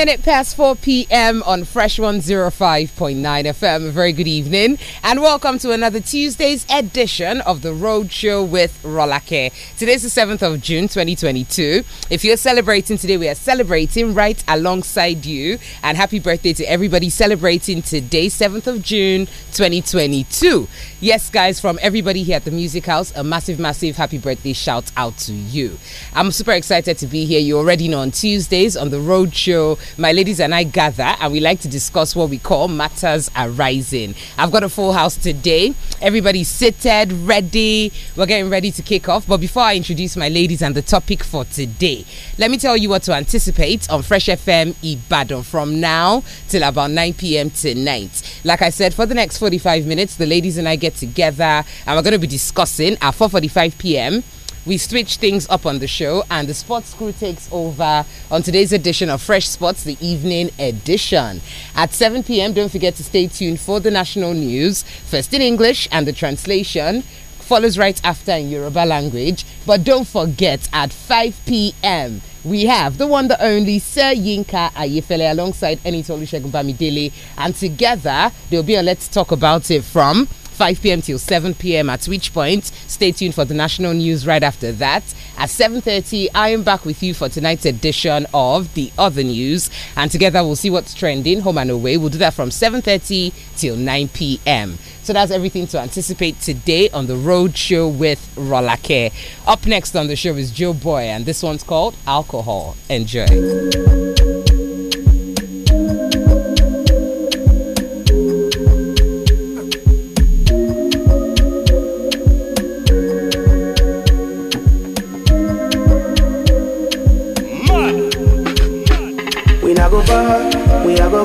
minute past 4 p.m. on Fresh 105.9 FM. A very good evening and welcome to another Tuesday's edition of the Road Show with Rolake. Today's the 7th of June 2022. If you're celebrating today, we are celebrating right alongside you. And happy birthday to everybody celebrating today, 7th of June 2022. Yes, guys, from everybody here at the Music House, a massive, massive happy birthday shout out to you. I'm super excited to be here. You already know on Tuesdays on the Road Show my ladies and I gather and we like to discuss what we call matters arising. I've got a full house today. Everybody's seated, ready. We're getting ready to kick off. But before I introduce my ladies and the topic for today, let me tell you what to anticipate on Fresh FM Ibadan from now till about 9 p.m. tonight. Like I said, for the next 45 minutes, the ladies and I get together and we're going to be discussing at 4:45 p.m we switch things up on the show, and the sports crew takes over on today's edition of Fresh Sports, the evening edition. At 7 p.m., don't forget to stay tuned for the national news, first in English and the translation follows right after in Yoruba language. But don't forget, at 5 p.m., we have the one, the only Sir Yinka Ayefele alongside Enitolu Shegun Bamidele. And together, they'll be on Let's Talk About It from 5 p.m. till 7 p.m. At which point, stay tuned for the national news right after that. At 7:30, I am back with you for tonight's edition of the other news, and together we'll see what's trending home and away. We'll do that from 7:30 till 9 p.m. So that's everything to anticipate today on the road show with Rolake. Up next on the show is Joe Boy, and this one's called Alcohol. Enjoy.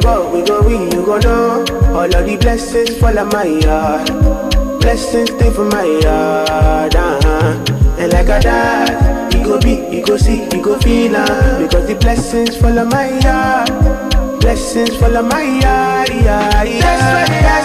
go go, we go we, you go know. All of the blessings fall on my yard. Blessings stay for my yard. Uh-huh. And like I dad, you go be, you go see, you go feel uh, Because the blessings fall on my yard. Blessings fall on my yard. Yeah, yeah. That's what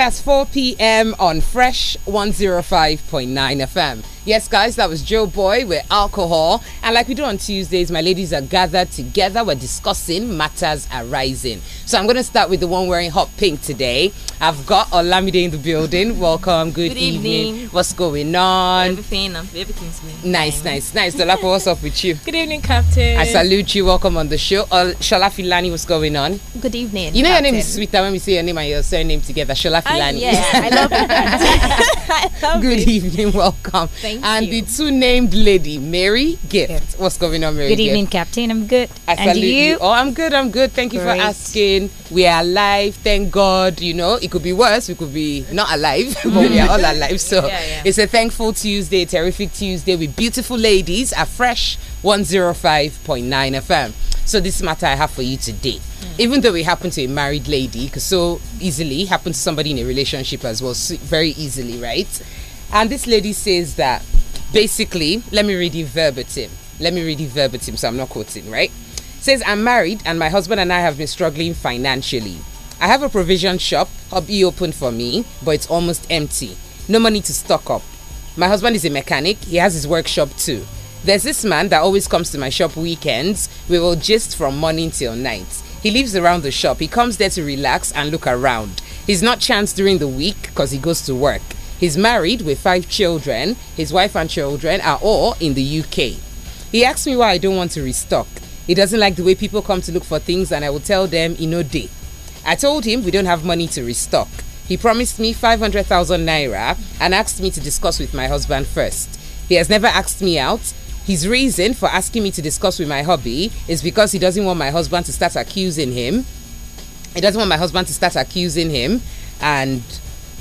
past 4 p.m. on Fresh 105.9 FM. Yes, guys, that was Joe Boy with alcohol. And like we do on Tuesdays, my ladies are gathered together. We're discussing matters arising. So I'm going to start with the one wearing hot pink today. I've got Olamide in the building. Welcome. Good, Good evening. evening. What's going on? Everything. Um, everything's good. Nice, nice, nice. Olapo, what's up with you? Good evening, Captain. I salute you. Welcome on the show. Uh, Shola Filani, what's going on? Good evening. You know Captain. your name is sweeter when we say your name and your surname together. Shola Filani. I, yeah, I love it. I love Good it. evening. Welcome. Thank and you. the two named lady, Mary Gift. Gift. What's going on, Mary? Good evening, Gift? Captain. I'm good. I and you? you? Oh, I'm good. I'm good. Thank Great. you for asking. We are alive. Thank God. You know, it could be worse. We could be not alive, but we are all alive. So yeah, yeah. it's a thankful Tuesday, terrific Tuesday with beautiful ladies, at fresh 105.9 FM. So this matter I have for you today mm. even though it happened to a married lady so easily happened to somebody in a relationship as well so very easily right and this lady says that basically, let me read you verbatim. Let me read you verbatim so I'm not quoting, right? Says, I'm married and my husband and I have been struggling financially. I have a provision shop, hobby open for me, but it's almost empty. No money to stock up. My husband is a mechanic, he has his workshop too. There's this man that always comes to my shop weekends. We will gist from morning till night. He lives around the shop. He comes there to relax and look around. He's not chanced during the week because he goes to work. He's married with five children. His wife and children are all in the UK. He asked me why I don't want to restock. He doesn't like the way people come to look for things, and I will tell them in no day. I told him we don't have money to restock. He promised me 500,000 naira and asked me to discuss with my husband first. He has never asked me out. His reason for asking me to discuss with my hubby is because he doesn't want my husband to start accusing him. He doesn't want my husband to start accusing him and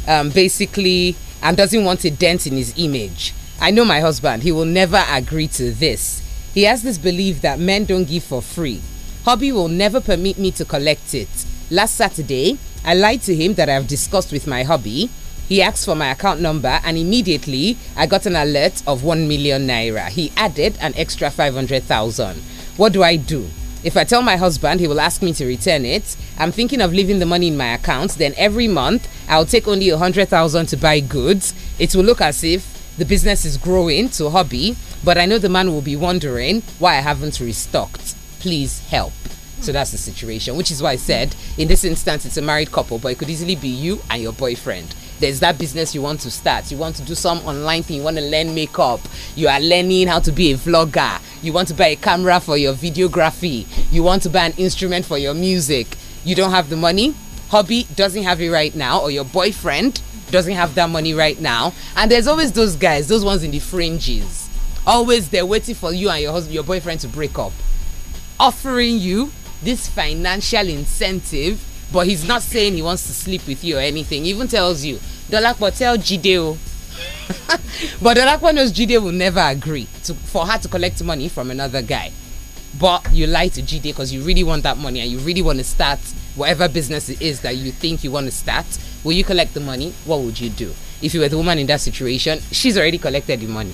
um, basically and doesn't want a dent in his image. I know my husband, he will never agree to this. He has this belief that men don't give for free. Hobby will never permit me to collect it. Last Saturday, I lied to him that I have discussed with my hobby. He asked for my account number and immediately I got an alert of 1 million naira. He added an extra 500,000. What do I do? If I tell my husband, he will ask me to return it. I'm thinking of leaving the money in my account. Then every month, I'll take only a 100,000 to buy goods. It will look as if the business is growing to hobby, but I know the man will be wondering why I haven't restocked. Please help. So that's the situation, which is why I said in this instance it's a married couple, but it could easily be you and your boyfriend there's that business you want to start you want to do some online thing you want to learn makeup you are learning how to be a vlogger you want to buy a camera for your videography you want to buy an instrument for your music you don't have the money hobby doesn't have it right now or your boyfriend doesn't have that money right now and there's always those guys those ones in the fringes always they're waiting for you and your husband your boyfriend to break up offering you this financial incentive but he's not saying he wants to sleep with you or anything. He even tells you, Dolapo, tell Jideo. but Dolapo knows Jide will never agree to, for her to collect money from another guy. But you lie to Jide because you really want that money and you really want to start whatever business it is that you think you want to start. Will you collect the money? What would you do? If you were the woman in that situation, she's already collected the money.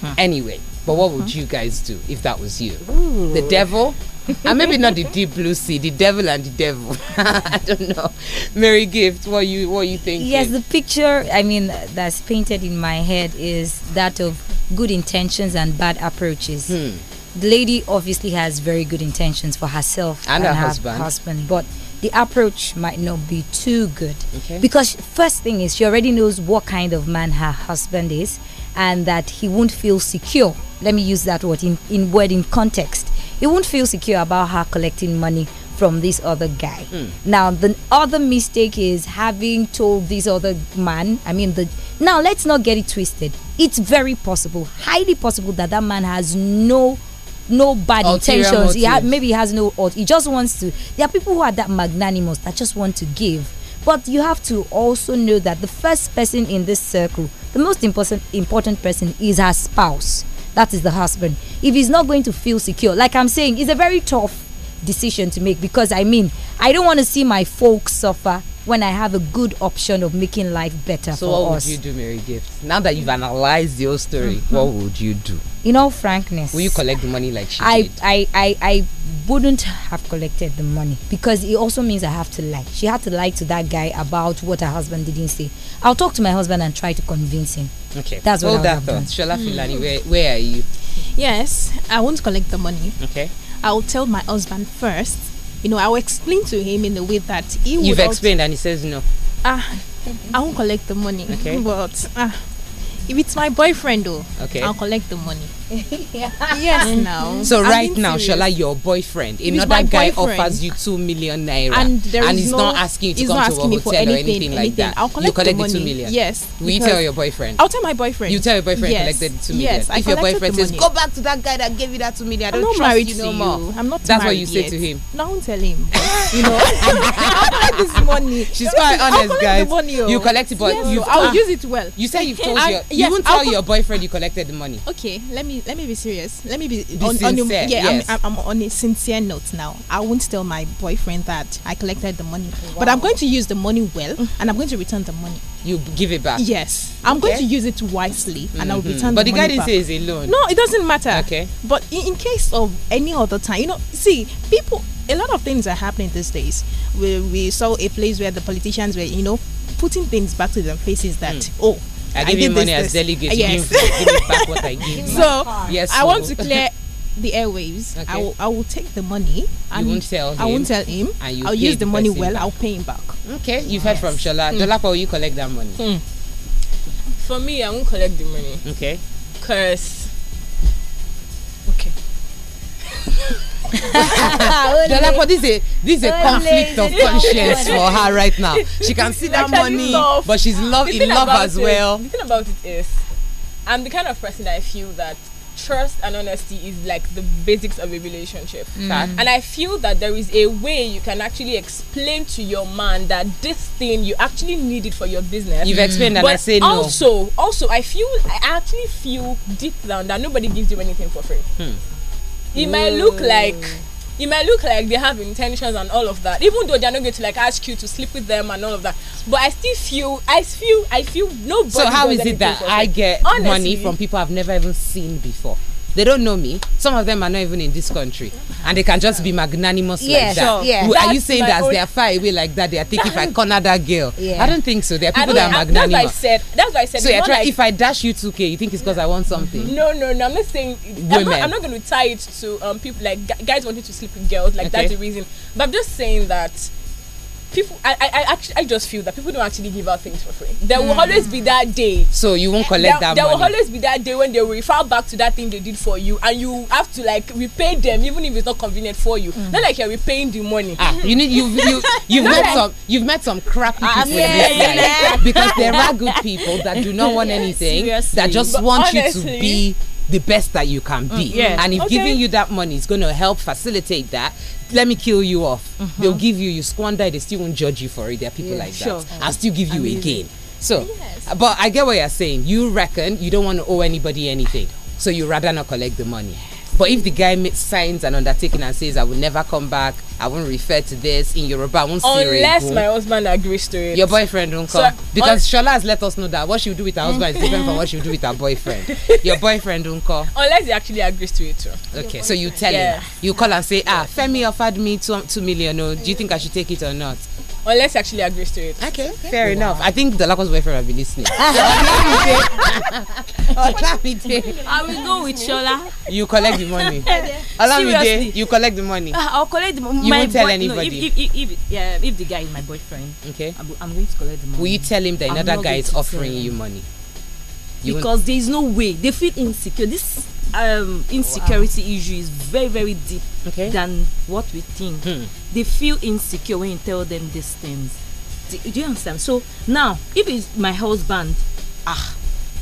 Huh. Hmm. Anyway, but what would you guys do if that was you? Ooh. The devil? and maybe not the deep blue sea, the devil and the devil. I don't know. Mary Gift, what you what you think? Yes, the picture I mean that's painted in my head is that of good intentions and bad approaches. Hmm. The lady obviously has very good intentions for herself and, and her, her husband. husband, but the approach might not be too good. Okay. Because first thing is she already knows what kind of man her husband is and that he won't feel secure let me use that word in, in word in context he won't feel secure about her collecting money from this other guy mm. now the other mistake is having told this other man i mean the now let's not get it twisted it's very possible highly possible that that man has no no bad Ulterior intentions maybe he has no he just wants to there are people who are that magnanimous that just want to give but you have to also know that the first person in this circle the most important important person is her spouse that is the husband if he's not going to feel secure like i'm saying it's a very tough decision to make because i mean i don't want to see my folks suffer when I have a good option of making life better so for us. So, what would you do, Mary Gift? Now that you've analyzed your story, mm -hmm. what would you do? In all frankness, will you collect the money like she I, did? I, I, I wouldn't have collected the money because it also means I have to lie. She had to lie to that guy about what her husband didn't say. I'll talk to my husband and try to convince him. Okay, that's Hold what that thought. Shola hmm. Filani, mm. where, where are you? Yes, I won't collect the money. Okay, I will tell my husband first you know, I'll explain to him in a way that he You've explained, and he says no. Ah, I won't collect the money. Okay. But ah. If it's my boyfriend, though, okay, I'll collect the money. yes, now. So right now, Shola, your boyfriend, another guy offers you two million naira, and, there and he's no, not asking you to come to a hotel anything, or anything, like that. I'll collect, you collect the, the, two million. Yes. Will you tell your boyfriend? I'll tell my boyfriend. You tell your boyfriend yes. the two million. Yes, I if your boyfriend says, "Go back to that guy that gave you that two million, I don't I'm not trust married you no more," I'm not. That's what you say to him. No, I won't tell him. You know, I'll collect this money. She's quite honest, guys. Oh. You collect it, but you. I'll ah. use it well. You say you've told your yes, you won't tell your boyfriend you collected the money. Okay, let me let me be serious. Let me be, be on, sincere. On a, yeah, yes. I'm, I'm, on a sincere note now. I won't tell my boyfriend that I collected the money, wow. but I'm going to use the money well, mm. and I'm going to return the money. You give it back. Yes, I'm okay. going to use it wisely, and mm -hmm. I'll mm-hmm. return. But the, the guy didn't say it's a loan. No, it doesn't matter. Okay. But in, in case of any other time, you know, see people. A lot of things are happening these days. We, we saw a place where the politicians were, you know, putting things back to their faces that mm. oh I give I you money this, as delegate. Yes. Give, give back what I so yes, I want to clear the airwaves. Okay. I, will, I will take the money. And you won't tell him. I won't tell him. And I'll use the, the money well. Back. I'll pay him back. Okay, you've yes. heard from Shola. Mm. Dolapo, you collect that money. Mm. For me, I won't collect the money. Okay. Cause. Okay. Dolapo, ah, this is a, this is a conflict of conscience for her right now. She can see that money, love. but she's love in love as it, well. The thing about it is, I'm the kind of person that I feel that trust and honesty is like the basics of a relationship. Mm. And I feel that there is a way you can actually explain to your man that this thing you actually need it for your business. You've explained mm. that I say also, no. Also, also I feel I actually feel deep down that nobody gives you anything for free. Hmm it mm. might look like it might look like they have intentions and all of that even though they're not going to like ask you to sleep with them and all of that but i still feel i feel i feel nobody so how is it that i get Honestly, money from people i've never even seen before they don't know me. Some of them are not even in this country, and they can just be magnanimous yeah, like that. Sure. Yeah. are you saying that they are far away like that? They are thinking if I corner that girl. Yeah. I don't think so. There are people that are magnanimous. That's what I said. That's what I said. So you're trying, like, if I dash you 2k, you think it's because I want something? No, no, no. I'm not saying. I'm not, I'm not going to tie it to um, people like guys wanting to sleep with girls. Like okay. that's the reason. But I'm just saying that people I, I actually I just feel that people don't actually give out things for free. There mm. will always be that day. So you won't collect there, that. There money. will always be that day when they will refer back to that thing they did for you, and you have to like repay them, even if it's not convenient for you. Mm. Not like you're repaying the money. Ah, you need you you you've met like, some you've met some crappy ah, people yeah, yeah, yeah. because there are good people that do not want yes, anything seriously. that just but want honestly, you to be the best that you can be. Mm, yeah. And if okay. giving you that money is going to help facilitate that, let me kill you off. Mm -hmm. They'll give you, you squander it, they still won't judge you for it. There are people yeah, like sure. that. I'll still give you I mean, again. So, yes. but I get what you're saying. You reckon you don't want to owe anybody anything, so you rather not collect the money. But if the guy makes signs and undertaking and says, I will never come back, I won't refer to this in Yoruba, I won't see Unless my husband agrees to it. Your boyfriend won't come. So, because Shola has let us know that what she will do with her husband is different from what she will do with her boyfriend. Your boyfriend won't call. Unless he actually agrees to it too. Okay, so you tell yeah. him. You call and say, ah, Femi offered me two, two million. Oh, do you think I should take it or not? unless he actually agrees to it. Okay, fair wow. enough. I think the Lagos boyfriend will be listening. I will go with Shola. You collect the money. Allow me You collect the money. Uh, I'll collect the money. You won't tell anybody. No, if, if, if, yeah, if the guy is my boyfriend, okay, I'm, I'm going to collect the money. Will you tell him that I'm another guy is offering you money? You because there is no way they feel insecure. This um, insecurity wow. issue is very very deep okay. than what we think. Hmm. They feel insecure when you tell them these things. Do, do you understand? So now, if it's my husband, ah,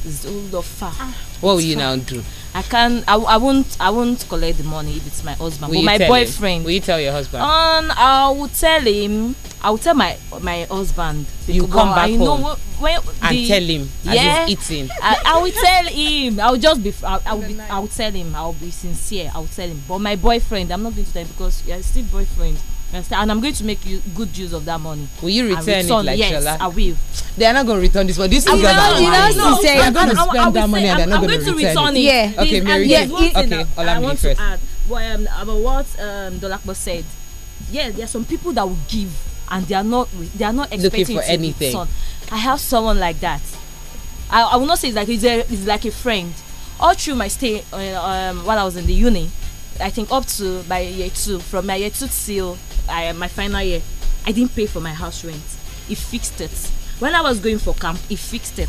it's all far. Ah, what will you now do? I can't. I, I won't. I won't collect the money if it's my husband. Will but my boyfriend. Him? Will you tell your husband? Um, I will tell him. I will tell my my husband. You come back I home. Know, when, the, tell him. Yeah. eating. I, I, will tell him. I will just be. I, I will. Be, I will tell him. I will be sincere. I will tell him. But my boyfriend. I'm not going to tell him because you're still boyfriend and i'm going to make you good use of that money. will you return, return it like yes, Shola? i will. they are not going to return this one this is going to be know no, say i'm going to spend that money and they are not going to return it. yeah okay mary yeah, okay olamide first. i want to add um, about what um, dolakbo said yeah there are some people that will give and they are not they are not expecting Looking for to anything return. i have someone like that i i will not say it's like it's, a, it's like a friend all through my stay uh, um, while i was in the uni I think up to my year two, from my year two till I, uh, my final year, I didn't pay for my house rent. He fixed it. When I was going for camp, he fixed it.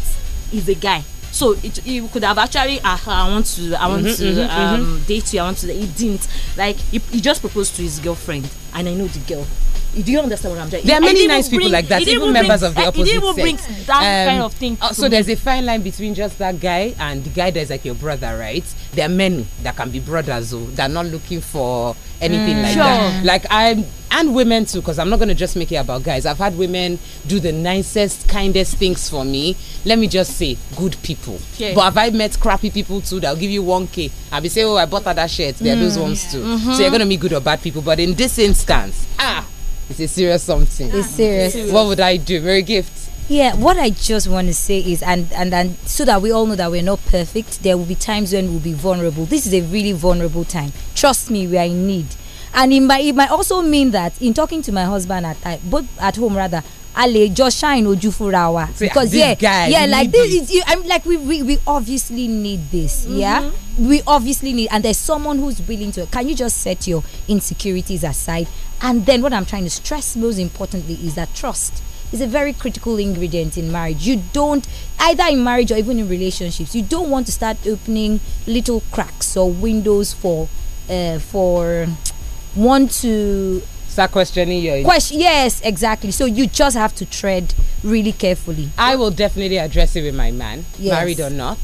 He's a guy. So it, he could have actually, ah, I want to, I want mm-hmm, to mm-hmm, um, mm-hmm. date you, I want to. He didn't. Like he, he just proposed to his girlfriend and I know the girl. Do you understand what I'm saying? There are many nice people bring, like that, even members of the opposite it brings that um, kind of thing. Uh, so me. there's a fine line between just that guy and the guy that's like your brother, right? There are many that can be brothers, though. They're not looking for anything mm, like sure. that. Like I'm and women too, because I'm not going to just make it about guys. I've had women do the nicest, kindest things for me. Let me just say, good people. Yeah. But have I met crappy people too that'll give you 1K? I'll be saying, oh, I bought her that shirt. There are those mm. ones too. Mm -hmm. So you're going to meet good or bad people. But in this instance, ah, it's a serious something. It's serious. What would I do? Very gift. Yeah, what I just want to say is, and, and and so that we all know that we're not perfect, there will be times when we'll be vulnerable. This is a really vulnerable time. Trust me, we are in need, and it might it might also mean that in talking to my husband at both at home rather, a just shine shine ojú for our. because ah, yeah yeah like this is you, I'm like we, we we obviously need this mm -hmm. yeah mm-hmm we obviously need and there's someone who's willing to can you just set your insecurities aside and then what i'm trying to stress most importantly is that trust is a very critical ingredient in marriage you don't either in marriage or even in relationships you don't want to start opening little cracks or windows for uh, for one to start questioning your question yes exactly so you just have to tread really carefully i will definitely address it with my man yes. married or not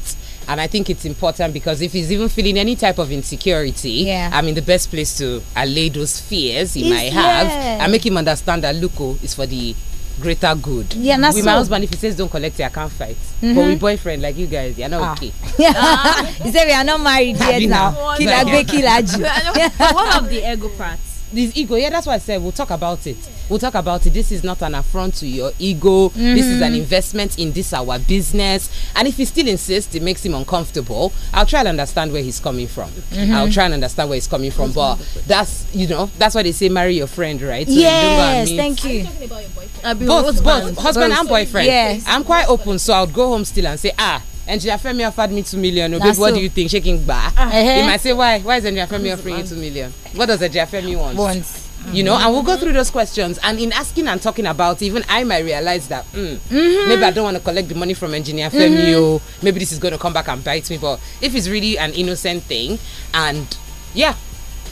and I think it's important because if he's even feeling any type of insecurity, yeah. I'm in the best place to allay those fears he it's, might have yeah. and make him understand that Luko oh, is for the greater good. Yeah, that's with so. my husband, if he says don't collect it, I can't fight. Mm -hmm. But with boyfriend, like you guys, you're not ah. okay. Ah. he said we are not married yet now. Kill One of the ego parts his ego yeah that's why i said we'll talk about it we'll talk about it this is not an affront to your ego mm -hmm. this is an mm-hmm. investment in this our business and if he still insists it makes him uncomfortable i'll try and understand where he's coming from mm -hmm. i'll try and understand where he's coming from that's but that's you know that's why they say marry your friend right so yes thank you, you both, both, both husband both. and boyfriend Yes. i'm quite open so i'll go home still and say ah and Andrea me offered me two million. Oh, what do you think? Shaking back. Ah. Uh -huh. might say, why? Why is Andrea me offering you two million? What does Andrea me want? Wants you know, and we'll go through those questions. And in asking and talking about, even I might realize that mm, mm -hmm. Mm-hmm. maybe I don't want to collect the money from engineer mm -hmm. Femio. Oh, maybe this is going to come back and bite me. But if it's really an innocent thing, and yeah,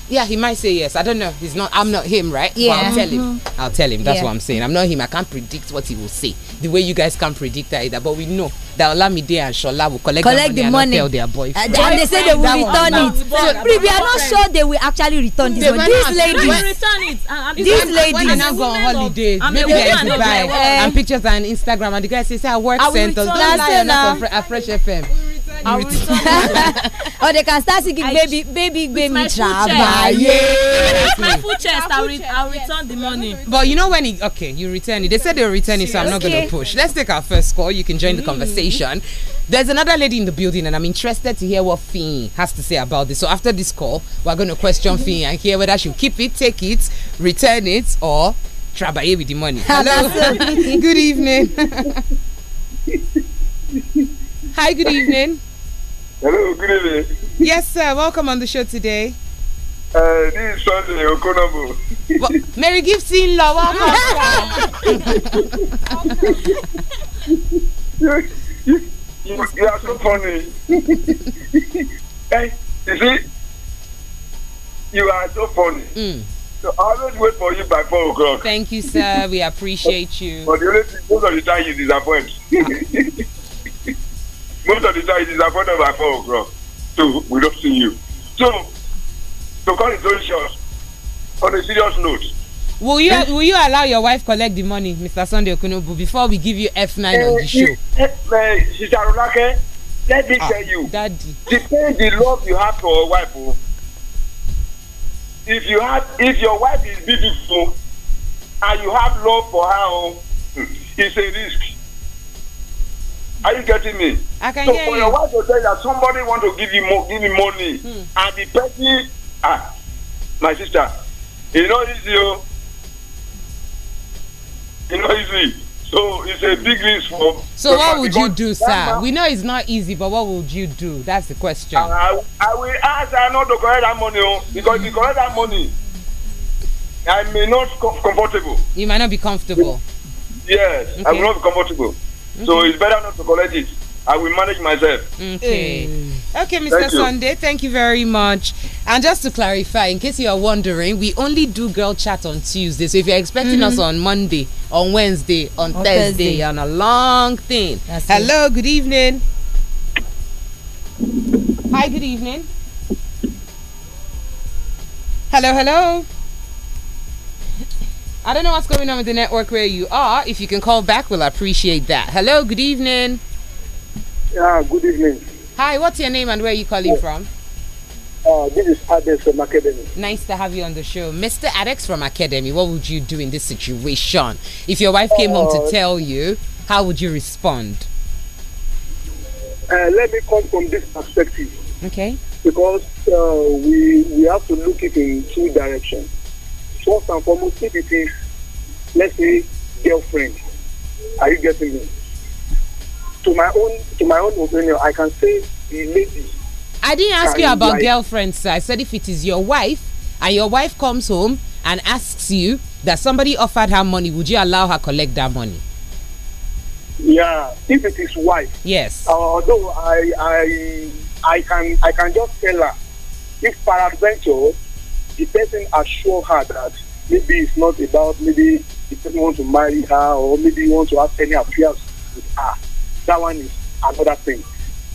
yeah, he might say yes. I don't know. He's not. I'm not him, right? Yeah. But I'll tell him. Mm-hmm. I'll tell him. That's yeah. what I'm saying. I'm not him. I can't predict what he will say. The way you guys can't predict that either. But we know that Olamide and Shola will collect, collect the money, the money. and tell their boyfriend. Uh, and they say they will return it. we are not sure they will actually return this one. These ladies. This lady. Uh, I'm, these ladies. When go on holiday, maybe I should buy and pictures on Instagram. And the guy says, I work center. Don't lie on Fresh FM. I will return. or oh, they can start singing baby baby baby trabaye. Yes. my full chest I will, re I will yes. return the money. But you know when it okay you return it they said they'll return it so I'm not okay. going to push. Let's take our first call you can join mm. the conversation. There's another lady in the building and I'm interested to hear what Fin has to say about this. So after this call we're going to question Fin and hear whether she'll keep it, take it, return it or trabaye with the money. Ah, Hello. Good evening. Hi, good evening. Hello, good evening. Yes, sir. Welcome on the show today. Uh, this is Sunday Okonamo. Well, Mary Gibson, law, welcome. you, you, you, you are so funny. hey, you see, you are so funny. Mm. So I always wait for you by four o'clock. Thank you, sir. We appreciate you. But the only thing, most of the time you disappoint. Most of the time it is afforded by 4 o'clock. So we don't see you. So, to call it solutions, on a serious note. Will you uh, will you allow your wife collect the money, Mr. Sunday Okunobu, before we give you F9 uh, on the eh, show? Uh, Sister Rolake, let me ah, tell you. Daddy. Depend the love you have for your wife. Oh, if you have if your wife is beautiful and you have love for her, oh, hmm, it's a risk are you getting me? I can so hear for your wife to tell that somebody want to give you mo- give you money, hmm. and the person, ah, my sister, you know easy, you oh. know easy. So it's a big risk for. So what would you do, sir? we know it's not easy, but what would you do? That's the question. I, I will ask I not to collect that money, oh, because mm. if you collect that money, I may not comfortable. You might not be comfortable. Yes, okay. I will not be comfortable. So it's better not to collect it. I will manage myself. Okay. Mm. Okay, Mr. Sunday, thank you very much. And just to clarify, in case you are wondering, we only do girl chat on Tuesday. So if you're expecting mm -hmm. us on Monday, on Wednesday, on, on Thursday, Thursday, on a long thing. That's Hello, it. good evening. Hi, good evening. Hello, hello. I don't know what's going on with the network where you are. If you can call back, we'll appreciate that. Hello, good evening. Yeah, good evening. Hi, what's your name and where are you calling oh. from? Uh, this is Adex from Academy. Nice to have you on the show. Mr. Adex from Academy, what would you do in this situation? If your wife came uh, home to uh, tell you, how would you respond? Uh, let me come from this perspective. Okay. Because uh, we, we have to look it in two directions first and foremost, if it is, let's say, girlfriend, are you getting me? To my own, to my own opinion, I can say the lady. I didn't ask you about like, girlfriends. I said if it is your wife and your wife comes home and asks you that somebody offered her money, would you allow her collect that money? Yeah, if it is wife. Yes. Although I I I can I can just tell her if peradventure the person assure her that maybe it's not about maybe he doesn't want to marry her or maybe he wants to have any affairs with her. That one is another thing.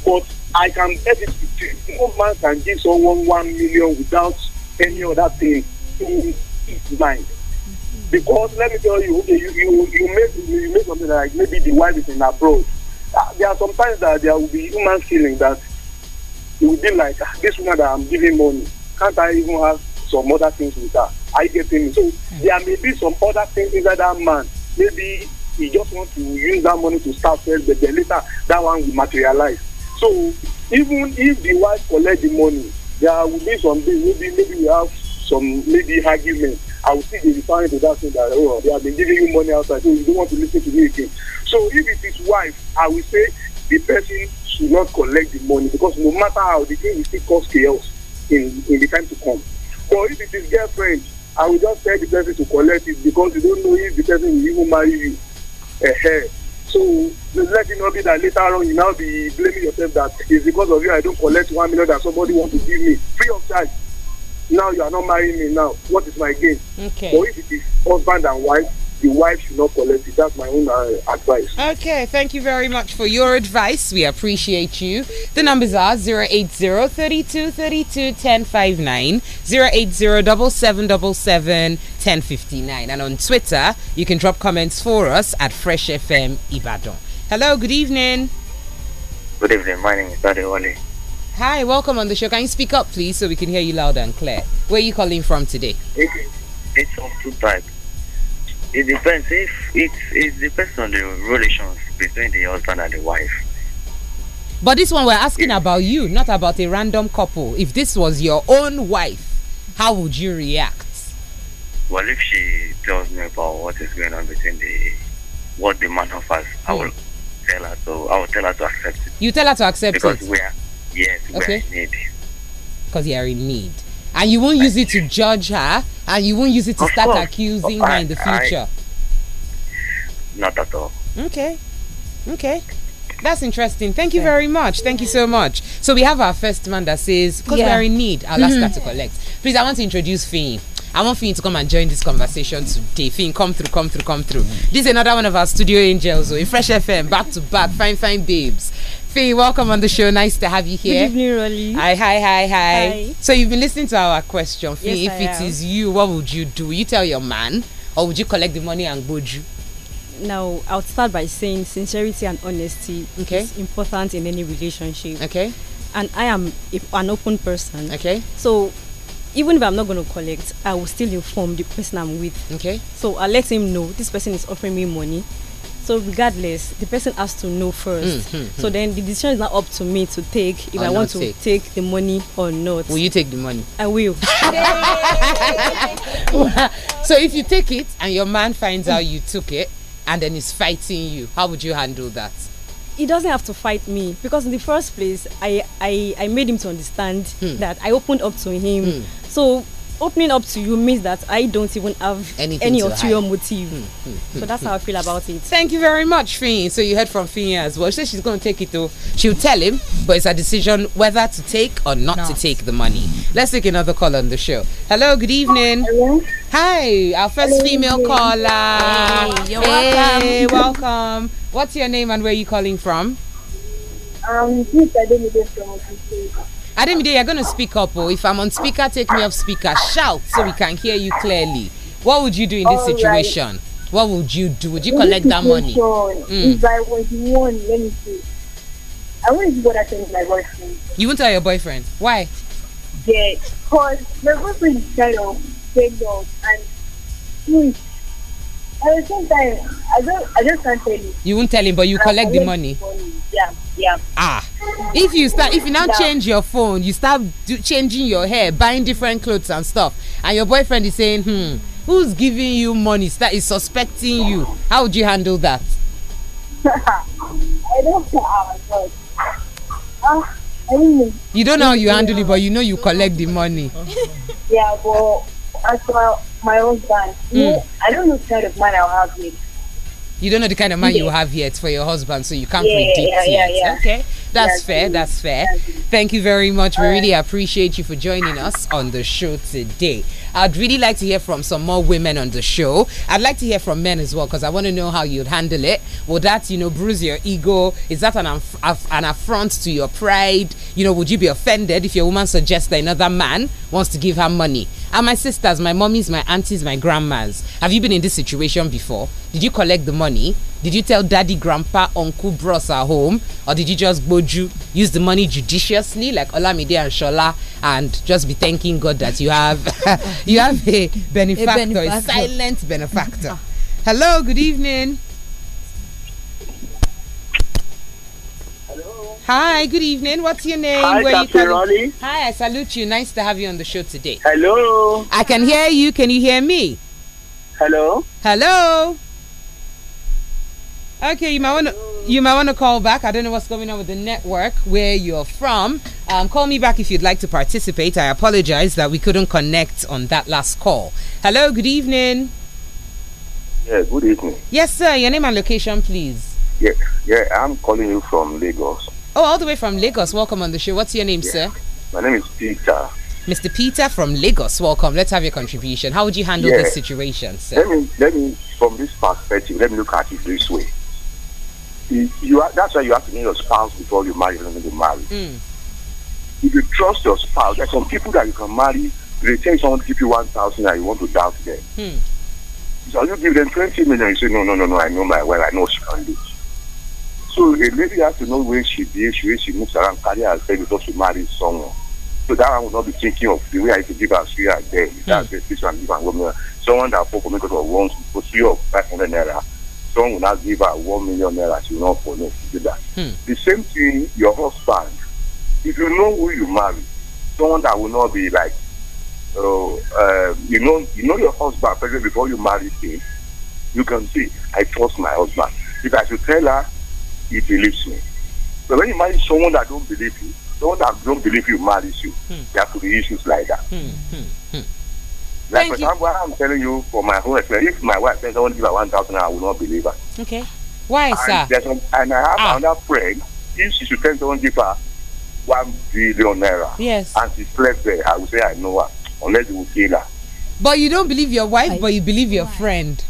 But I can bet it with you, no man can give someone one million without any other thing in his mind. Because let me tell you, okay, you you you make you make something like maybe the wife is in abroad. Uh, there are sometimes that there will be human feeling that it will be like, ah, this woman that I'm giving money, can't I even have some other things with her. I get him. So hmm. there may be some other things inside that man. Maybe he just wants to use that money to start first, but then later that one will materialize. So even if the wife collect the money, there will be some days maybe maybe we have some maybe argument. I will see the referring to that thing that oh they have been giving you money outside, so you don't want to listen to me again. So if it is wife, I will say the person should not collect the money because no matter how the thing will still cause chaos in in the time to come. But if it is girlfriend, I will just tell the person to collect it because you don't know if the person will even marry you. Uh -huh. So let it not be that later on you now be blaming yourself that it's because of you I don't collect one million that somebody want to give me free of charge. Now you are not marrying me now. What is my gain? Okay. But if it is husband and wife, the wife should not collect it. That's my own uh, advice. Okay, thank you very much for your advice. We appreciate you. The numbers are 080 32 32 1059, 080 1059. And on Twitter, you can drop comments for us at Fresh FM Ibadan. Hello, good evening. Good evening. My name is Adewale. Hi, welcome on the show. Can you speak up, please, so we can hear you loud and clear? Where are you calling from today? It's, it's on two types it depends if it it depends on the relations between the husband and the wife. But this one we're asking yeah. about you, not about a random couple. If this was your own wife, how would you react? Well, if she tells me about what is going on between the what the man offers, I will tell her to I will tell her to accept it. You tell her to accept because it because we are yes we okay. are in need. Because you are in need and you won't use it to judge her and you won't use it to of start course. accusing her in the future I, not at all okay okay that's interesting. Thank you very much. Thank you so much. So we have our first man that says, because yeah. we are in need, I'll ask that mm-hmm. to collect. Please, I want to introduce Finn. I want Finn to come and join this conversation today. Finn, come through, come through, come through. This is another one of our studio angels oh, in Fresh FM, back to back, fine, fine babes. Fee, welcome on the show. Nice to have you here. Good evening, Rolly. Hi, hi, hi, hi, hi. So you've been listening to our question, Fee. Yes, if I it am. is you, what would you do? you tell your man, or would you collect the money and go you? Now, I'll start by saying sincerity and honesty okay. is important in any relationship. Okay. And I am an open person. Okay. So even if I'm not going to collect, I will still inform the person I'm with. Okay. So I let him know this person is offering me money. So regardless, the person has to know 1st mm hmm, So hmm. then the decision is not up to me to take if or I want to take. take. the money or not. Will you take the money? I will. so if you take it and your man finds out you took it and then he's fighting you, how would you handle that? he doesn't have to fight me because in the first place i i, I made him to understand hmm. that i opened up to him hmm. so opening up to you means that I don't even have Anything any ulterior motive. Hmm, hmm, hmm, so that's hmm. how I feel about it. Thank you very much, Finn. So you heard from Finn as well. She says she's going to take it She'll tell him, but it's a decision whether to take or not, not, to take the money. Let's take another call on the show. Hello, good evening. Hi, our first Hello. female caller. Hey, you're hey, welcome. welcome. What's your name and where are you calling from? Um, Ademide, you're going to speak up. Oh. If I'm on speaker, take me off speaker. Shout so we can hear you clearly. What would you do in this All situation? Right. What would you do? Would you collect that money? Mm. If I was one, let me see. I wouldn't do what I tell my boyfriend. You won't tell your boyfriend? Why? Yeah, because my boyfriend is kind of and he at the same time, I don't, I just can't tell you. You won't tell him, but you and collect, the money. money. Yeah, yeah. Ah. If you start, if you now yeah. change your phone, you start changing your hair, buying different clothes and stuff, and your boyfriend is saying, "Hmm, who's giving you money? Start is suspecting you. How would you handle that?" I don't know. Oh I mean, you don't know how you handle it, but you know you collect the money. yeah, but as well my own son. Hmm. I don't know the kind of man I'll have yet. You don't know the kind of man yeah. you have yet for your husband, so you can't yeah, predict yeah, yeah, yet. Okay, that's fair. That's fair. Thank you very much. All we really appreciate you for joining us on the show today. I'd really like to hear from some more women on the show. I'd like to hear from men as well because I want to know how you'd handle it. Would that, you know, bruise your ego? Is that an, an affront to your pride? You know, would you be offended if your woman suggests that another man wants to give her money? And my sisters, my mummies, my aunties, my grandmas, have you been in this situation before? Did you collect the money? Did you tell daddy, grandpa, uncle, bros at home? Or did you just go ju use the money judiciously like Olamide and Shola and just be thanking God that you have you have a benefactor, a, benefactor. a silent benefactor. Hello, good evening. Hello. Hi, good evening. What's your name? Hi, Where you Hi, I salute you. Nice to have you on the show today. Hello. I can hear you. Can you hear me? Hello. Hello. Okay, you might want to you might want to call back. I don't know what's going on with the network where you're from. Um, call me back if you'd like to participate. I apologize that we couldn't connect on that last call. Hello, good evening. Yeah, good evening. Yes, sir. Your name and location, please. Yeah, yeah. I'm calling you from Lagos. Oh, all the way from Lagos. Welcome on the show. What's your name, yeah. sir? My name is Peter. Mr. Peter from Lagos, welcome. Let's have your contribution. How would you handle yeah. this situation, sir? Let me, let me, from this perspective, let me look at it this way you are, that's why you have to know your spouse before you marry marry. Mm. If you trust your spouse, there's some people that you can marry, they tell someone to give you 1,000 and you want to doubt them. Mm. So you give them 20 million, you say, no, no, no, no, I know my well, I know she can do So a lady has to know where she behaves, where she moves around, carry herself before she marries someone. So that one will not be thinking of the way I to give her three and then, that's hmm. the fish and give and go. Someone that for me because of one, for three or 500 naira some will not give her one million naira she will not for no she do that. Hmm. the same thing your husband if you know who you marry someone that will not be like uh, you know you know your husband present before you marry him you can see i trust my husband if i should tell her he believes me But when you marry someone that don't believe you someone that don't believe you marries you hmm. there could be issues like that. Hmm. hmm, hmm. Like Thank example, I'm telling you from my own experience. If my wife says I want to give her one thousand, I will not believe her. Okay. Why, and sir? and I have ah. another friend. If she should tell someone give her one billion naira, yes, and she slept there, I will say I know her, unless you will kill her. But you don't believe your wife, I, but you believe your why? friend.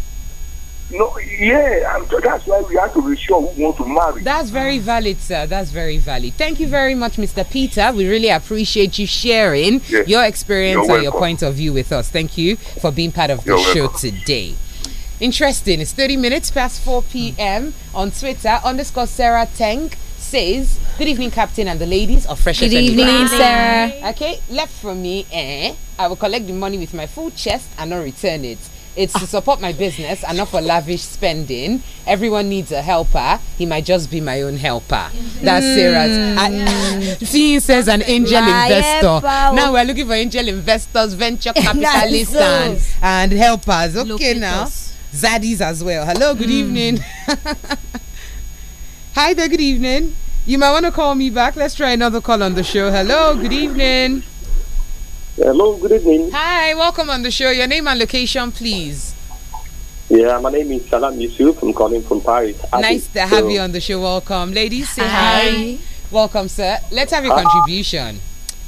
No, yeah, that's why we have to be sure who wants to marry. That's very valid, sir. That's very valid. Thank you very much, Mr. Peter. We really appreciate you sharing yes. your experience You're welcome. your point of view with us. Thank you for being part of the You're show welcome. today. Interesting. It's 30 minutes past 4 p.m. on Twitter. Underscore Sarah Tank says, Good evening, Captain and the ladies of Fresh Good evening, sir. Sarah. Okay, left from me, eh? I will collect the money with my full chest and not return it. It's to support my business and not for lavish spending. Everyone needs a helper. He might just be my own helper. That's mm. Sarah's. Seeing says an angel investor. Now we're looking for angel investors, venture capitalists, and, and helpers. Okay, Locators. now. Zaddies as well. Hello, good mm. evening. Hi there, good evening. You might want to call me back. Let's try another call on the show. Hello, good evening. Hello, good evening. Hi, welcome on the show. Your name and location, please. Yeah, my name is Salam Yusuf. I'm calling from Paris. nice to have so. you on the show. Welcome. Ladies, say hi. hi. Welcome, sir. Let's have your contribution.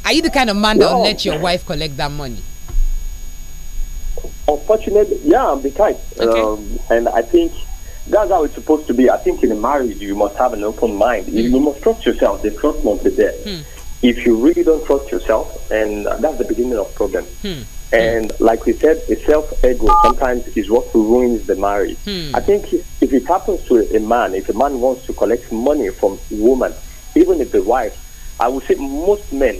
Are you the kind of man that will let your wife collect that money? Unfortunately, yeah, I'm the kind. Okay. Um, and I think that's how it's supposed to be. I think in a marriage, you must have an open mind. Mm. You hmm. must trust yourself. The trust must be there. Mm if you really don't trust yourself, and that's the beginning of problem. Hmm. And hmm. like we said, a self ego sometimes is what ruins the marriage. Hmm. I think if it happens to a man, if a man wants to collect money from woman, even if the wife, I would say most men,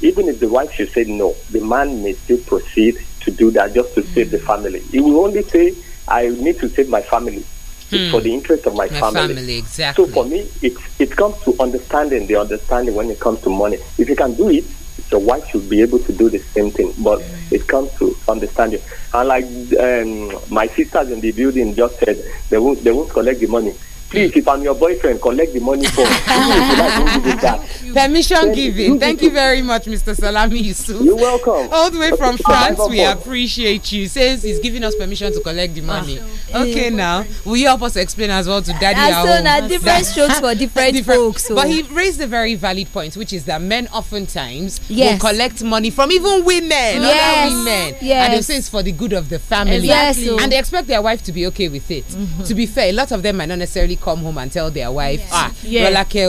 even if the wife should say no, the man may still proceed to do that just to save the hmm. family. He will only say, "I need to save my family." It's for hmm. the interest of my, my family. family. Exactly. So for me, it it comes to understanding the understanding when it comes to money. If you can do it, your wife should be able to do the same thing. But yeah. Hmm. it comes to understanding. And like um, my sisters in the building just said, they won't they won't collect the money please if i'm your boyfriend collect the money for permission given thank you very much mr salami yusuf you're welcome all the way from france we appreciate you says he's giving us permission to collect the money ah, okay now will you help us explain as well to daddy and ah, so different strokes for different, different folks so. but he raised a very valid point which is that men oftentimes yes. will collect money from even women yes. other women yes. and they say it's for the good of the family exactly. and they expect their wife to be okay with it mm -hmm. to be fair a lot of them might not necessarily come home and tell their wife, yes. ah, yeah.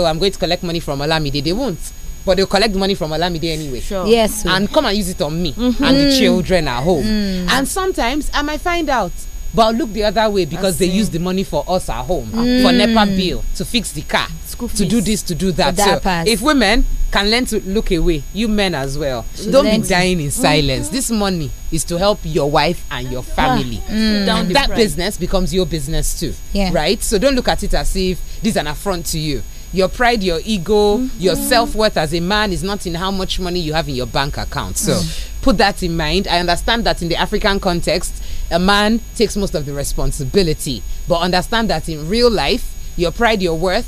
I'm going to collect money from Olamide. They won't. But they'll collect money from Olamide anyway. Sure. Yes. And come and use it on me mm -hmm. and the mm-hmm. children at home. Mm. And sometimes I might find out but look the other way because they use the money for us at home mm. for NEPA bill to fix the car to do this to do that, that so part. if women can learn to look away you men as well she don't be dying in mm. silence this money is to help your wife and your ah. family mm. that business becomes your business too yeah. right so don't look at it as if this is an affront to you your pride, your ego, mm -hmm. your self worth as a man is not in how much money you have in your bank account. So mm-hmm. put that in mind. I understand that in the African context, a man takes most of the responsibility, but understand that in real life, your pride, your worth,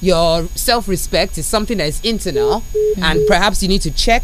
your self respect is something that is internal, mm -hmm. and perhaps you need to check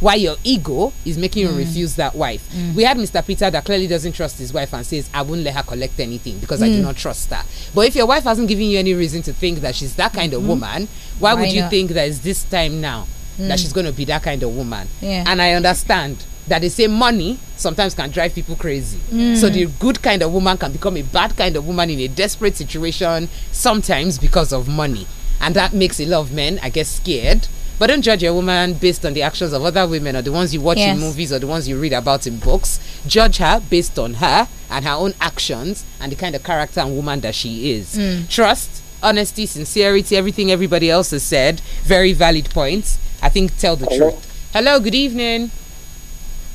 why your ego is making mm. you refuse that wife. Mm. We had Mr. Peter that clearly doesn't trust his wife and says, I won't let her collect anything because mm. I do mm. not trust her. But if your wife hasn't given you any reason to think that she's that kind of mm-hmm. woman, why, why would you not? think that it's this time now that mm. she's going to be that kind of woman? Yeah. And I understand that they say money sometimes can drive people crazy. Mm. So the good kind of woman can become a bad kind of woman in a desperate situation sometimes because of money. And that makes a lot of men, I guess, scared but don't judge a woman based on the actions of other women or the ones you watch yes. in movies or the ones you read about in books. Judge her based on her and her own actions and the kind of character and woman that she is. Mm. Trust, honesty, sincerity, everything everybody else has said, very valid points. I think tell the Hello. truth. Hello, good evening.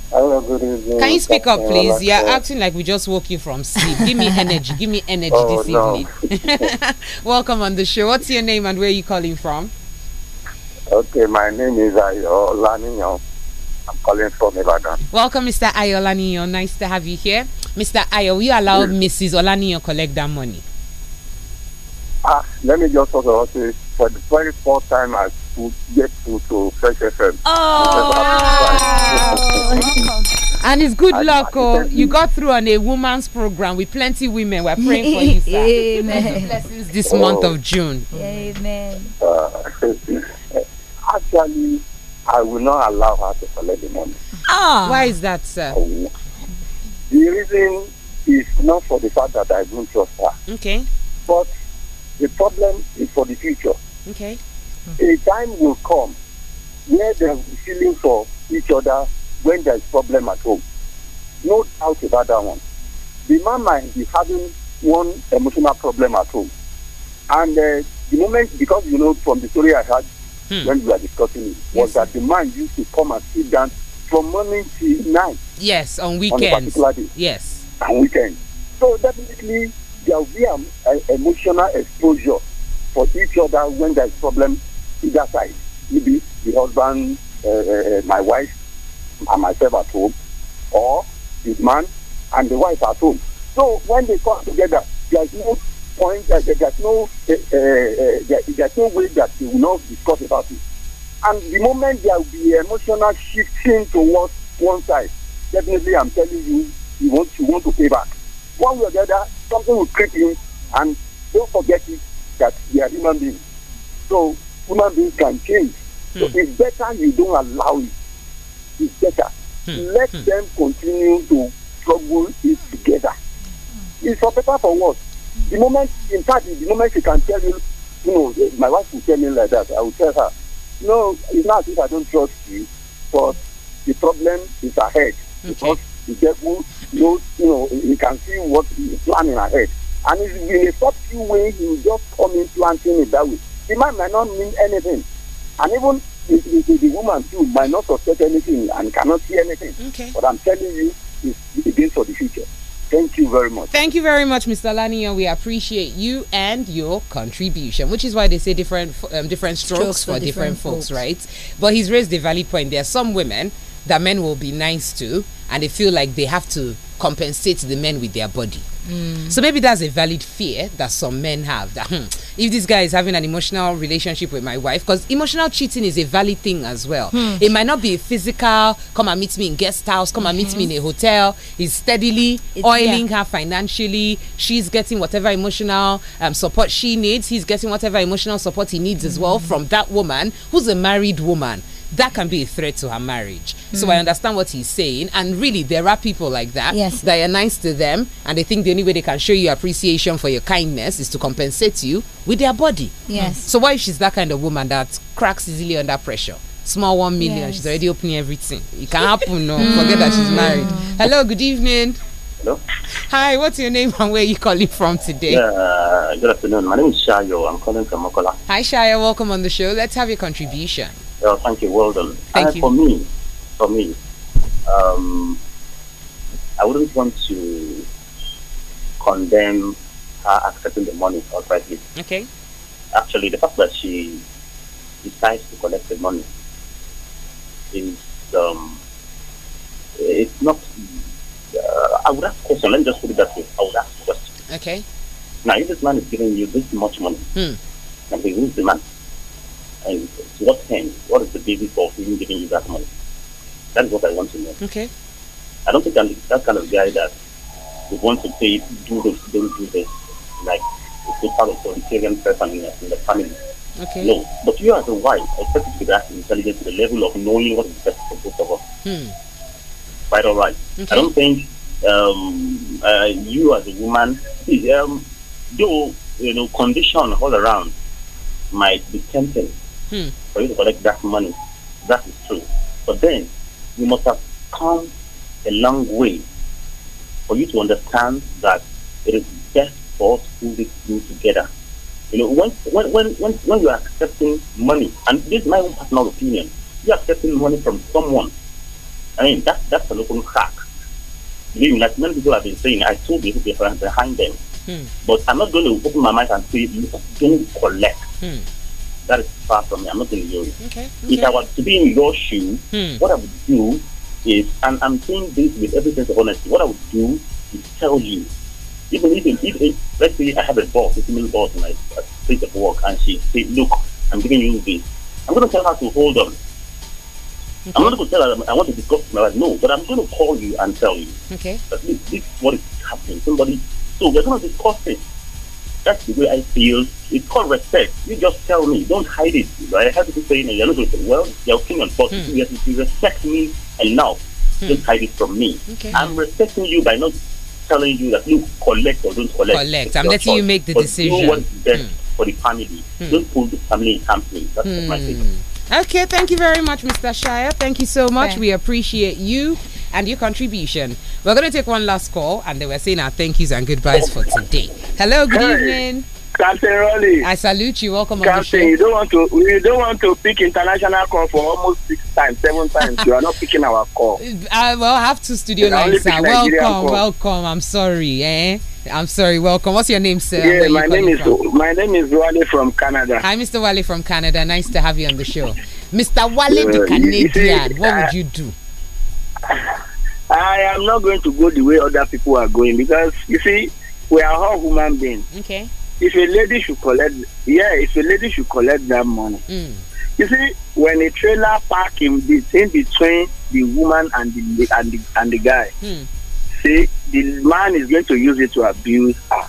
Hello, good evening. Can you speak up, please? You're acting like we just woke you from sleep. give me energy. Give me energy oh, this evening. Welcome on the show. What's your name and where are you calling from? Okay, my name is Ayolaniyo. I'm calling from Ibadan. Welcome, Mr. Ayolaniyo. Nice to have you here. Mr. Ayo, will you allow yes. Mrs. Olaniyo collect that money? Ah, let me just also say, for the very first time I could get to, to Fresh FM. Oh, welcome! and it's good luck, oh. You got through on a woman's program with plenty women. We're praying for you, sir. Amen. Blessings this oh. month of June. Amen. Uh, actually, I will not allow her to collect the money. Ah, why is that, sir? The reason is not for the fact that I don't trust her. Okay. But the problem is for the future. Okay. A time will come where there will be feeling for each other when there is problem at home. No doubt about that one. The man might be having one emotional problem at home, and uh, the moment because you know from the story I had hmm. when we were discussing it was yes. that the man used to come and sit down from morning till night. Yes, on weekends. On yes. On weekends. So definitely there will be an emotional exposure for each other when there is problem either side. Maybe the husband, uh, uh, uh, my wife, and myself at home, or the man and the wife at home. So when they come together, there is no point that there, there's no uh, uh, there, there's no way that they will not discuss about it. And the moment there will be emotional shifting towards one side, definitely I'm telling you, you want you want to pay back. One way or the other, something will creep in, and don't forget it that we are human beings. So human beings can change. So hmm. it's better you don't allow it. It's better. Hmm. Let hmm. them continue to struggle it together. It's for better for what? The moment, in fact, the moment she can tell you, you know, my wife will tell me like that, I will tell her, no, it's not if I don't trust you, but the problem is ahead. Okay. Because the devil knows, you know, he can see what is planning ahead. And if in a subtle way, he will just come in planting it that way. The man might not mean anything. And even the, the, the woman too might not suspect anything and cannot see anything. Okay. But I'm telling you, it's, it's against for the future. Thank you very much. Thank you very much, Mr. Laniyan. We appreciate you and your contribution, which is why they say different um, different strokes, strokes for, for, different, different folks, folks, right? But he's raised a valid point. There are some women that men will be nice to, and they feel like they have to compensate the men with their body. Mm. So maybe that's a valid fear that some men have that hmm, if this guy is having an emotional relationship with my wife, because emotional cheating is a valid thing as well. Hmm. It might not be physical, come and meet me in guest house, come mm -hmm. and meet me in a mm-hmm. hotel. He's steadily it's, oiling yeah. her financially. She's getting whatever emotional um, support she needs. He's getting whatever emotional support he needs as well mm. from that woman who's a married woman that can be a threat to her marriage. Mm. So I mm. understand what he's saying. And really, there are people like that yes. that are nice to them and they think the only way they can show you appreciation for your kindness is to compensate you with their body. Yes. So why she's that kind of woman that cracks easily under pressure? Small one million, yes. she's already opening everything. It can happen, no. Forget that she's married. Mm. Hello, good evening. Hello. Hi, what's your name and where are you calling from today? Yeah, uh, good afternoon. My name is Shayo. I'm calling from Makola. Hi, Shayo. Welcome on the show. Let's have your contribution thank you. Well done. Thank uh, you. For me, for me, um, I wouldn't want to condemn her accepting the money outrightly. Okay. Actually, the fact that she decides to collect the money is um, it's not. Uh, I would ask a question. Let me just put it that way. I would ask a question. Okay. Now, if this man is giving you this much money, hmm. and he wins the man, and to what end? What is the basis of even giving you that money? That is what I want to know. Okay. I don't think I'm that kind of guy that would want to say, do this, don't do this. Like, it's a part of authoritarian person in, the family. Okay. No, but you as a wife are to be that intelligent to the level of knowing what is best for both of us. Hmm. Right or right. Okay. I don't think um, uh, you as a woman, um, though, you know, condition all around might be tempting hmm. for you to collect that money. That is true. But then you must have come a long way for you to understand that it is best for us to do this together. You know, when, when, when, when, when you are accepting money, and this is my own personal opinion, you are accepting money from someone. I mean, that, that's an open hack. Believe me, like many people have been saying, I told you behind them. Hmm. But I'm not going to open my mouth and say, "Don't collect. Hmm that is far from me. I'm not going to do it. Okay, okay. If I was to be in your shoe, hmm. what I would do is, and I'm saying this with every sense of honesty, what I would do is tell you, even if, if, if, let's say I have a boss, a female boss in my place of work, and she say, look, I'm giving you this. I'm going to tell her to hold on. Okay. I'm not going to tell her I want to discuss with my wife. No, but I'm going to call you and tell you. Okay. That this, this is what is happening. Somebody. So we're going to discuss it. That's the way I feel. It's called respect. You just tell me. Don't hide it. You know, I have to saying, you're not going to say, well, your opinion, but mm. you, hmm. you respect me enough. Mm. Don't hide it from me. Okay. I'm respecting you by not telling you that you collect or don't collect. Collect. I'm letting you make the but decision. Do what's best hmm. for the family. Hmm. Don't pull the family in something. That's mm. my thing. Okay, thank you very much, Mr. Shire. Thank you so much. Okay. We appreciate you and your contribution. We're going to take one last call, and then we're saying our thank yous and goodbyes for today. Hello, good hey, evening. Captain Rolly. I salute you. Welcome Captain, on the show. you don't want to you don't want to pick international call for almost six times, seven times. you are not picking our call. Uh, I will have to studio Welcome, welcome. I'm sorry, eh? I'm sorry. Welcome. What's your name, sir? Yeah, my name is from? my name is Wale from Canada. Hi, Mr. Wale from Canada. Nice to have you on the show, Mr. Wale uh, the Canadian. See, what I, would you do? I am not going to go the way other people are going because you see, we are all human beings. Okay. If a lady should collect, yeah, if a lady should collect that money. Mm. You see, when a trailer park in, in between the woman and the and the, and the guy, mm. see the man is going to use it to abuse her.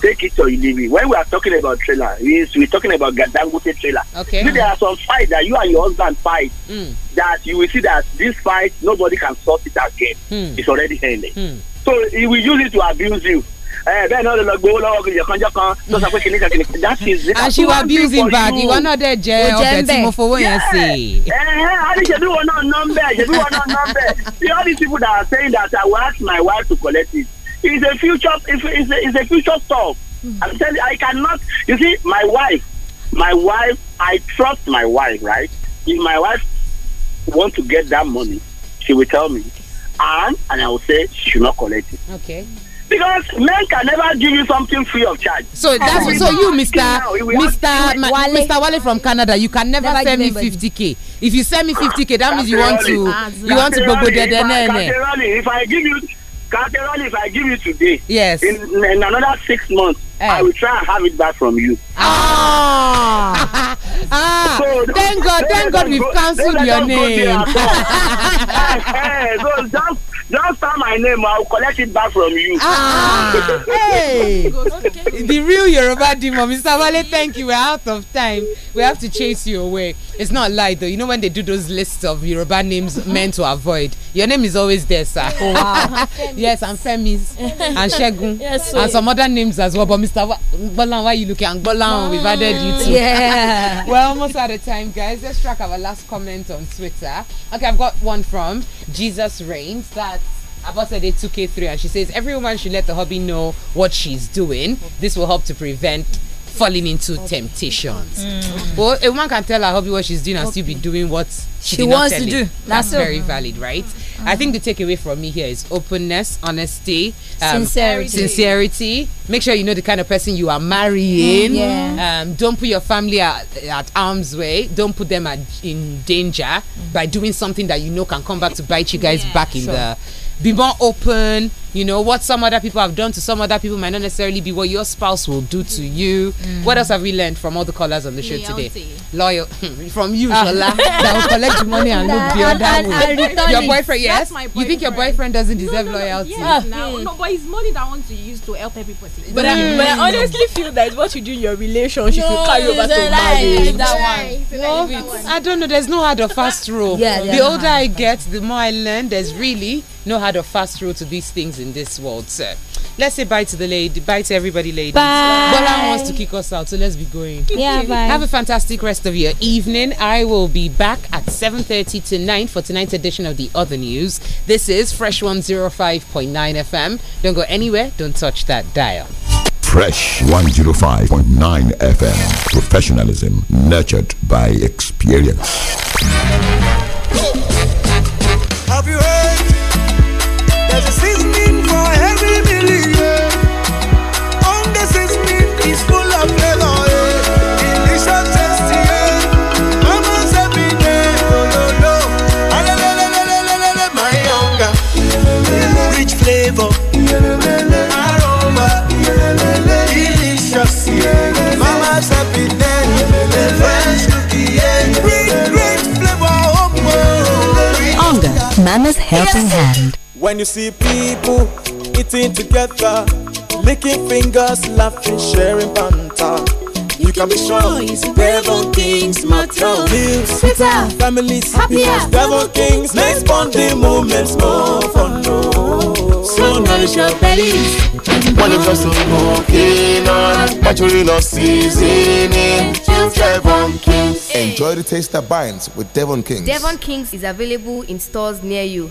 Take it or you leave it. When we are talking about trailer, is we're talking about Dangote trailer. Okay. See, there are some fights that you and your husband fight mm. that you will see that this fight nobody can sort it again. Mm. It's already ended. Mm. So he will use it to abuse you. Eh, bẹ́ẹ̀ náà ló lọ gbowó lọ́wọ́ yọ̀kanjọ́ kan tó sọ pé kìnní kan kìnní kan that is it. and she was abusing back ìwọ náà dẹ̀ jẹ ọbẹ̀ tí mo fowó yẹn sè. ẹ ẹ wọn náà nọmbẹ ṣebí wọn náà nọmbẹ the only people that are saying that I will ask my wife to collect it is a future is a future stuff. Hmm. I'm telling you, I cannot. You see, my wife, my wife, I trust my wife, right? If my wife want to get that money, she will tell me, and and I will say she should not collect it. Okay because men can never give you something free of charge. So that's oh, so you, Mister Mister Mister Wale from Canada, you can never, send me fifty k. If you send me fifty k, that means you want to you want to go go there. If I give you Cateroli, if I give you today, yes, in, in another six months, eh. I will try and have it back from you. Ah, ah. So, thank God, thank God, we've cancelled your name. Eh, eh, so just don't sign my name, I'll collect it back from you. Ah, ah. hey, the real Yoruba demon, Mr. Wale. Thank you. We're out of time. We have to chase you away. It's not lie, though. You know when they do those lists of Yoruba names meant to avoid, your name is always there, sir. Oh, wow. yes, and Femis and Shagun. yes, and some other names as well. But Mr. Bolan, why are you looking? at Bolan, oh, we've added you too. Yeah. We're almost out of time, guys. Let's track our last comment on Twitter. Okay, I've got one from Jesus Reigns. that about said it 2K3 and she says every woman should let the hubby know what she's doing. This will help to prevent falling into temptations. Mm. Well, a woman can tell her hubby what she's doing and still be doing what she, she wants to do. That's, very valid, right? Mm. I think the takeaway from me here is openness, honesty, um, sincerity. sincerity. Make sure you know the kind of person you are marrying. Mm, yeah. um, don't put your family at, at, arm's way. Don't put them at, in danger mm. by doing something that you know can come back to bite you guys yeah, back in sure. the be more open you know, what some other people have done to some other people might not necessarily be what your spouse will do to you. Mm. What else have we learned from all the callers on the show today? Loyal. from you, ah. Shola, that will collect money and look the other way. your boyfriend, yes? Boyfriend. You think your boyfriend doesn't deserve no, no, loyalty? Yes, yeah. no, no, but it's money that I want to use to help everybody. Mm. But, mm. I, but I honestly feel that what you do in your relationship no, will carry over to marriage. That one. No, I don't know. There's no hard or fast rule. yeah, the older I get, the more I learn. There's really no hard or fast rule to these things in this world, sir. Let's say bye to the lady, bye to everybody, ladies. Bye. Bola wants to kick us out, so let's be going. Yeah, bye. Have a fantastic rest of your evening. I will be back at 7.30 tonight for tonight's edition of The Other News. This is Fresh 105.9 FM. Don't go anywhere. Don't touch that dial. Fresh 105.9 FM. Professionalism nurtured by experience. Have you heard? Mama's Helping yes. Hand. When you see people eating together, licking fingers, laughing, sharing banter. You, can, be sure it's devil kings matter. Meals, sweeter, families, happier. Devil kings makes bonding moments more fun. No. So nourish your bellies. When it comes to smoking on, naturally love seasoning. Devon Kings. Enjoy the taste that binds with Devon Kings. Devon Kings is available in stores near you.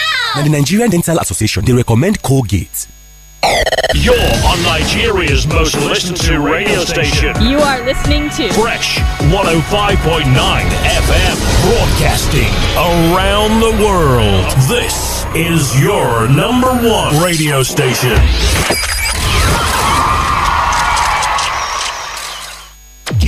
now, the Nigerian Dental Association, they recommend Colgate. You're on Nigeria's most listened to radio station. You are listening to Fresh 105.9 FM broadcasting around the world. This is your number one radio station.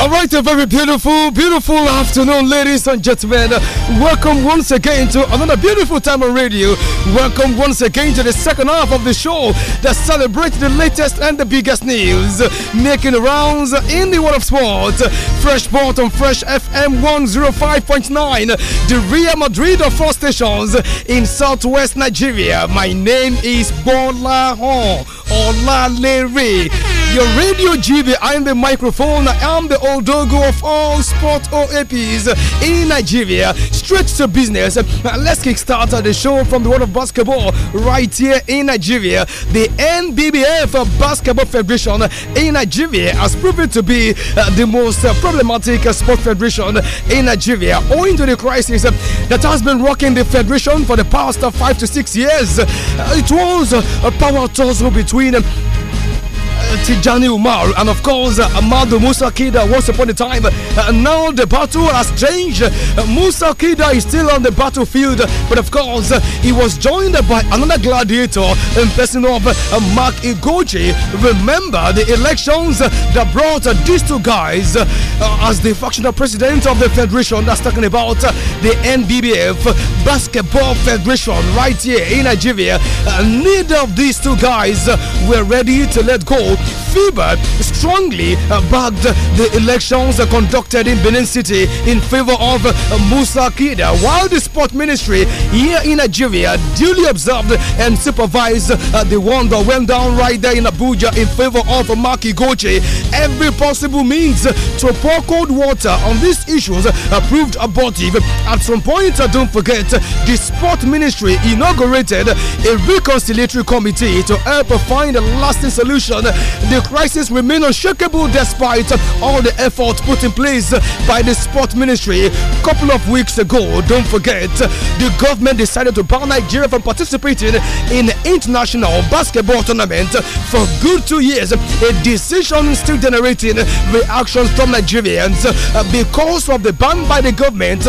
All right, a very beautiful, beautiful afternoon, ladies and gentlemen. Welcome once again to another beautiful time on radio. Welcome once again to the second half of the show that celebrates the latest and the biggest news making rounds in the world of sports. Fresh Sport on Fresh FM 105.9, the Real Madrid of four stations in southwest Nigeria. My name is Bola Hon. Olalere. Your radio I'm the microphone. I am the old dog of all sport OAPs in Nigeria. Straight to business. Let's kickstart the show from the world of basketball right here in Nigeria. The NBBF Basketball Federation in Nigeria has proven to be uh, the most uh, problematic sport federation in Nigeria owing to the crisis that has been rocking the federation for the past five to six years. Uh, it was a power tussle between between them. Tijani Umar and of course uh, Amadu Musa Kida once upon a time. Uh, now the battle has changed. Uh, Musa Kida is still on the battlefield, but of course he was joined by another gladiator in person of Mark Igoji. Remember the elections that brought these two guys as the factional president of the federation that's talking about the NBBF Basketball Federation right here in Nigeria. neither of these two guys were ready to let go Fever strongly backed the elections conducted in Benin City in favor of Musa Kida, while the sport ministry here in Nigeria duly observed and supervised the one that went down right there in Abuja in favor of Maki Goche. Every possible means to pour cold water on these issues proved abortive. At some point, don't forget, the sport ministry inaugurated a reconciliatory committee to help find a lasting solution the crisis remains unshakable despite all the efforts put in place by the sport ministry. A couple of weeks ago, don't forget, the government decided to ban Nigeria from participating in international basketball tournament for good two years. A decision still generating reactions from Nigerians uh, because of the ban by the government.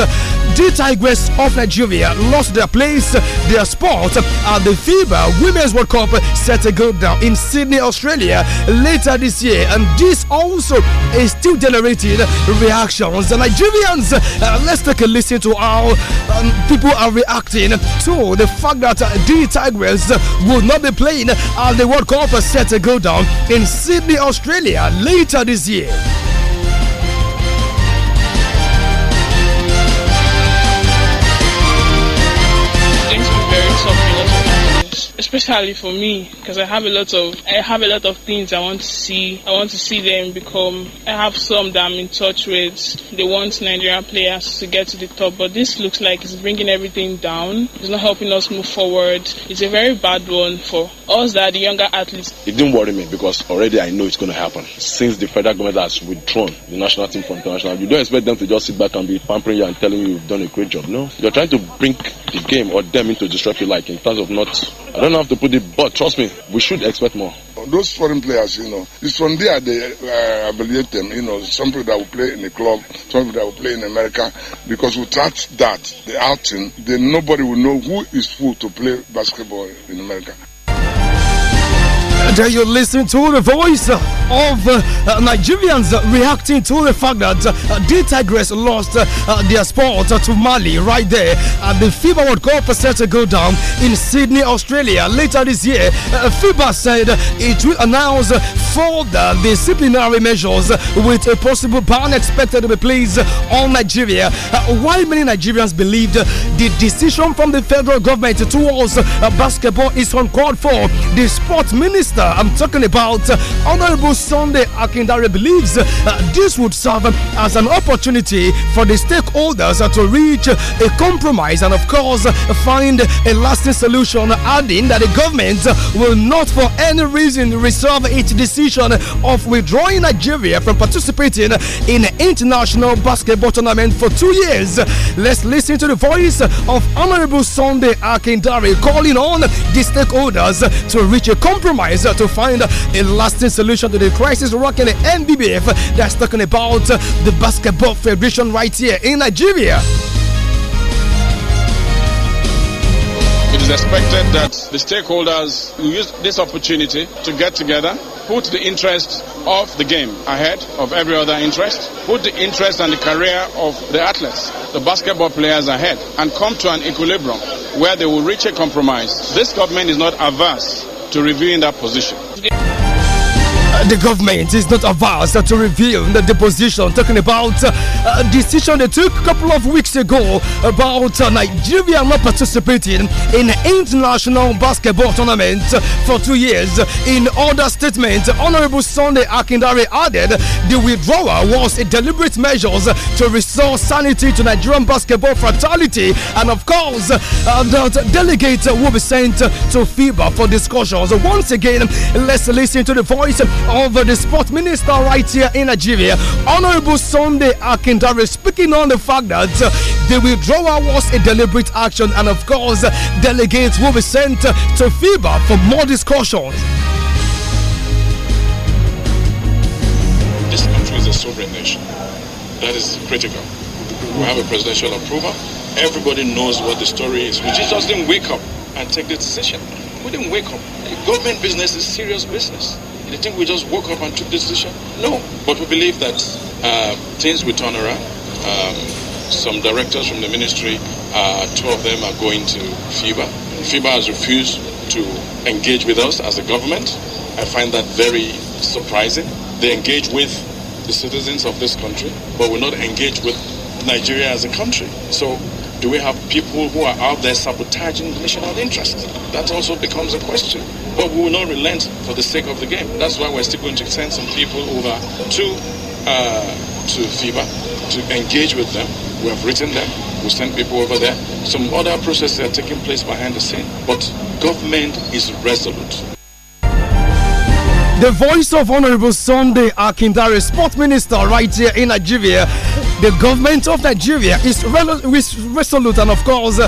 The Tigers of Nigeria lost their place, their spot at the FIBA Women's World Cup set to go down in Sydney, Australia later this year. And this also is still generating reactions. The Nigerians, uh, let's take a listen to how um, people are reacting to the fact that the Tigers will not be playing at the World Cup set to go down in Sydney, Australia later this year. something especially for me because I have a lot of I have a lot of things I want to see. I want to see them become. I have some that I'm in touch with. They want Nigerian players to get to the top, but this looks like it's bringing everything down. It's not helping us move forward. It's a very bad one for us that the younger athletes. It didn't worry me because already I know it's going to happen. Since the federal government has withdrawn the national team from international, you don't expect them to just sit back and be pampering you and telling you you've done a great job. No, you're trying to bring the game or them into disruption, like in terms of not. I don't don't have to put it, but trust me, we should expect more. Those foreign players, you know, it's from there they uh, evaluate them. You know, some people that will play in the club, some people that will play in America, because without that, the outing, then nobody will know who is who to play basketball in America. There you listen to the voice of uh, uh, Nigerians reacting to the fact that uh, uh the Tigers lost uh, uh, their spot to Mali right there at the FIBA World Cup set to go down in Sydney, Australia later this year. FIBA said it will announce further disciplinary measures with a possible ban expected to be placed on Nigeria. while many Nigerians believed the decision from the federal government towards basketball is uncalled for, the sports minister I'm talking about uh, Honorable Sunday Akindare believes uh, this would serve uh, as an opportunity for the stakeholders to reach a compromise and, of course, find a lasting solution, adding that the government will not for any reason reserve its decision of withdrawing Nigeria from participating in an international basketball tournament for two years. Let's listen to the voice of Honorable Sunday Akindare calling on the stakeholders to reach a compromise to find a lasting solution to the crisis rocking the NBBF that's talking about the Basketball Federation right here in Nigeria. It is expected that the stakeholders use this opportunity to get together, put the interest of the game ahead of every other interest, put the interest and the career of the athletes, the basketball players ahead, and come to an equilibrium where they will reach a compromise. This government is not averse to in that position. Uh, the government is not averse to reveal the deposition. Talking about uh, a decision they took a couple of weeks ago about uh, Nigeria not participating in international basketball tournament for two years. In other statement, Honorable Sunday Akindare added the withdrawal was a deliberate measure to restore sanity to Nigerian basketball fraternity, and of course, that the will be sent to FIBA for discussions. Once again, let's listen to the voice of the sports Minister right here in Nigeria, Honorable Sunday Akindare, speaking on the fact that uh, the withdrawal was a deliberate action, and of course, delegates will be sent uh, to FIBA for more discussions. This country is a sovereign nation. That is critical. We have a presidential approval. Everybody knows what the story is. We just didn't wake up and take the decision. We didn't wake up. Government business is serious business. You think we just woke up and took this decision? No, but we believe that uh, things will turn around. Um, some directors from the ministry, uh, two of them are going to FIBA. FIBA has refused to engage with us as a government. I find that very surprising. They engage with the citizens of this country, but will not engage with Nigeria as a country. So do we have people who are out there sabotaging national interests? That also becomes a question. But we will not relent for the sake of the game. That's why we're still going to send some people over to uh, to FIBA to engage with them. We have written them. We sent people over there. Some other processes are taking place behind the scene. But government is resolute. The voice of Honorable Sunday Akindare, Sport Minister right here in Nigeria, the government of Nigeria is resolute and, of course,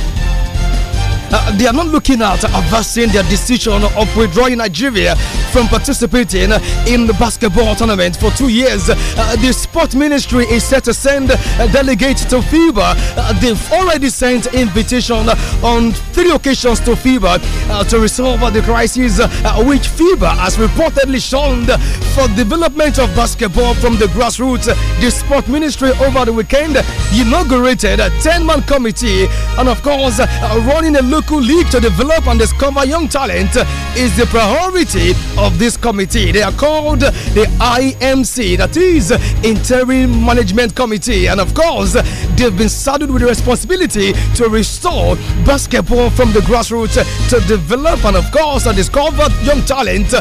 uh, they are not looking at advancing their decision of withdrawing Nigeria from participating in the basketball tournament for two years. Uh, the sport ministry is set to send a delegate to FIBA. Uh, they've already sent invitation on three occasions to FIBA uh, to resolve the crisis uh, which FIBA has reportedly shunned for development of basketball from the grassroots. The sport ministry over the weekend inaugurated a 10-man committee and of course uh, running a look local league to develop and discover young talent is the priority of this committee. They are called the IMC, that is Interim Management Committee. And of course, they've been saddled with the responsibility to restore basketball from the grassroots to develop and, of course, discover young talent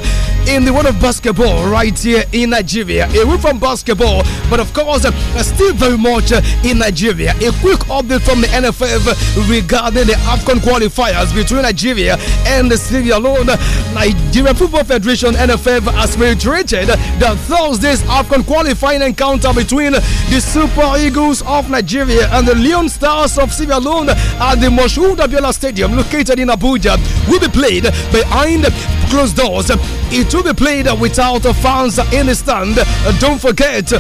in the world of basketball right here in Nigeria. Away from basketball, but of course, still very much in Nigeria. A quick update from the NFF regarding the AFCON qualifier qualifiers between Nigeria and Sierra alone. Nigeria Football Federation NFF has reiterated that Thursday's AFCON qualifying encounter between the Super Eagles of Nigeria and the Leon Stars of Sierra alone at the Moshood Biola Stadium located in Abuja will be played behind closed doors. It will be played without fans in the stand. Don't forget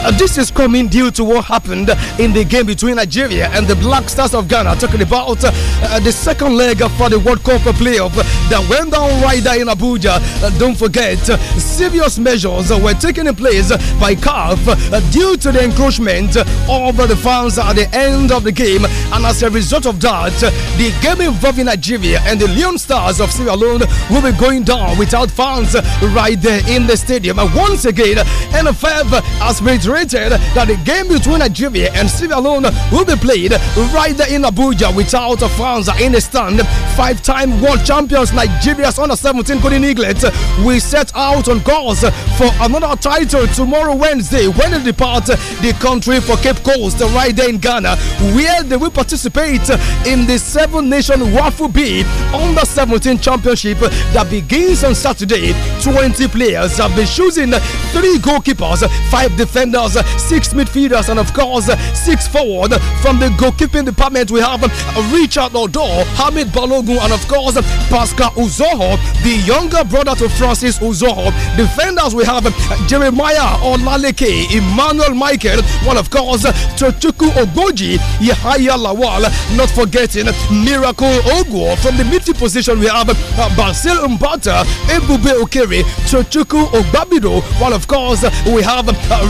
uh, this is coming due to what happened in the game between Nigeria and the Black Stars of Ghana. Talking about uh, uh the second leg for uh, the World Cup playoff that went down right there in Abuja. Uh, don't forget, serious measures were taken in place by CAF due to the encroachment of the fans at the end of the game. And as a result of that, the game involving Nigeria and the Leon Stars of Sierra Leone will be going down without fans right there in the stadium. And once again, NFF has made that the game between Nigeria and Sierra Leone will be played right there in Abuja without fans in the stand. Five time world champions Nigeria's under 17 Golden Eaglet will set out on course for another title tomorrow, Wednesday, when they depart the country for Cape Coast right there in Ghana, where they will participate in the Seven Nation Waffle B Under 17 Championship that begins on Saturday. 20 players have been choosing three goalkeepers, five defenders six midfielders, and of course, six forward. From the goalkeeping department, we have uh, Richard Odor, Hamid Balogun, and of course, Pascal Uzoho, the younger brother to Francis Uzoho. Defenders, we have uh, Jeremiah Olaleke, Emmanuel Michael, one of course, Tochuku Ogoji, Yahaya Lawal, not forgetting Miracle Ogwo. From the midfield position, we have uh, Basil Mbata, Ebube Okere, Tochuku Ogbabido, while of course, we have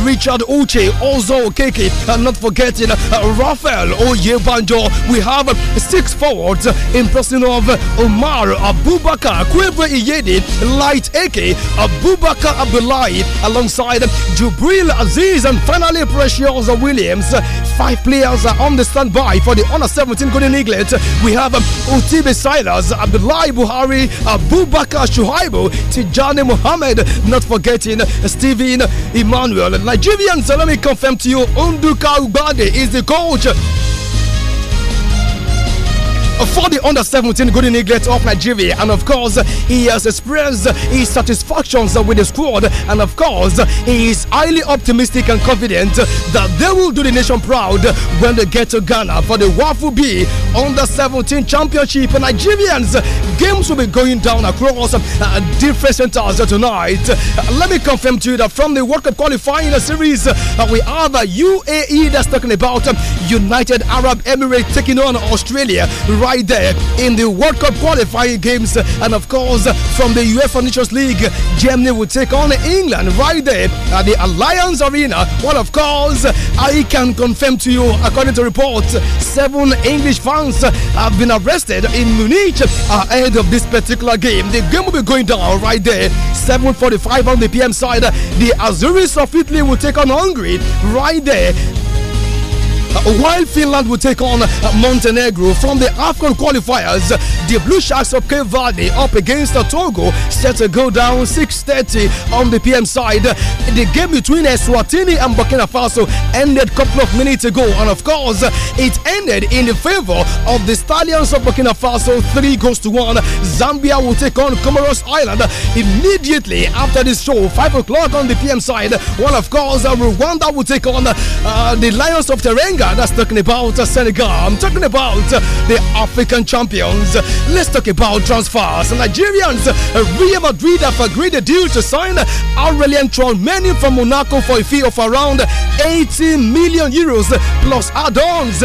Richard Muhammad Uche also Kiki, and not forgetting uh, Rafael Oyebanjo. We have uh, six forwards in person of Omar Abubakar, Kwebe Iyedi, Light Eke, Abubakar Abdullahi, alongside Jubril Aziz, and finally Precious Williams. Five players are on the standby for the Honor 17 Golden Eaglet. We have Utibe um, Silas, Abdullahi Buhari, Abubakar Shuhaibu, Tijani Mohammed, not forgetting Stephen Emmanuel. Nigeria Williams, so let me confirm to you, Unduka Ugbade is the coach for the under 17 Golden Eaglet of Nigeria. And of course, he has expressed his satisfactions with the squad. And of course, he is highly optimistic and confident that they will do the nation proud when they get to Ghana for the Wafu B under 17 championship. Nigerians, games will be going down across uh, different centers tonight. Uh, let me confirm to you that from the World Cup qualifying series, uh, we have UAE that's talking about United Arab Emirates taking on Australia right right there in the World Cup qualifying games. And of course, from the UEFA Nations League, Germany will take on England right there at the Alliance Arena. Well, of course, I can confirm to you, according to reports, seven English fans have been arrested in Munich ahead of this particular game. The game will be going down right there, 7:45 on the PM side. The Azuris of Italy will take on Hungary right there while Finland will take on uh, Montenegro from the AFCON qualifiers, the Blue Sharks of Cape Verde up against uh, Togo set to go down 6.30 on the PM side. The game between Eswatini and Burkina Faso ended a couple of minutes ago and of course it ended in the favour of the Stallions of Burkina Faso 3 goals to 1. Zambia will take on Comoros Island immediately after this show 5 o'clock on the PM side. While of course uh, Rwanda will take on uh, the Lions of Teranga Nigeria. That's talking about uh, Senegal. I'm talking about uh, the African champions. Let's talk about transfers. Nigerians, uh, Real Madrid have agreed a deal to sign Aurelien Tronmeni from Monaco for a fee of around 80 million euros plus add-ons.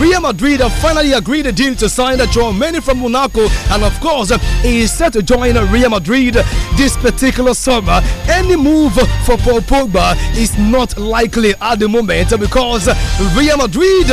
Real Madrid have finally agreed a deal to sign Tronmeni from Monaco, and of course, he is set to join Real Madrid this particular summer. Any move for Paul Pogba is not likely at the moment because Real Real Madrid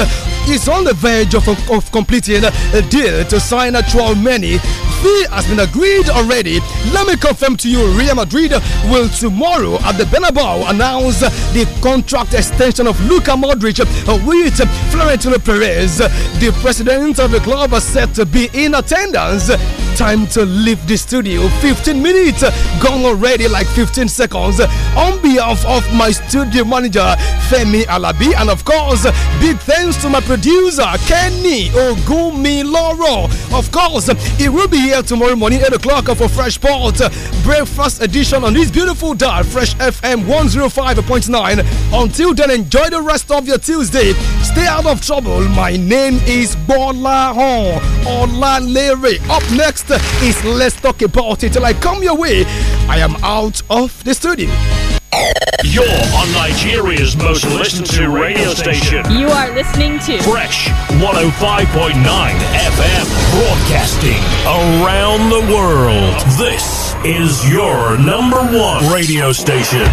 is on the verge of, of completing a deal to sign a Many. fee has been agreed already. Let me confirm to you, Real Madrid will tomorrow at the Bernabeu announce the contract extension of Luka Modric with Florentino Perez. The president of the club is set to be in attendance. Time to leave the studio. 15 minutes gone already, like 15 seconds. On behalf of my studio manager Femi Alabi and of course Big thanks to my producer, Kenny Ogumiloro. Of course, he will be here tomorrow morning, 8 o'clock for Fresh Port Breakfast Edition on this beautiful dial, Fresh FM 105.9. Until then, enjoy the rest of your Tuesday. Stay out of trouble. My name is Bola Hon Olalere. Up next is Let's Talk About It. Till I come your way, I am out of the studio. You're on Nigeria's most listened to radio station. You are listening to Fresh 105.9 FM, broadcasting around the world. This is your number one radio station.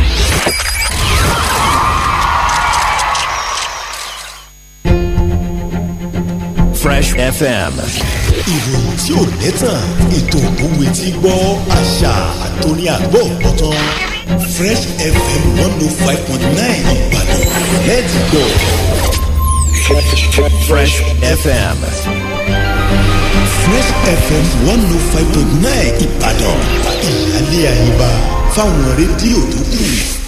Fresh FM. ìròyìn tí ò lẹ́tàn ètò tí gbọ́ àṣà àtòní àgbọ̀ Fresh FM 105.9 Ibadan. Let's go. Fresh FM. Fresh FM 105.9 Ibadan. Ìyáálé àyíbá fáwọn rédíò tó kù.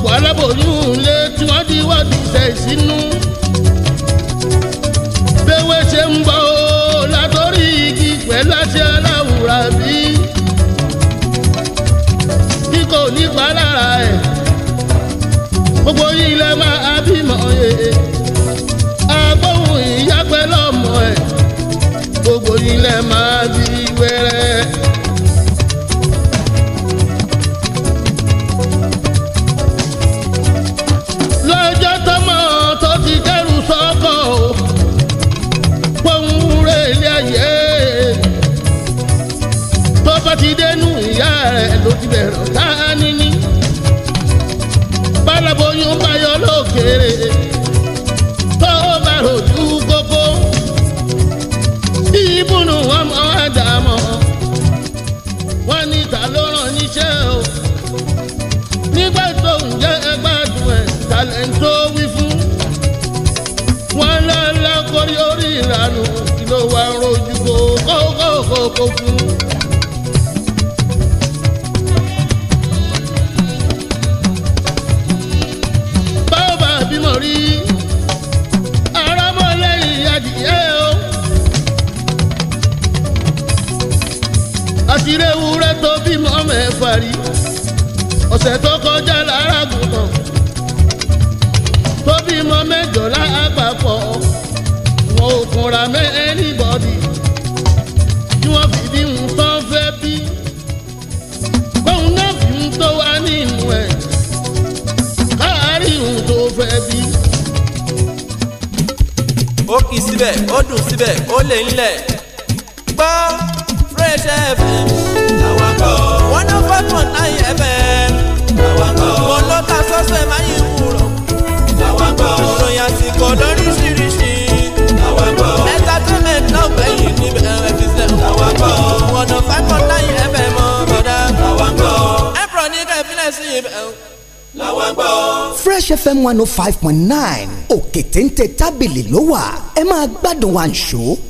ọ̀pọ̀ aláboyún lé tí wọ́n di wọ́n ti tẹ̀ sínú. Béwé ṣe ń bọ̀ ó látọ̀rí igi pẹ̀lú àṣẹ aláwùrà bí. Kíkọ nípa lára ẹ̀. Gbogbo yìí lẹ máa bímọ yẹ. Agbóhùn ìyá pẹ̀lú ọmọ ẹ̀. Gbogbo yìí lẹ máa bí wẹ́rẹ́. rẹ̀ ló ti bẹ̀rẹ̀ ká ní ní. báláboyún bayọ lókèrè tó bá rojú kókó ìbùnú wọn mọ àdàmọ wọn ní ta ló rán níṣẹ́ o nígbà tó ń jẹ ẹgbàdùn ẹ talẹ̀ ń tó wí fún wọn lọ́ọ́ lọ́kọ́rí orí ìranù kí ló wá rojú kókó kókó fún. mẹ́fà rí ọ̀sẹ̀ tó kọjá lára gùnà tó bímọ mẹ́jọ lápapọ̀ wọn ò kunra mẹ́ anybody tí wọ́n fi bí ń tán fẹ́ bí bóun náà fi ń tó wá nínú ẹ̀ káàárín òun tó fẹ́ bí. ó kì í síbẹ̀ ó dùn síbẹ̀ ó lè ń lẹ̀ gbọ́ Fresh FM. Fresh FM one oh five point nine òkè téńté tábìlì ló wà ẹ máa gbádùn wa ń ṣó.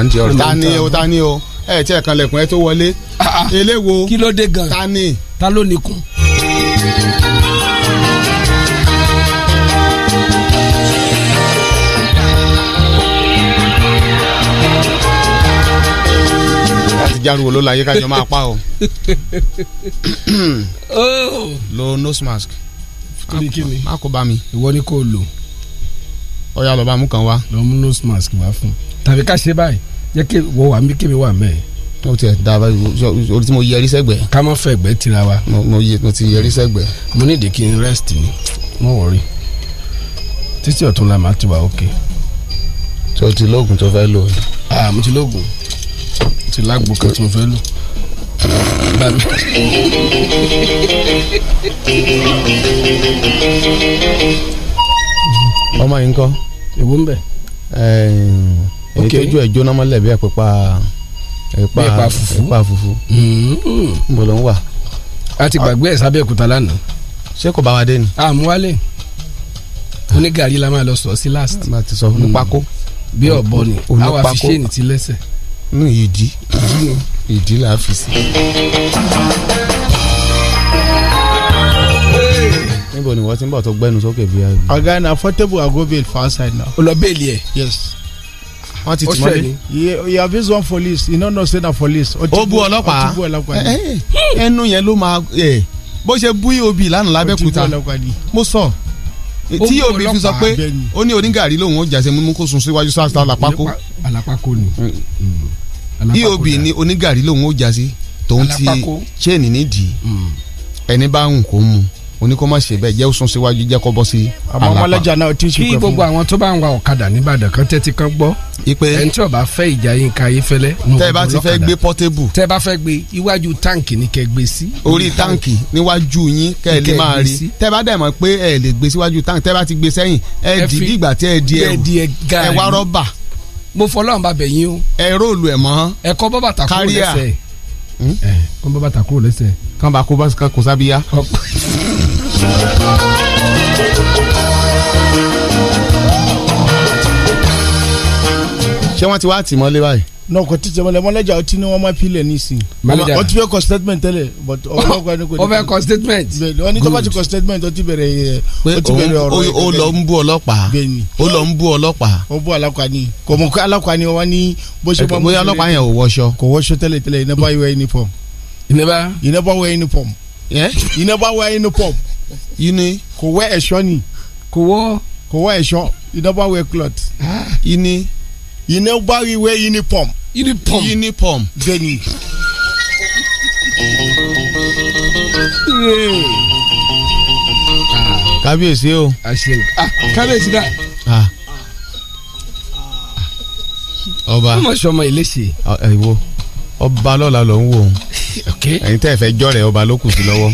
à ń ta ni o ta ni o ẹ tí ẹ kan lẹ̀kùn ẹ tó wọlé. eléwo kí ló dé gan. ta ni. ta ló nìkún. járuwo ló láyé kájọ máa pa o. lo nose mask. má kó bá mi. ìwọ ni kò lò. ọ̀ya lọ́ba mú kan wá. lọ mú nose mask wá fún. tàbí ká ṣe báyìí jẹ́ kí wọ́n wà mí kémi wà mẹ́ẹ̀. o tẹ daba orí tí mo yẹrí sẹ́gbẹ̀ẹ́. ká mọ́ fẹ́ gbẹ́ tira wa. mo ti yẹrí sẹ́gbẹ̀ẹ́. mo ní ìdíkì rest ni mo wọ̀rí títí ọ̀tún la máa ti wà ókè. tí o ti lóògùn tó fẹ́ lò. ah mo ti lóògùn mo ti lágbo kan tí mo fẹ́ lò. ọmọ yìí ń kọ́. èwo ń bẹ̀ èyí tójú ẹ̀ jóná mọ́lẹ̀ bí ẹ̀ pípa ẹ̀pà fùfú ẹ̀pà fùfú mo lọ ń wà. a ti gbàgbé ẹ̀ sábẹ́ òkúta lánàá. ṣé kò bá wa dé ni. a mú wálé ah. onígàrí la máa lọ sọ sí last. a ti sọ ní hmm. pákó. bí ọ̀bọ ni àwa fi ṣéènì ti lẹ́sẹ̀. ní ìdí ìdí la fi sí. níbo ni wọ́n ti ń bọ̀ tó gbẹ́nu sókè bí i. ọ̀gá ẹ̀ na affordable i go bail for outside now. o lọ bẹ́ẹ̀lì ẹ̀. yes wọ́n ti tì mọ́lé. he have been one police he no know say na police. ó bú ọlọ́pàá eh, eh, eh. ẹnu yẹn ló máa bó ṣe bú iobi e lánàá lábẹ́kúta mo sọ tí iobi e fi sọ pé ó ní onígàrí lòun ó jàṣẹ mímú kó sun síwájú sáà alápákó. alápákó ni iob mm. mm. e ni onígàrí lòun ó jàṣẹ tòun ti chain nídìí mm. ẹni bá ń kó mu. Mm oníkó má ṣe bẹ́ẹ̀ jẹ́ ó sún síwájú jẹ́ kó bọ́ sí àlàpà. àmọ́ ọmọlẹ́jà náà tí ń ṣe pé fún. kí gbogbo àwọn tó bá ń wa ọ̀kadà nìbàdàn kan tẹ́tí kan gbọ́. ipe ẹni tí ó bá fẹ́ ìjà yín ka yín fẹ́lẹ́. tẹ́ ẹ bá ti fẹ́ gbé pọ́tébù. tẹ́ ẹ bá fẹ́ gbé iwájú táǹkì ni kẹ́ gbé sí. orí táǹkì níwájú yín kẹ́ ẹ lè máa rí tẹ́ ẹ bá dẹ̀ mọ̀ pé ẹ lè gbé síwájú táǹkì tẹ́ ẹ bá ti gbé sẹ́yìn ẹ dì bí ìgbà tí ẹ di ẹrù o. ẹ róòlù Hmm? Eh. kán bá bàtà kúrò lẹ́sẹ̀. kán bá kó bá kó sábíyá. ṣé wọ́n ti wá tì mọ́lé báyìí. náà kò tí tẹmọlẹ mọlẹjà ọtí ni wọ́n máa pilẹ̀ nísìnyí. mọlẹjà ọtí fẹ́ kọ statement tẹ́lẹ̀ but ọlọ́kọ ni kò ní. ó kọ statement. bẹ́ẹ̀ni wọ́n ní tó ti kọ statement ó ti bẹ̀rẹ̀ eh, ó ti bẹ̀rẹ̀ ọ̀rọ̀ yẹn. lọ ń bú ọlọ́pàá ó lọ ń bú ọlọ́pàá. ó bú alákwani kò mọ̀ kó alákwani wọn ní bóyá ọlọ́pàá yẹn ò wọṣọ. kò wọṣọ tẹ́lẹ̀ never wear uniform. he never. he never wear uniform. Eh? he never wear uniform. uni. kò wọ ẹ̀ṣọ́ ni. kò wọ. kò wọ ẹ̀ṣọ́ he never wear cloth. uni you nobody wear uniform. uniform uniform venue. Ah. kábíyèsí o. Ah, kábíyèsí dá. Ah. ọba ọmọ sọmọ ìlẹsẹ. ẹ wo ọba lọ́la ló ń wò ó ẹ̀yin tẹ́ ẹ fẹ́ jọ́ rẹ̀ ọba ló kù sí lọ́wọ́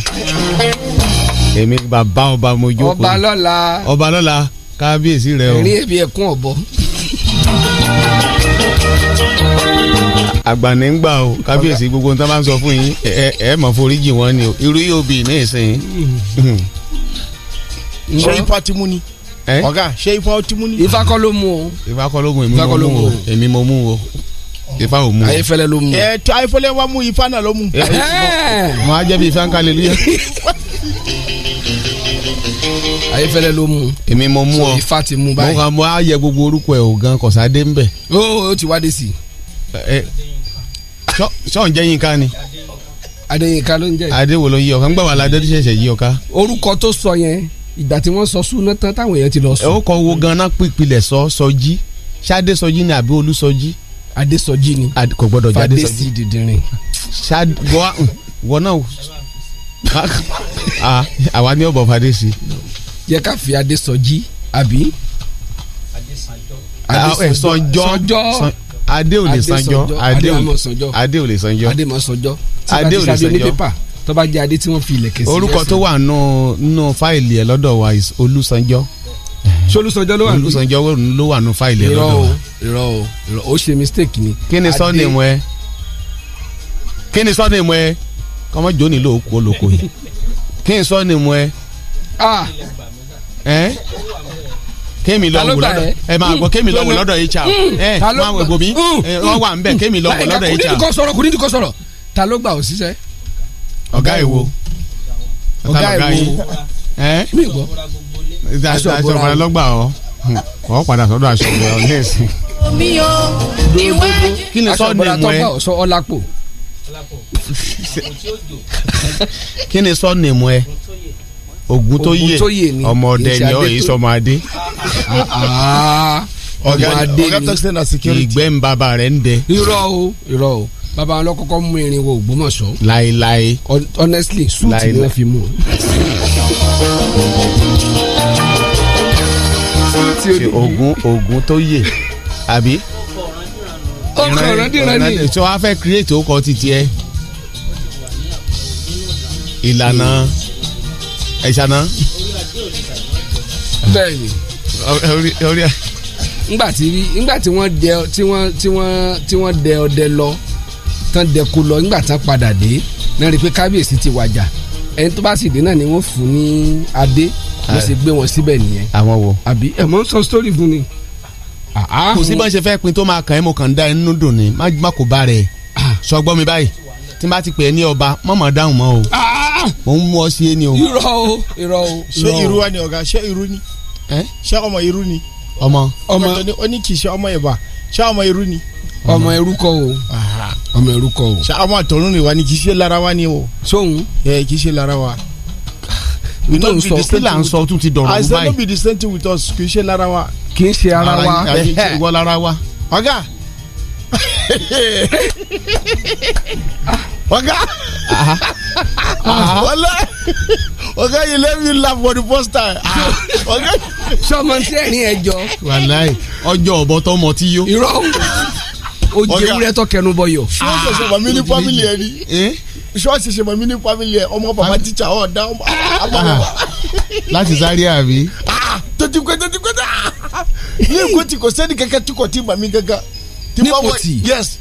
èmi bàbá ọba mo jókòó ọba lọ́la ọba lọ́la kábíyèsí rẹ o. rí ebi ẹ̀kún ọ̀bọ àgbànígbà o kábíyèsí gbogbo nǹkan bá ń sọ fún yín ẹ ẹ mọ̀ foríjì wọn ni o irú yóò bì ní ìsìn. ṣé ipa ti mú ni ọ̀gá ṣé ipa ti mú ni. ifá ló mú o. ifá ló mú èmi mo mú o ifá ò mú o ayefẹlẹ ló mú o. ẹ ayefẹlẹ wa mú ifá náà ló mú. mo á jẹ́ bí ifá ń kalẹ̀ lu yẹn. ayefẹlẹ ló mú. èmi mo mú ọ ifá ti mú báyìí. mo kàn mo á yẹ gbogbo orúkọ ẹ o gan kọ̀sádé ń bẹ̀. o o ti wá dé sí. sọ̀n jẹ́ yín ká ni. adéyínká ló ń jẹ́. adéwo ló ń yí ọ̀ká ń gbà wà ládé tó ṣẹ̀ṣẹ̀ yí ọ̀ká. orúkọ tó sọ yẹn ìgbà tí wọ́n sọ súná tán táwọn èèyàn ti lọ sùn. ó kọ wo ganan pípilẹ̀ sọ sọjí ṣáde sọjí ni àbí olú sọjí. So Adesoji ni kò gbọ́dọ̀ jẹ́ Adésọjí Fadesi dìdìrín. wọ́n náà ah, àwa ni ọ̀bọ̀ Fadesi. yẹ ká fi adesoji àbí. Sanjọ ah, Sanjọ Adé ò lè Sanjọ Adé ò lè Sanjọ Adé ma Sanjọ Adé ò lè Sanjọ tó jẹ́ Adé tí wọ́n fi ilẹ̀kẹ̀ sí. orúkọ tó wà nù fáìlì ẹ̀ lọ́dọ̀ wa is Olúsanjọ́ solúsanjọ́ ló wà nù. solúsanjọ́ ló wà nù fáìlì rẹ lọ́dọ̀. irọ́ o o ṣe mistake ni. kí ni sọ́ọ̀nì mu ẹ kí ni sọ́ọ̀nì mu ẹ kọ́mọ jóni ló kó lóko yìí kí ni sọ́ọ̀nì mu ah. ẹ. kémi lọ wò lọ́dọ̀ ẹ máa gbọ́ kémi lọ wò lọ́dọ̀ yìí chao mm. ẹ máa wò bomi mm. ọ wà ń bẹ kémi lọ wò lọ́dọ̀ yìí chao. kò ní ti kọ sọ̀rọ̀ kò ní ti kọ sọ̀rọ̀ ta ló gbà ọ́ síṣẹ́. ọ̀gá ìwo ọ̀gá ìwo ẹ mi gbọ́ aṣọ ìbora lọ́gbà ọ hmm. ọ padà sọ́dọ̀ aṣọ ìbora ọ lẹ́sì. omi o ìwé. kí ni sọ́ọ̀nì mu ẹ sọ ọlápò. kí ni sọ́ọ̀nì mu ẹ ogun tó yè ọmọ ọdẹ ni ọ yìí sọmọ adé. ọmọ adé ni ìgbẹ́ ń bàbá rẹ̀ ń dẹ. irọ́ o irọ́ o bàbá wọn lọ́kọ́kọ́ mú irin wo Ògbómọ̀ṣọ́. láéláé. honestly suit ni wọ́n fi mú. sí odò yìí. ogun ogun tó yè àbí. ọkọ ìrandíran ni. tí fẹ́ create orúkọ títí ẹ. ìlànà ẹ̀ṣáná. bẹ́ẹ̀ni. orí orí ẹ. ngbà tí ngbà tí wọ́n dẹ tí wọ́n tí wọ́n tí wọ́n dẹ ọdẹ lọ tán dẹ kú lọ ngbà tán padà dé náà rí i pé kábíyèsí ti wàjà ẹni tó bá sì dé náà ni wọ́n fún ní adé mo sì gbé wọn síbẹ̀ nìyẹn. àwọn wo. àbí ẹ mọ ń sọ sítórì fún ni. kò sí bọ́n ṣe fẹ́ pin tó máa kàn ẹ́ mo kàn ń da ẹ dùn ni má kò bá rẹ̀ sọ gbọ́ mi báyìí tí n bá ti pè é ní ọba má mà dáhùn mọ́ o mo ń mú ọ sí ẹni o. irọ́ o irọ́ o. ṣé irú wa ni ọ̀gá ṣé irú ni ṣé ọmọ irú ni. ọmọ ọmọ ó ní kì í ṣe ọmọ ìbà ṣé ọmọ irú ni. ọmọ irú kọ́ o ọmọ irú kọ́ o. ṣé ọmọ àtọ̀run ni wa ni kì í ṣe lára wa ni o. sóhun. ẹ kì í ṣe lára wa. We know sọ kí là ń sọ tún ti dọ̀rọ̀ mú báyìí. I say no be the same thing with us kì í ṣe lára wa. kì í ṣe ara wa kì í ṣe ìwọ lára wa. ọ̀gá ọ̀gá wọlé ọ̀gá yìí let me laugh for the first time. Ah. ọ̀gá sọmọ tí ẹ̀rín ẹ jọ. wàláì ọjọ́ ọ̀bọ tọmọ tí yó. irọ́ o jẹ́ wúrẹ́ tọkẹnu bọyọ. ṣé o sọ̀sọ̀ bàmí ní fámìlì ẹ ni. Eh? ṣọ́ọ̀ṣì ṣe mọ̀mí ní family ẹ̀ ọmọ bàbá tíṣà ọ̀ ọmọ ah, ah, bàbá. Ah. láti sáré àbí. tètè pé tètè pé ní èkó tí kò sẹ́ni kankan tí kò tí màmí kankan nípò tí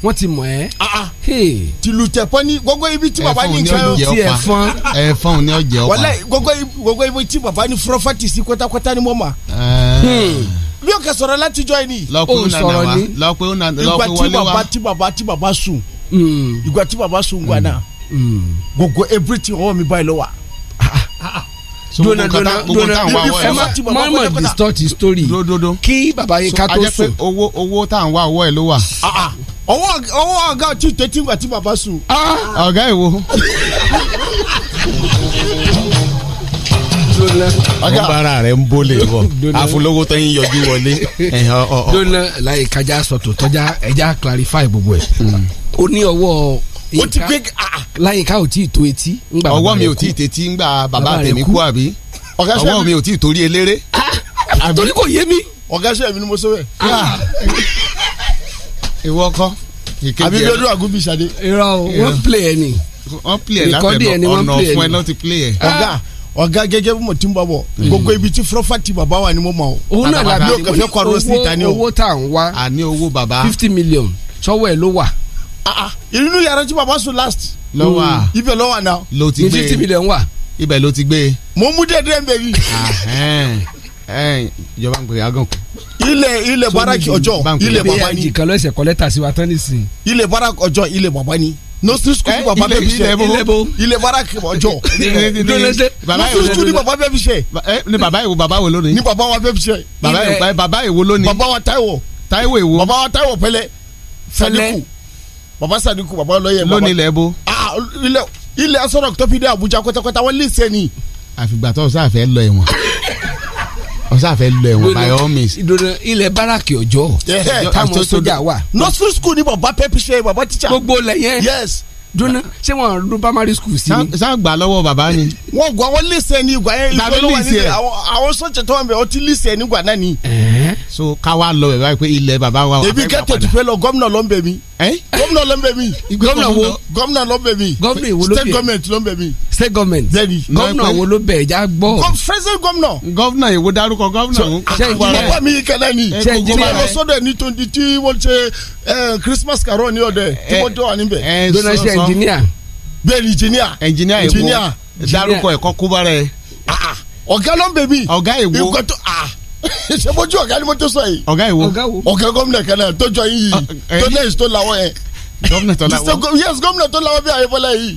wọ́n ti mọ̀ ẹ́. tìlù tẹ̀fọ́n ní gbogbo ibi tí bàbá ní nǹkan ti ẹ̀fọ́n. ẹ̀fọ́n ni ọ̀jẹ̀ ọ̀pá. wọlé gbogbo ibi tí bàbá ní fúrọ́fà sí kọ́tàkọ́tà ni mo mà. bí o kẹ sọ̀rọ̀ láti jọ yìí ni. o sọ̀rọ̀ ni ìgbà tí bàbá tí bàbá tí bàbá sùn hmm. ìgbà tí bàbá sùn gbà hmm gbogbo everything ọwọ́ oh, mi báyìí lọ wà. dona dona dona mọ́mọ́ distort story kí bàbá yìí ká tó sùn. owó owó tá à ń wá ọwọ́ ẹ̀ ló wà. ọwọ́ ah, ah. ọwọ́ ọ̀gá tí tètè wà tí bàbá sùn. Ah, ọ̀gá ìwo. ọjà bàrà rẹ ń bólè wọ àfọlọ́wọ́ tó ń yọjú wọlé. dona láyé kájà sọ̀tò tọ́já ẹja clarify gbogbo ẹ̀. Hmm. ó ní ọwọ́ ó ti gbé. Ah, ah. láyìnká ò tí ì tó etí. ọwọ́ mi ò tí ì tetí ńgbà bàbá tèmi kú àbí ọwọ́ mi ò tí ì torí eléré. Ah, torí kò yé mi. ọ̀gá ṣe mi ni mo sọ bẹ́ẹ̀. ìwọ kọ́ àbí bí ọdún àgùnbí ṣadé. irọ́ wọ́n play ẹ ni. wọ́n play ẹ látẹ̀bọ̀ ọ̀nà fún ẹ náà ti play ẹ. ọ̀gá ọ̀gá gẹ́gẹ́ bí mo ti ń bọ̀ bọ̀ mm. gbogbo ibi tí fúrọ́fàtì bàbá wa ni mo mọ̀ o. òun náà làbí òkè fẹ́ kọ́ fifty million sọ́wọ́ ẹ̀ inú ah, ah. yàrá tí bàbá sùn last. lọ́wọ́ a ibẹ̀ lọ́wọ́ náà. ló ti gbé ní títí ilẹ̀ ń wà. ibẹ̀ ló ti gbé. mo mú dẹ́dẹ́ mbẹ́ bi. ìjọba ń pè é agan kù. ilẹ̀ ilẹ̀ baraki ọjọ́ ilẹ̀ bàbá ni. kan lọ́sẹ̀ kọ́lẹ́tà sí wa tán nísìnyí. ilẹ̀ baraki ọjọ́ ilẹ̀ bàbá ni nursery school ni eh, bàbá bẹ́ẹ̀ fi ṣe ilẹ̀ baraki ọjọ́ nursery school eh, eh, ni bàbá bẹ́ẹ̀ fi ṣe. ni bàbá yìí wo bàbá wo lónìí. ni bàbá wa bẹ́ẹ̀ fi ṣe. bàbá yìí wo lónìí. bàbá wa Táíwò. Táíwò èwo. bàbá wa Táíwò Pẹ̀lẹ́. Fẹ́lẹ́kù baba sadiku baba lọ́yẹ̀ baba lónìí ilẹ̀ bo. Ah, ilẹ̀ ilẹ̀ asọ́rọ̀ tó fi dé Abuja kọ́tàkọ́tà wọ́n lè sẹ́ni. àfìgbà tó ọ̀sán àfẹ́ lọ ẹ̀wọ̀n ọ̀sán àfẹ́ lọ ẹ̀wọ̀n by all means. ìdòdò ilẹ̀ báràkì ọjọ́ táwọn sójà wà. nursery school ni baba pepe ṣe baba teacher. gbogbo lẹ yẹn. yes dúnà ṣé wọn lu primary school sí ni. sá gbà lọ́wọ́ bàbá ni. wọn gbọ́ àwọn lísẹ̀ ní ìgbà yẹn ìfọlọ́wọ́ nílẹ̀ àwọn sọ́jà tó wà mẹ́ ọtí lísẹ̀ nígbà náà ni. so ká wá lọ bẹ̀ báyìí pé ilẹ̀ bàbá wa. èmi kẹ́tẹ̀ tó fẹ́ lọ gómìnà ló ń bẹ̀ mí. gómìnà ló ń bẹ̀ mí. gómìnà wo gómìnà ló ń bẹ̀ mí. gómìnà wo ló bẹ̀ mí. state government ló ń bẹ̀ mí state government gómìnà àwọn ló bẹ̀ ẹja gbọ́. fẹsẹ̀ gómìnà. gómìnà èwo darúkọ gómìnà. Ah, bàbá mi kẹlẹ ni gómìnà lọ sọ́dọ̀ ní tó di tí wọ́n ṣe Christmas carol ní ọdẹ tí wọ́n jọ wà níbẹ̀. Eh, eh, dona ṣe engineer. bẹ́ẹ̀ni engineer. engineer èwo darúkọ ẹkọ kúbárẹ. Ah, ah. ọ̀gá ló ń bẹ̀ mí. ọ̀gá èwo ṣe bójú ọ̀gá ni mo tó sọ yìí. ọ̀gá èwo ọ̀gá gómìnà kẹlẹ tó jọ yín yìí eh. tó lẹ́yìn tó lawọ́ yẹn. gómìnà tó lawọ́ yes gómìnà tó lawọ́ bí Ayébọ́lá yìí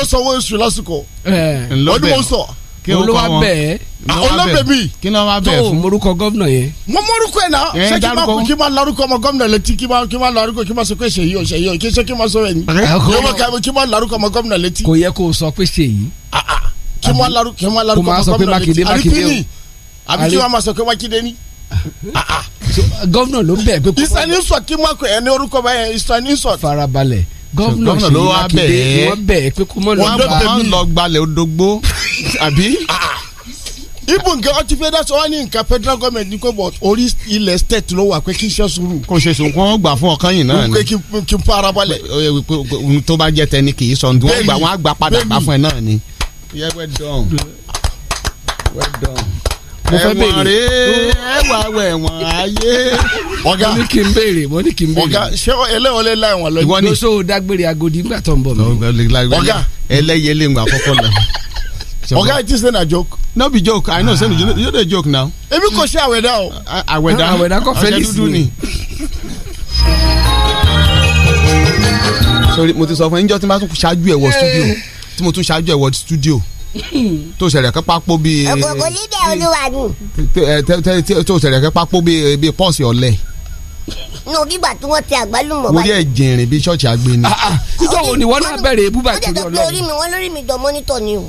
tó sanwó oṣù lásìkò ọdún wọn sọ kí wọn kọ wọn olóbè mi kí ni wọn bá bẹ̀rẹ̀ fún. tó morúkọ gómìnà yẹn. mo morúkọ ẹ̀ náà ṣé kí n máa kú kí n máa larúkọ ọmọ gómìnà létí kí n máa kí n máa larúkọ kí n máa sọ pé ṣèyí o ṣèyí o kí n ṣe kí n máa sọ ẹ̀yìn. yóò máa kí n máa larúkọ ọmọ gómìnà létí. kò yẹ kó o sọ pé ṣèyí. Ah, ah. kí n máa larúkọ kí n máa larúkọ ọmọ gómìnà létí àrífín ni àbí kí n máa sọ pé wákìdé ni gọ́vnà ló bẹ̀ pé. ìsàníṣọ kí mọ̀kọ ẹni orúkọ bẹ́ẹ̀ ìsàníṣọ. farabalẹ̀ gọ́vnà ló wá bẹ̀ẹ́ wọ́n bẹ̀ẹ́ pé kó mọ̀ lọ́wọ́ wọ́n dọ́tẹ́ lọ gbalẹ̀ odogbo àbí. ibo nǹkan ọtí federal sọ wá ní nǹkan federal government ní kò bọ̀ orí ilẹ̀ state ló wà pé kí n ṣe sùúrù. kò ṣe sùn kó wọ́n gbà fún ọkàn yìí náà ni. pé kí n para balẹ̀. tó bá jẹ́ tẹni kì í sọ ní wọ́n gbà padà gbà fún ẹ náà ni. yeah well done well done mo fẹ́ béèrè. ẹ̀wọ̀n rèé ẹ̀wà ẹ̀wọ̀n ayé. ọ̀gá mo ní kí n béèrè mo ní kí n béèrè. ọ̀gá ṣé ẹlẹ́wọ̀n lè la ẹ̀wọ̀n lọ. ìwọ ni so dágbére agodi ńgbà tó ń bọ̀ mi. ọ̀gá ẹlẹ́yẹ lè ngbà kọ́kọ́ lọ. ọ̀gá it is not a joke. no be joke i know say you dey joke now. èmi kò ṣe àwẹ̀dá o. àwẹ̀dá àwẹ̀dá kọ́ fẹ́lísì ni sorry mo ti sọ fún ẹ níjọ́ tí mo bá tún ṣáájú ẹ wọ studio tí mo tún ṣáájú ẹ wọ studio tó ṣẹlẹ̀ kẹ́ pápó bíi. ògògò lídẹ̀ olúwa nù. tó ṣẹlẹ̀ kẹ́ pápó bíi pọ́ọ̀sì ọ̀lẹ́ nù bíbà tí wọ́n ti àgbálùmọ̀ báyìí. mo yẹ jìnrìn bíi ṣọ́ọ̀ṣì àgbẹ̀ni. Ah, ah, kíjọ́ wo ni wọ́n náà bẹ̀rẹ̀ búbà tó lọ. ó jẹ́ pé orí mi wọ́n lórí mi dán mọ́nítọ̀ ni o.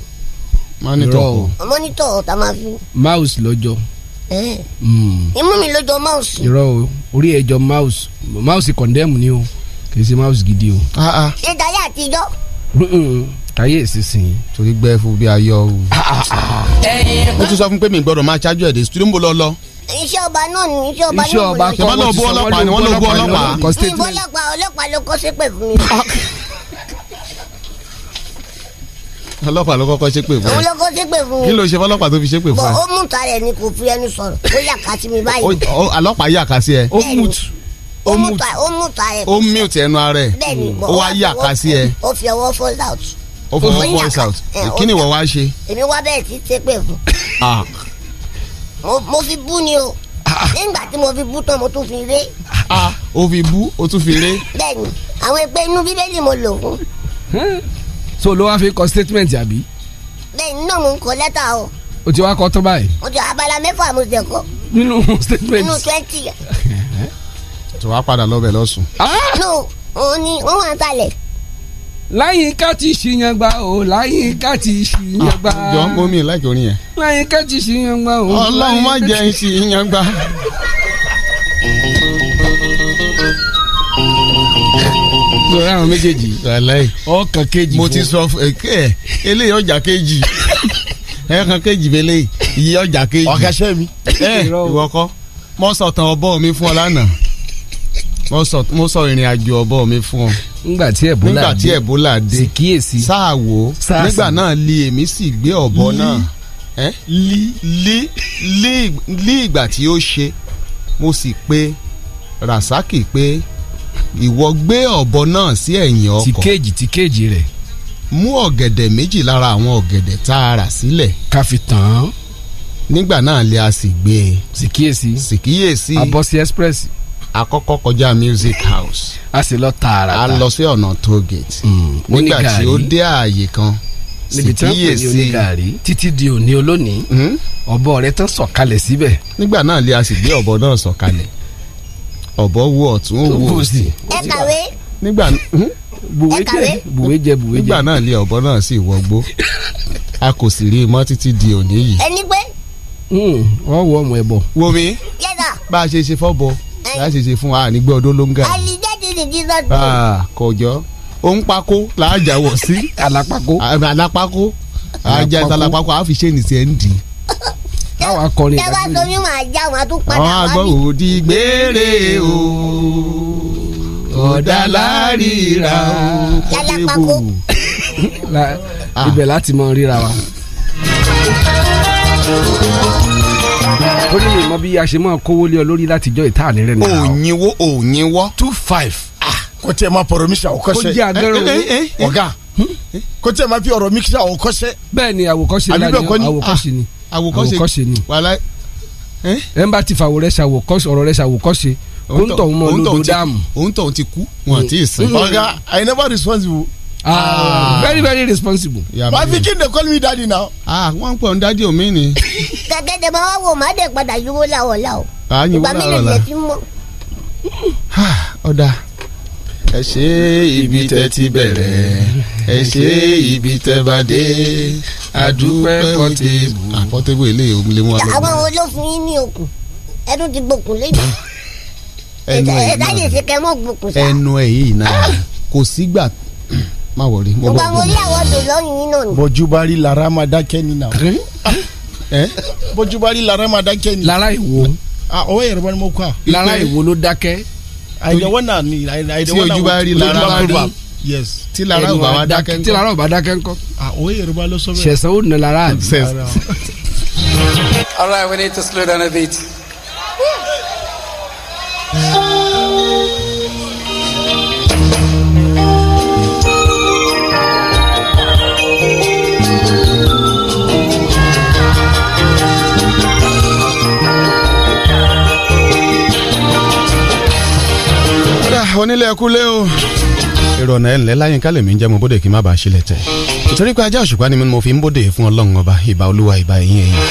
mọ́nítọ̀ o. mọ́nítọ̀ ọ̀tá máa fi. mouse lọ́jọ́. Hmm. imú mi lọ́jọ́ mouse. irọ́ o orí ẹ̀jọ̀ mouse mouse condemn ni o kì í ṣe mouse gidi o. ìdáyà ah, àtijọ́ káyèsí sìn torí gbẹ fún bí ayọ o. mo ti sọ fún pé mi gbọ́dọ̀ máa ṣáájú ẹ̀ dé ń bọ̀ lọ lọ. iṣẹ́ ọba náà ni iṣẹ́ ọba náà iṣẹ́ ọba kọ́ wọ́n ọlọ́pàá ni wọ́n lọ bú ọlọ́pàá. ìbọn ọlọ́pàá ọlọ́pàá ló kọ́ ṣépè fún mi. Ah. ọlọ́pàá ló kọ́kọ́ ṣépè fún mi. kí ló ṣe fọlọ́pàá tó fi ṣépè fún ẹ. ó mú ta rẹ̀ ni ẹ. ó mú ta ẹ. ó mú ta ẹ. ó mú ti ẹ. ó wá yà ẹ. ó fi ọwọ́ fall out. O ó fọwọ́ voice out kí ni ìwọ wá ṣe. èmi wá bẹ́ẹ̀ sí ṣépè fún. Ah. mo fi bú ni o ah, ah. nígbà tí mo fi bú tán mo tún fi ré. o fi bú o tún fi ré. bẹ́ẹ̀ni àwọn ẹgbẹ́ inú bíbélì mo lò fún. Hmm. so ló wá fi kọ statement àbí. bẹ́ẹ̀ni náà mo ń kọ lẹ́tà o. o ti wá kọ tó báyìí. O ti abala mẹ́fà mo jẹ kọ. nínú statement. nínú twenty. tó wá padà lọ bẹ̀ lọ́sùn. no òun ni òun wà ń láyínká ti ṣìyàngbá o láyínká ti ṣìyàngbá. Ah, jọ ń bomi láìkí orin yẹn. láyínká ti ṣìyàngbá o. ọlọ́run má jẹ́ ń ṣìyàngbá. lórí àwọn méjèèjì. ọkàn kejì. mo ti sọ ẹ eléyìí ọjà kejì ẹ̀ẹ̀kan kejì bẹ́lẹ̀ yìí ọjà kejì. ọ̀kẹ́sẹ́ mi. ẹ ìwọ kọ́ mọ́sọ̀tàn ọbọ̀ mi fún ọ lánàá mo sọ ìrìn àjò mi fún ọ. nígbà tí ẹ̀bólà dé nígbà tí ẹ̀bólà dé síkíyèsí sáà wò ó nígbà náà li èmi sì gbé ọ̀bọ náà lí lí lí ìgbà tí ó ṣe mo sì pe Rasaki pé ìwọ gbé ọ̀bọ náà sí ẹ̀yìn ọkọ̀ tíkèjì tíkèjì rẹ̀ mú ọ̀gẹ̀dẹ̀ méjì lára àwọn ọ̀gẹ̀dẹ̀ tá a rà sílẹ̀ ká fi tàn án nígbà náà lè a sì gbé e. sìkíyèsí sìkíyèsí abọ́sí express àkọ́kọ́ kọjá music house. a sì lọ tààrà ta a lọ sí ọ̀nà toll gate. Mm. nígbà tí ó dé ààyè kan sì kíyèsí títí di òní olónìí hmm? ọ̀bọ rẹ̀ tán sọ̀kalẹ̀ síbẹ̀. nígbà náà lè a sì gbé ọ̀bọ náà sọ̀kalẹ̀ ọ̀bọ wo ọ̀tún ó wo òsì. ẹ kàwé. nígbà hmm? bùwé jẹ bùwé jẹ bùwé jẹ. nígbà náà lè ọ̀bọ náà sì wọgbó a kò sì rí mọ́ títí di òní yìí. ẹni pé. Hmm, wọ́n wọ ọmọ ẹ̀ bọ̀. wo mi. bá a ṣe ṣe fọ́ bọ láti ṣe fún wa nígbẹ́ ọdún ló ah, ń ga. àlìjáde lè di sọ́tò. kọjọ òun pako làájàwọ̀ sí alápako ah, alápako àjà ìtàlápako àfi ṣe ní sẹ́ńdì. káwọn akọrin ìdájọ́ yìí. tẹ́wọ́ tómi máa já wọn tún padà wá mi. òdi gbére o ọ̀dà o. alápako. Ah. ibẹ̀ láti mọ ríra wa ó ní mímọ bí a ṣe máa kówó lé ọ lórí látijọ́ ìta àní rẹ̀ nìyàwó. òyìnwó òyìnwó two five. Ah, kò tiẹ̀ máa pọ̀rọ̀ mi ṣe àwòkọ́ṣe. kò jẹ́ agẹ́rẹ́ eh, eh, o. Eh, ọ̀gá hmm? kò tiẹ̀ máa fi ọ̀rọ̀ mi ṣe àwòkọ́ṣe. ni àwòkọ́ṣe la ni àwòkọ́ṣe ni ah, àwòkọ́ṣe ni wàhálà. ẹ ń bá ti fàwọ̀ rẹ̀ ṣàwòkọ́ṣe ọ̀rọ̀ rẹ̀ ṣàwòkọ́ṣe kóńtọ̀ ń mọ lódò dáàmú. òun tọ̀ ti kú wọn àti hmm. ìsìn. Hmm. ọ̀gá I never responsible Ah. ah. very very responsible. my pikin dey call me daddy now. ah wọn pọ̀ ń dájú omi ni. gàgẹ́dẹ̀ máa wò má dẹ̀ padà yúwó làwọ̀ la o. a yín wúlò àrọ̀ la ọ̀dà ẹ ṣe ibi tẹ́ ti bẹ̀rẹ̀ ẹ ṣe ibi tẹ́ bá dé àdúpẹ́ pọ́tébù. àpọ́tébù ah, eléyìí omi lè mú wa lọ. àwọn olófin yín ní okùn ẹnu ti gbókùn lẹ́yìn ẹnu ẹ yìí náà ẹnu ẹ náà kò sígbà má wọrí. mo bá wọlé àwọn odò lọ́yìn náà ni. bọ́jú bá rí dákẹ́ ni náà. bọ́jú bá rí dákẹ́ ni. lára ìwo. Ah, ọwọ́ yẹrẹ bá ní mo kọ́ a. lára ìwo ló dákẹ́. àìdẹ̀wọ́ náà ni àìdẹ̀wọ́ náà wọ́n ti ojú bá rí lára máa ò bá wa dákẹ́ ńkọ́ tí lára ò bá dákẹ́ ńkọ́. òwe yorùbá ló sọ bẹ́ẹ̀. sẹ̀sẹ̀ ó nà lára àbí. all right we need to slow down a bit. onílé ẹkúlé o. èrò ọ̀nà ẹ̀ńlẹ́ láyé ká lèmi ń jẹ́ mo bóde kí n má bàa ṣílẹ̀ tẹ̀. nítorí pé ajá òṣùpá ni mo fi ń bóde fún ọlọ́run ọba ìbà olúwa ìbà ẹ̀yìn ẹ̀yìn.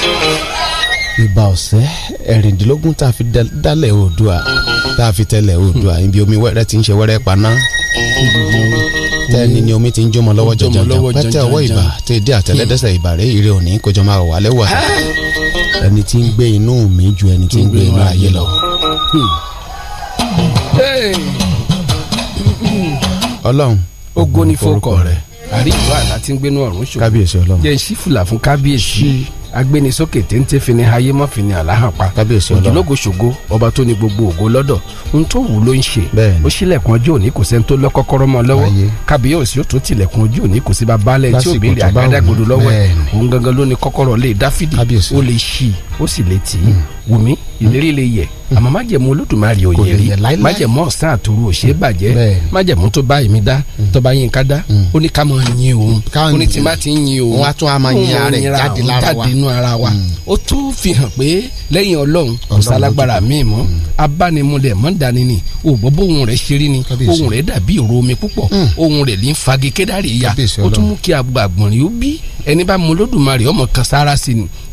ìbà ọ̀sẹ́ ẹ̀rìndínlógún tá a fi dálẹ̀ oòdùà tá a fi tẹ̀lẹ̀ oòdùà ibi omi wẹ́rẹ́ ti ń ṣe wẹ́rẹ́ paná tẹ́ni ni omi ti ń jómọ lọ́wọ́ jọjọjọ pẹ́tẹ́ ọlọ́run ògo ni fọkọ rẹ àríwá àti gbénu ọ̀run ṣòro kábíyèsí ọlọ́run jẹ́ ìṣí fùlà fún kábíyèsí agbénisókè téńté fini ayé má fini àláhàpá kábíyèsí ọlọ́run òjìlógo ṣògo ọba tó ní gbogbo ògo lọ́dọ̀ ohun tó wù ló ń ṣe ó ṣílẹ̀kùn ọjọ́ òní kò sẹ́ni tó lọ kọ́kọ́rọ́ mọ́ lọ́wọ́ kábíyèsí ó tún tilẹ̀kùn ọjọ́ òní kò sí bá balẹ̀ tí òbí rẹ̀ àgádágodo lọ́wọ́ ẹ̀ òun gangan ló ní kọ́kọ́rọ́ lé dáfídì ó lè ṣí ó sì lè tì í wùmí ìlérí lè yẹ àmọ́ májẹ̀mú olódùmarè ò yẹ rí májẹ̀mú ọ̀sán àtòru ò ṣeé bàjẹ́ májẹ̀mú tó bá èmi dá mm. tó bá yín ká dá mm. ó ní ká máa yin òun ó ní tí má ti ń yin òun wọ́n tún á máa yin ara rẹ̀ jáde lára wa inú ara wa mm. ó tún fi hàn pé lẹ́yìn ọlọ́run kò sálágbára míì mọ́ abánimúlẹ̀ mọ́dání ni òbọ̀ bóun rẹ̀ ṣe rí ni ohun rẹ̀ dàbí ìró omi púpọ̀ ohun rẹ̀ ní fagi kédàrí ya ó tún mú kí agbàgbọ̀n rí ó bí ẹni bá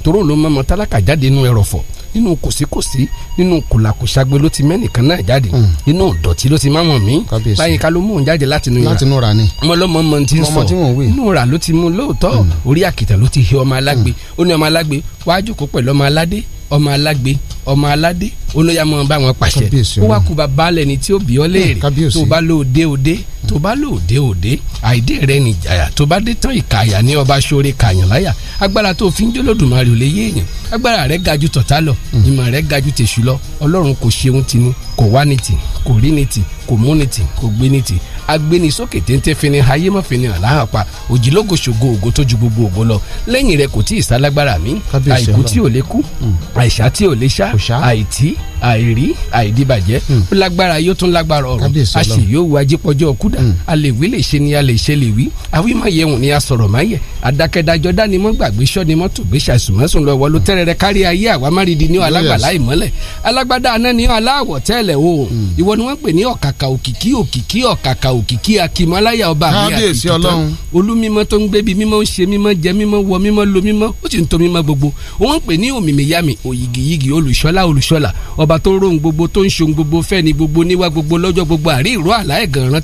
toró ló mọ̀mọ́ tálákà jáde nínú ẹrọ̀fọ̀ nínú kòsíkòsí nínú kòlàkòṣagbe ló ti mẹ́nìkan náà jáde hmm. inú ìdọ̀tí ló ti má mọ̀ mí báyìí ká ló mú òun jáde láti inú ra ni mo lọ́mọ mọ ti ń sọ inú ra ló ti mú lóòótọ́ hmm. orí àkìtàn ló ti hi ọmọ alágbe hmm. ó ní ọmọ alágbe wàá jókòó pẹ̀lú ọmọ aládé ọmọ alágbe ọmọ aládé olóyà mọ bá wọn pàṣẹ ó wá kú bàbá lẹni tí ó bí ọ léèrè tó bá lò dé òde tó bá lò dé òde àìdè rẹ ní tó bá dé tán ìkàyà ní ọba ṣoore kàyàn láyà agbára tó fi ń jólódùmarè ò lè yé èèyàn agbára rẹ ga ju lọ ìmọ̀ rẹ̀ ga ju tèṣù lọ ọlọ́run kò ṣe ohun tinú kò wá ní tì kò rí ní tì kò mú ní tì kò gbé ní tì agbénisókè téńté fini ayé mọ́ fini hàn láhàn pa òjìlógo ṣògo ògo tó ju gbogbo ògo lọ lẹ́yìn rẹ̀ kò tí ì sálágbára mi àìkú tí ò lè kú hmm. àìsá tí ò lè sá àìtí àìrí àìdíbàjẹ́ hmm. lágbára yóò tún lágbára ọ̀rọ̀ àṣì yóò wá jípọ̀jọ́ kúdà àlèwí hmm. lè ṣe ni àlèṣe lè wí àwímọ̀ yẹun ni a sọ̀rọ̀ máa yẹ àdákẹ́dájọ́ dánimọ̀ gbàgbé sọ́nimọ̀ tó gbé ṣàṣùmọ́sùn lọ́wọ́ ló tẹ́rẹ̀rẹ́ kárí ayé àwa márìndínlẹ́ alágbàlá ìmọ́lẹ̀ alágbádá aná ni aláwọ̀ tẹ́lẹ̀ o ìwọ ni wọ́n pè ní ọ̀kàk ọ̀kàkà òkìkí òkìkí ọ̀kàkà òkìkí akímọ́láyà ọba mi àkìkí tán olúmímọ́ tó ń gbé mímọ́ ń ṣe mímọ́ jẹ mímọ́ wọ mímọ́ lo mímọ́ ó sì ń to mímọ́ gbogbo wọ́n ń pè ní òmìmìyàmì òyìgìyìgì olùṣọ́lá olùṣọ́lá ọba tó rohun gbogbo tó ń ṣohun gbogbo fẹ́ni gbogbo níwá gbogbo lọ́jọ́ gbogbo àrí ìró àláìgànràn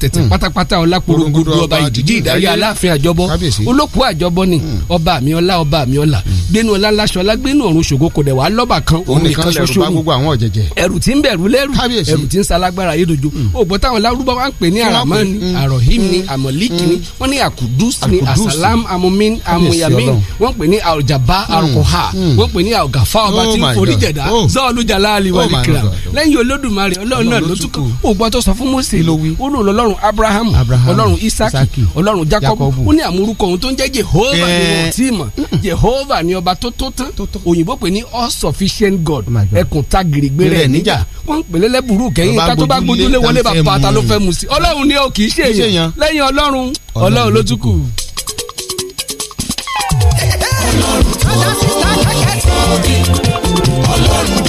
hmm. hmm. hmm. ẹrù tí ń bẹ̀rù lẹ́rù ẹrù tí ń salágbára ayédojo ògbọ́n táwọn lárúbáwá ń pè ní aramọ́ ni mm. arohim ni mm. amọ̀líkì ni mm. wọ́n ní akudus ni asalam amumin amuyamin wọ́n pè ní aljaba arukoha wọ́n pè ní algafa ọba oh tí oníjẹ̀dá oh. zọ́ọ̀lù jalali oh wà nìkìlá lẹ́yìn olódùmarè ọlọ́run náà ló tún kọ́ ògbọ́n tó sọ fún Mósè ó ní ọlọ́run abrahamu ọlọ́run isaki ọlọ́run jacob ó ní àmúrúkọ òun tó ń jẹ́ jehova ni eh. wọ́n ti mọ̀ jehova ni ọba tó tó tán òyìnbó pè ní all sufficient god ẹkùn tagirigbe rẹ̀ níjà wọ́n ń pèlélẹ́ burú kẹ́yìn ká tó bá gbójúlé wọlé b bàbá ta ló fẹ́ mu sí ọlọ́run ni ó kì í ṣe èèyàn lẹ́yìn ọlọ́run ọlọ́run ló tún kù. ọlọ́run tó rọ̀ ọ̀rọ̀ ọ̀rọ̀ ọlọ́run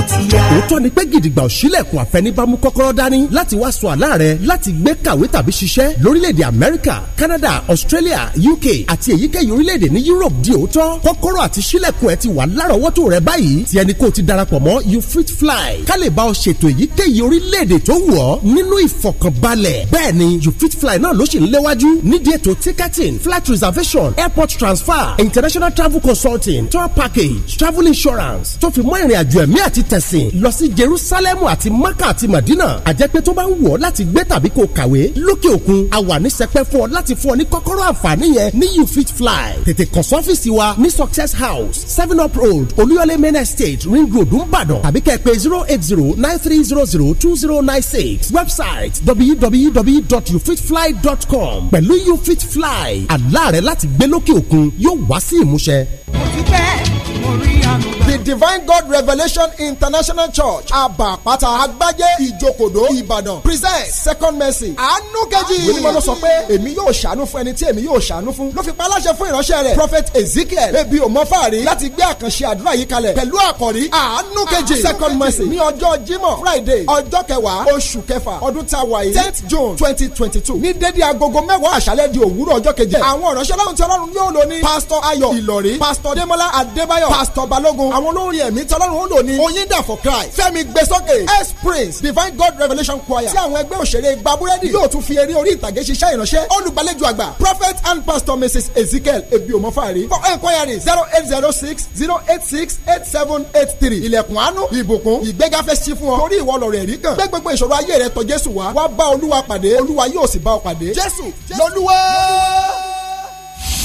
ó ti yá. òótọ́ ni pé gidigba òṣìlẹ̀kùn àfẹnibámú kọ́kọ́rọ́ dání láti wá sọ àlá rẹ láti gbé kàwé tàbí ṣiṣẹ́ lórílẹ̀‐èdè Amẹ́ríkà Canada Australia UK àti èyíkéyìí orílẹ̀‐èdè ní Europe di òótọ́ kọ́kọ́rọ́ àti ṣílẹ̀kùn ẹ ti wà lárọ̀ọ́wọ́tò rẹ báyìí tí ẹni kó o ti darapọ̀ mọ́ you fit fly ká lè bá ọ ṣètò èyíkéyìí orílẹ̀‐èdè tó wù ọ́ nínú ìfọ̀kànbalẹ̀ bẹ́ẹ̀ ni you fit fly náà ló sì ń léwájú nídìí ètò ticketing flight reservation airport transfer international travel consulting tour package travel insurance tó fi mọ́ ìrìn àjò ẹ̀mí tẹ̀sìn lọ sí Jerusalemu àti Maka àti Madina àjẹpẹ́ tó bá ń wọ̀ láti gbé tàbí kó kàwé lókè òkun a wà ní sẹpẹ́ fún ọ láti fún ọ ní kọ́kọ́rọ́ àǹfààní yẹn ní you fit fly tètè kàn sí ọ́fíìsì wa ní Success House seven up road Olúyọ̀lé main estate ring road ńbàdàn tàbí kẹ́ ẹ pè zero eight zero nine three zero zero two zero nine six website www.youfitfly.com pẹ̀lú you fit fly àlá rẹ láti gbé lókè òkun yóò wá sí ìmúṣẹ. mo ti pẹ́ The Divine God Revelation International Church Abapata Agbaje Ijokodo Ibadan present second mercy àánú kejì. Wíwọ́n ló sọ pé èmi yóò ṣàánú fún ẹni tí èmi yóò ṣàánú fún. Ló fi paláṣẹ fún ìránṣẹ́ rẹ̀ Prophet Ezekiel ebi omofari láti gbé àkànṣe àdúrà yìí kalẹ̀ pẹ̀lú àkọ́rí àánú kejì second mercy ní ọjọ́ Jímọ̀ Friday ọjọ́ kẹwàá oṣù kẹfà ọdún tá a wà yìí tenth June twenty twenty two ní dédé agogo mẹ́wàá àṣálẹ́ di òwúrọ̀ ọjọ́ kejì. Àwọn ìránṣẹ́ láwọn Pastor Ayọ̀ Ìlọ̀rí Pastor Demola Adébáyọ̀ pastor balógun àwọn olórí ẹ̀mí tọ́lọ́run ó lò ní oyinda for christ fẹ́mi gbèsókè s prince divine god revelation choir tí àwọn ẹgbẹ́ òṣèré gbàbúrẹ́dì yóò tún fi eré orí ìtàgé ṣiṣẹ́ ìránṣẹ́ olùgbàlejò àgbà prophet and pastor mrs ezekiel ebiomofari for enquiry zero eight zero six zero eight six eight seven eight three ilẹ̀kùn àánú ìbùkún ìgbéga fẹ́ sí fún ọ torí ìwọ lọ̀rọ̀ ẹ̀rí kan gbé gbogbo ìṣòro ayé rẹ tọ̀ jésù wá wá bá olúwa pàdé olúwa yóò sì bá ọ pàdé jésù lọ́lúwa.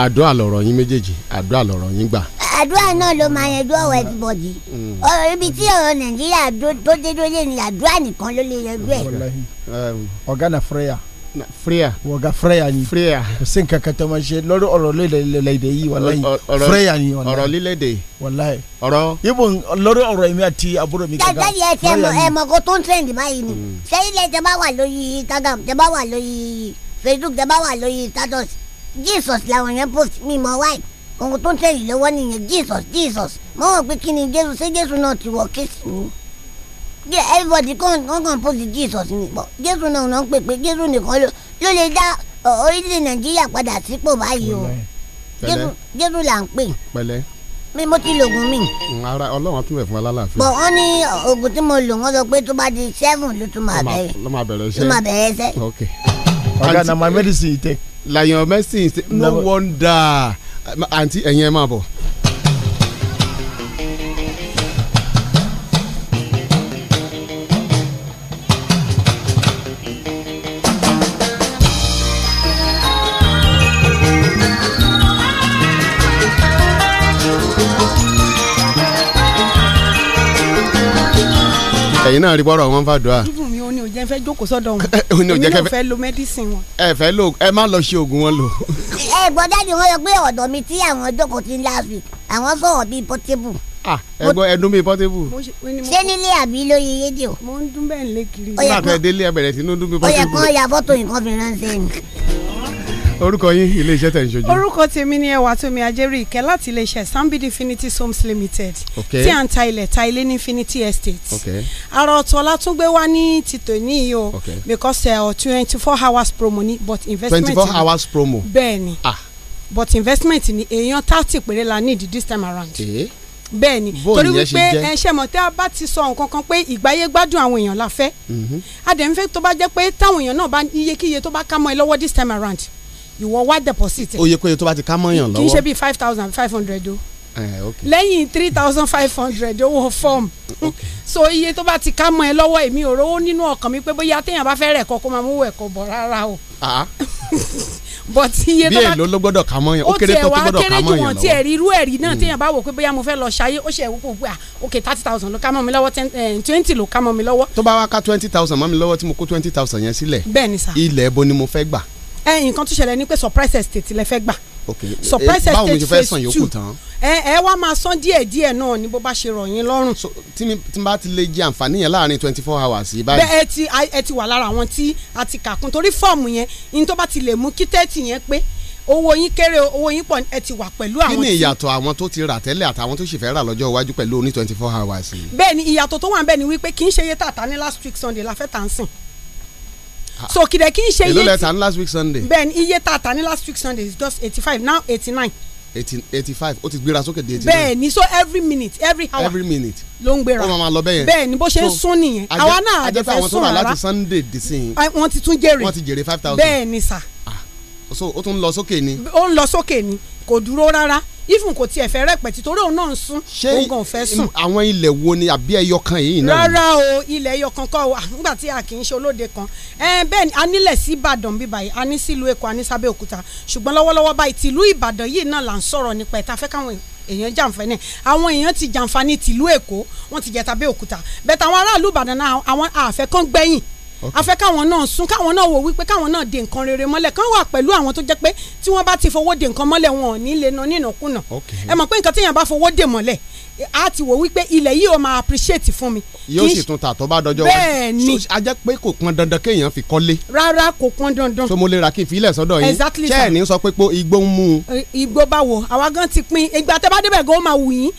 àdúrà lọ̀rọ̀ yín méjèèjì àdúrà lọ̀rọ̀ yín gbà. àdúrà náà ló máa yanjú ọ̀rọ̀ everybody mm. ọ̀rọ̀ ibi tí ọ̀rọ̀ nàìjíríà tó dé dólé ni àdúrà nìkan ló lè yanjú ẹ̀. Um, ọ̀gá na freya freya wọ̀gá freya ni freya kò sí nǹkan kan tó máa ṣe lórí ọ̀rọ̀ lílẹ̀èdè yìí wàláyé freya ni wàláyé ọ̀rọ̀ lílẹ̀èdè wàláyé ọ̀rọ̀. ibo lórí ọ̀rọ̀ èmi àti àbúrò mi kankan. jàdá yẹ ti ẹmọ ẹmọ kó tó ń trend báyìí ni sẹ́yìn mm. lẹ́tẹ̀ bá wà lórí Instagram tẹ bá wà lórí Facebook tẹ bá wà lórí status jesus làwọn yẹn post mi mọ wáì ohun tó ń tẹ̀lé lọ́wọ́ nìyẹn jesus jesus mo wọ̀ pé kí ni Jesus, ṣé Jesus náà ti wọ kéésì mi yeah everybody kan kan kan post jesus ni bọ Jesus náà náà ń pè pé jésù nìkan ló ló lè dá orílẹ̀ nàìjíríà padà sípò báyìí o jésù jésù là ń pè. pẹ̀lẹ́ mi mo ti lògùn mi. ara ọlọ́run tún bẹ̀ fún alálàáfíà. bọ̀ wọ́n ní oògùn tí mo lò wọ́n sọ pé tó bá di seven ló tún máa bẹ̀rẹ̀ ló máa bẹ̀rẹ̀ iṣẹ́. ọ̀gá na my medicine you Lionel Messi no wonder àǹtí ẹ̀yin ẹ̀ máa bọ̀. ẹ̀yin náà rí bọ́rọ̀ wọn fàdúrà jẹ́ fẹ́ jókòó sọ́dọ̀ wọn èmi náà fẹ́ lo medicine wọn. ẹ fẹ́ lo ẹ má lọ ṣe oògùn wọn lò. ẹ gbọ́ dáàdi wọn yọ pé ọ̀dọ̀ mi tí àwọn jókòó ti last week àwọn sọ̀rọ̀ bíi portable. ah ẹ gbọ́ ẹdún bíi portable. ṣé nílé àbí lórí rédíò. mo ń dún bẹ́ẹ̀ lé kiri. ó yẹ kó ó yà fọ́tò nǹkan fi ránṣẹ́ ni orúkọ yín ilé iṣẹ́ tẹ̀ ń ṣojú. orúkọ tèmi ni ẹwà tómi ajẹ́rì ìkẹ́ láti ilé iṣẹ́ Sambid Homes Limited tí à ń ta ilẹ̀ ta ilé ní Infinity Estate. àrà ọ̀tọ̀ la tún gbé wá ní títò yìí o because eh, twenty four hours promo ni but investment twenty four hours promo bẹ́ẹ̀ Ah. but investment ni èèyàn thirty péré la need this time around. Okay bẹ́ẹ̀ ni torí wípé eh, ẹ ṣe mọ̀ tí a bá ti sọ nǹkan kan pé ìgbáyé gbádùn àwọn èèyàn la fẹ́ mhm. a dẹ̀ ń fẹ́ tó bá jẹ́ pé táwọn èèyàn náà bá iyekíye tó bá ká mọ́ ẹ lọ́wọ́ this time around ìwọ wá deposit. oye kóye tó bá ti ká mọ́yàn lọ́wọ́ kì í ṣe bíi five thousand five hundred o eh, lẹ́yìn three thousand five hundred owó form so iye tó bá ti ká mọ́ ẹ lọ́wọ́ èmi ò rówó nínú ọkàn mi pé bóyá téèyàn bá fẹ́ rẹ̀ kọ́ kó máa mú ẹ̀kọ́ bọ̀ rárá o ah. but iye tó bá bí èlò ló gbọ́dọ̀ ká mọ́yàn ó kéré tó tó gbọ́dọ̀ ká mọ́yàn lọ́wọ́ ó tiẹ̀ wá kéré ju wọn tiẹ̀ rí irú ẹ̀ náà hmm. téèyàn bá wò pé bóyá ah, thirty thousand ló ká mọ́ mi lọ́wọ́ eh, twenty ló ká mọ́ mi lọ́wọ́. tó bá wá ká twenty thousand mọ́ mi lọ́wọ́ tí mo kó twenty thousand yẹn sílẹ̀ bẹ́ẹ̀ ni sà ilẹ̀ ebo ni mo fẹ́ gbà ẹ eh, nǹkan tó ṣẹlẹ̀ ni pé surprise estate lẹ fẹ́ gbà eh, surprise estate phase two ẹ eh, ẹ wá máa san díẹ̀ díẹ̀ náà ní bó bá ṣe rọ̀ yín lọ́rùn. tí mi tí n bá ti lè jẹ àǹfààní yẹn láàrin twenty four hours yìí báyìí. bẹ́ẹ̀ ẹ ti ẹ ti wà lára àwọn tí a ti kà kún torí fọ́ọ̀mù yẹn ní tó bá ti lè mú kí tẹ́ẹ̀tì yẹn pé owó yín kéré owó yín pọ̀ ẹ ti wà pẹ̀lú àwọn tí. kí ni ìyàtọ̀ àwọn tó ti rà tẹ́lẹ̀ àtàwọn tó sì fẹ́ rà lọ́jọ́ iwájú pẹ̀lú oní twenty four hours yìí. bẹ́ẹ̀ ni ìyàtọ̀ tó wà ń bẹ ni wípé kì í ṣe iye tàtà ní last week Sunday la fẹ́ tà ń sìn Ah. so kìdẹ̀ kí n ṣe iye tí èló lẹ́tà ní last week sunday. bẹ́ẹ̀ni iye tá a tà ní last week sunday is just eighty five now eighty nine. eighty five ó ti gbéra sókè di eighty nine. bẹ́ẹ̀ni so every minute every hour. every minute ló ń gbéra ó máa lọ bẹ́yẹn. bẹ́ẹ̀ni bó ṣe ń sún nìyẹn àwa náà àjẹfẹ́ sún rárá láti sunday dì sí i. wọ́n ti tún jèrè wọ́n ti jèrè five thousand. bẹ́ẹ̀ni sà. Ah, so ó tún lọ sókè ni. ó ń lọ sókè ni kò dúró rárá even kò tiẹ̀ fẹ́ rẹpẹ̀tì torí òun náà ń sún òun kàn fẹ́ sùn. àwọn ilẹ̀ wo ni àbí ẹyọ kan yìí náà. rárá o ilẹ̀ ẹyọ kan kọ́ wa ah, nígbà tí a kì í ṣe olóde kan bẹ́ẹ̀ ni a nílẹ̀ sí ìbàdàn bíbá yìí a ní sílùú èkó a ní sábẹ́òkúta ṣùgbọ́n lọ́wọ́lọ́wọ́ báyìí tìlú ìbàdàn yìí náà là ń sọ̀rọ̀ nípa ẹ̀ fẹ́ káwọn èèyàn jàǹfààní àwọn èèyàn ti jàǹfààní tìlú èkó wọ́n ti jẹ tàbí òkúta bẹ̀tà àwọn aráàlú ìbàdàn náà àwọn àfẹ́kàn gbẹ̀yìn afẹ́ káwọn náà sún káwọn náà wò wípé káwọn náà de nǹkan rere mọ́lẹ̀ kán wà pẹ̀lú àwọn tó jẹ́ pé tí wọ́n bá ti fowó de nǹkan mọ́lẹ̀ wọn ò ní lè nà nínàkúnà ẹ mọ̀ pé nǹkan téèyàn bá fowó de mọ́lẹ̀ a ti wò wípé ilẹ̀ yìí ó máa appreciate fún mi. yóò sì tún ta tó bá dọjọ́ wájú a jẹ́ pé kò pọn dandan kéèyàn fi kọ́lé. rárá kò pọn dandan. so mo lè ra kí n fi ilẹ̀ sọ́dọ̀ yín. exactly sir. chẹ́ẹ̀ ní sọ pé pé igbó ń mú un. igbó báwo àwa gan ti pin ìgbà tẹ́ bá débẹ̀ gan ó máa wù yín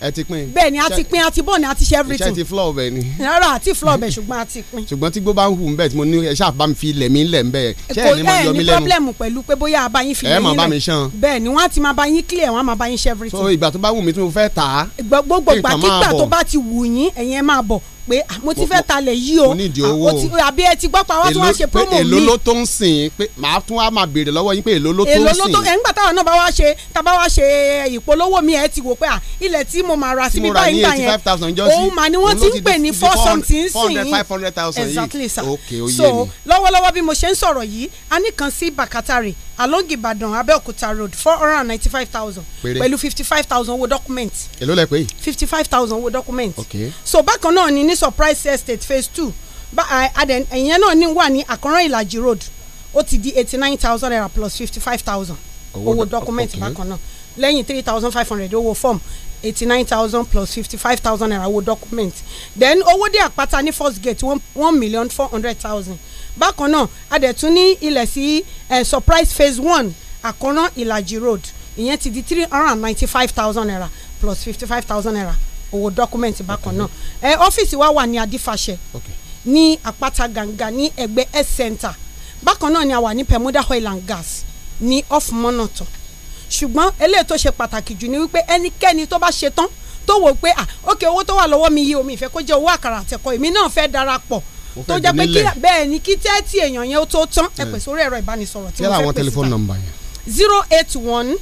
ẹ ti pín. bẹ́ẹ̀ni a ti pín a ti bọ ni a ti ṣe everything. iṣẹ́ ti flọ ọbẹ̀ ni. rárá a ti flọ ọbẹ̀ ṣùgbọ́n a ti pín. ṣùgbọ́n tí gbó bá ń hù nbẹ tí mo ní ẹ ṣáà fi ilẹ̀ mi lẹ̀ nbẹ. ṣé ẹ ní mo yọ mi lẹ́nu. ẹ ní pọ́blẹ́mù pẹ̀lú pé bóyá a fi ilẹ̀ yín ẹ máa bá mi ṣan. bẹ́ẹ̀ni wọn á ti máa bá yín clear wọn á máa bá yín ṣe everything. so ìgbà tó bá wù mí tí mo fẹ́ tà á. gbogbo gbàkígbà tó bá ti wù yín ẹ̀yin ẹ máa bọ̀ pé ah, mo ti fẹ́ talẹ̀ yìí o ah, o àbí ẹ ti gbọ́ pa wá tí wọ́n ṣe promo mi. èló ló tó ń sìn pé màá tún wá máa béèrè lọ́wọ́ yín pé èló ló tó ń sìn. èló ló tó ẹ̀ ń gbà táwọn náà bá wá ṣe tá wá ṣe ìpolówó mi ẹ ti wò pé à ilẹ̀ tí mo máa ra síbi báyìí gbà yẹn òun mà ni wọ́n ti ń pè ní four something sìn yìí exactly sir so lọ́wọ́lọ́wọ́ bí mo ṣe ń sọ̀rọ̀ yìí a ní kan sí Bakatari along Ibadan Abeokuta road four hundred and ninety five thousand pẹ̀lú fifty five thousand owó document. èló lẹ pé fifty five thousand owó document. ok so bákan náà ni ní surprise estate phase two ìyẹn náà ní wà ní àkànrán ìlàjì road ó ti di eighty nine thousand naira plus fifty five thousand owó document bákan náà lẹ́yìn three thousand five hundred owó form eighty nine thousand plus fifty five thousand naira owó document then owó dé àpáta ní first gate one million four hundred thousand bákan náà adẹ̀tún ní ilẹ̀ sí surprise phase one àkọ́nà ìlàjì road ìyẹn ti di three hundred and ninety five thousand naira plus fifty five thousand naira owó dọ́kúmẹ̀ntì bákan náà ẹ ọ́fíìsì wa wà ní adífàṣẹ ní àpáta gàǹgà ní ẹgbẹ́ s center bákan náà ni a wà ní Permuda oil and gas ní off mọ́nàtàn ṣùgbọ́n eléyìí tó ṣe pàtàkì jù ni wípé ẹnikẹ́ni tó bá ṣe tán tó wò pé ah ok owó tó wà lọ́wọ́ mi yìí omi ìfẹ́ kó jẹ́ owó àkàrà àtẹ̀kọ́ èmi náà fẹ́ darapọ̀ tó jẹ́ pé kí bẹ́ẹ̀ ni kí tẹ́tí èèyàn yẹn ó tó tán ẹ pè sórí ẹ̀rọ ìbánisọ̀rọ̀ tí mo fẹ́ pè síta. zero eight one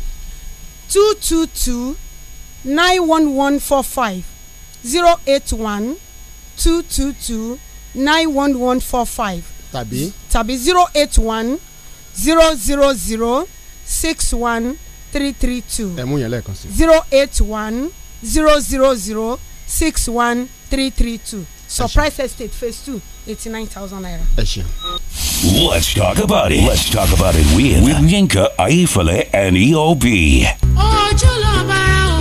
two two two nine one one four five zero eight one two two two nine one one four five. tàbí. tàbí zero eight one zero zero zero six one three three two. ẹ yẹn lẹ́ẹ̀kan sí. zero eight one zero zero zero six one three three two surprise estate phase two 89,000 naira. Let's talk about it. Let's talk about it with, with Yinka, Aifale, and EOB. Oh,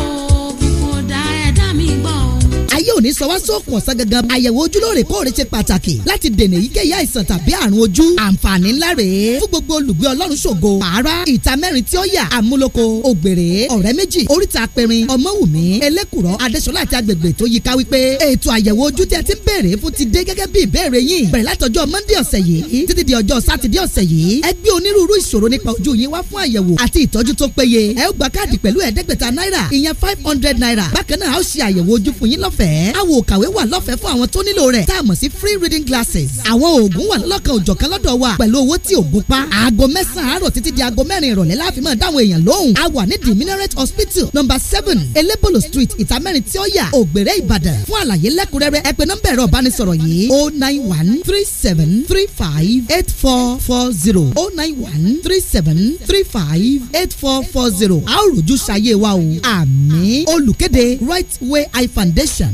táyé ò ní sọ wá sókun ọ̀sán gangan àyẹ̀wò ojú lóòrèkóòrè ṣe pàtàkì láti dènà èyíkéyìí àìsàn tàbí àrùn ojú àǹfààní ńlá rèé fún gbogbo olùgbé ọlọ́run ṣògo pààrà ìta mẹ́rin tí ó yà àmúlòkọ ògbèrè ọ̀rẹ́ méjì oríta apẹ̀rin ọmọwùmí elékùrọ̀ adéṣọlá àti agbègbè tó yíká wípé ètò àyẹ̀wò ojú tí a ti ń béèrè fún ti dé gẹ́gẹ́ bí ìbéèrè yín bẹ̀rẹ̀ látọjọ́ mọ́ndé ọ̀sẹ̀ yìí títí di ọjọ́ sátidé ọ̀sẹ̀ yìí ẹ gbé onírúurú ìṣòro nípa ojú yín wá fún àyẹ̀wò àti ìtọ́jú tó péye ẹ ó gba káàdì pẹ̀lú ẹ̀ẹ́dẹ́gbẹ̀ta náírà ìyẹn five hundred naira bákan náà a ó ṣe àyẹ̀wò ojú fún yín lọ́fẹ̀ẹ́ lọ́fẹ̀ẹ́ àwo òkàwé wà lọ́fẹ̀ẹ́ fún àwọn tó nílò rẹ̀ tá a mọ̀ sí free reading glasses àwọn oògùn wà lọ́kàn òjọ̀kan lọ́dọ̀ wa pẹ̀lú owó tí ògùn pa aago mẹ́sàn-án àárọ̀ títí di aago mẹ́rin ìrọ̀lẹ́ láàfin máa dáwọn èèyàn lóhùn a wà ní the minaret hospital number seven elébòlò street ìtàmẹ́rin tí ó yà ògbèrè ìbàdàn fún àlàyé lẹ́kùnrẹ́rẹ́ ẹ pè nọ́mbà ẹ̀rọ ìbánisọ̀rọ̀ yìí o oh nine one three seven three five eight four four zero o oh nine one three seven three five eight four four zero a ó rojú ṣayé wa o àmín olùkéde right way eye foundation.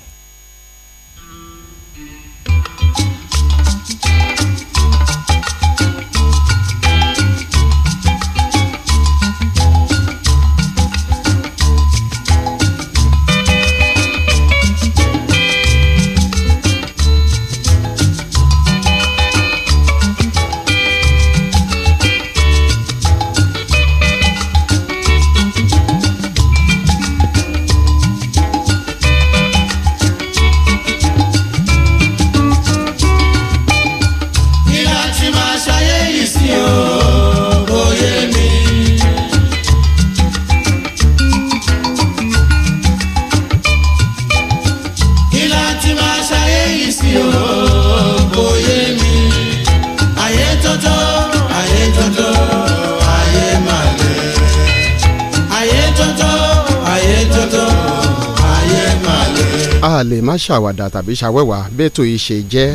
ṣàwàdà tàbí ṣàwẹ́wà bẹ́tò yìí ṣe jẹ́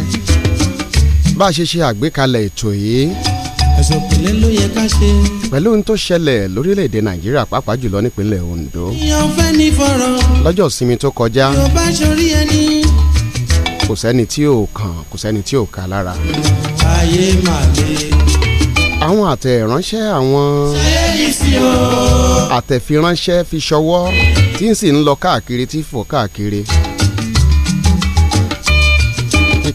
bá a ṣe ṣe àgbékalẹ̀ ètò yìí. ẹ̀sùn pẹ̀lẹ́ ló yẹ ká ṣe. pẹ̀lú ohun tó ṣẹlẹ̀ lórílẹ̀‐èdè nàìjíríà pàápàá jùlọ nípínlẹ̀ ondo. ìyàn fẹ́ ní fọ̀rọ̀. lọ́jọ́ ìsinmi tó kọjá. yóò bá ṣorí ẹni. kò sẹ́ni tí ò kàn kò sẹ́ni tí ò ká lára. ayé mà le. àwọn àtẹ̀ ránṣẹ́ àwọn. àtẹ̀firánṣẹ́ fi ṣọwọ́ tí ń sì ń lọ káàkiri tí fò káàkiri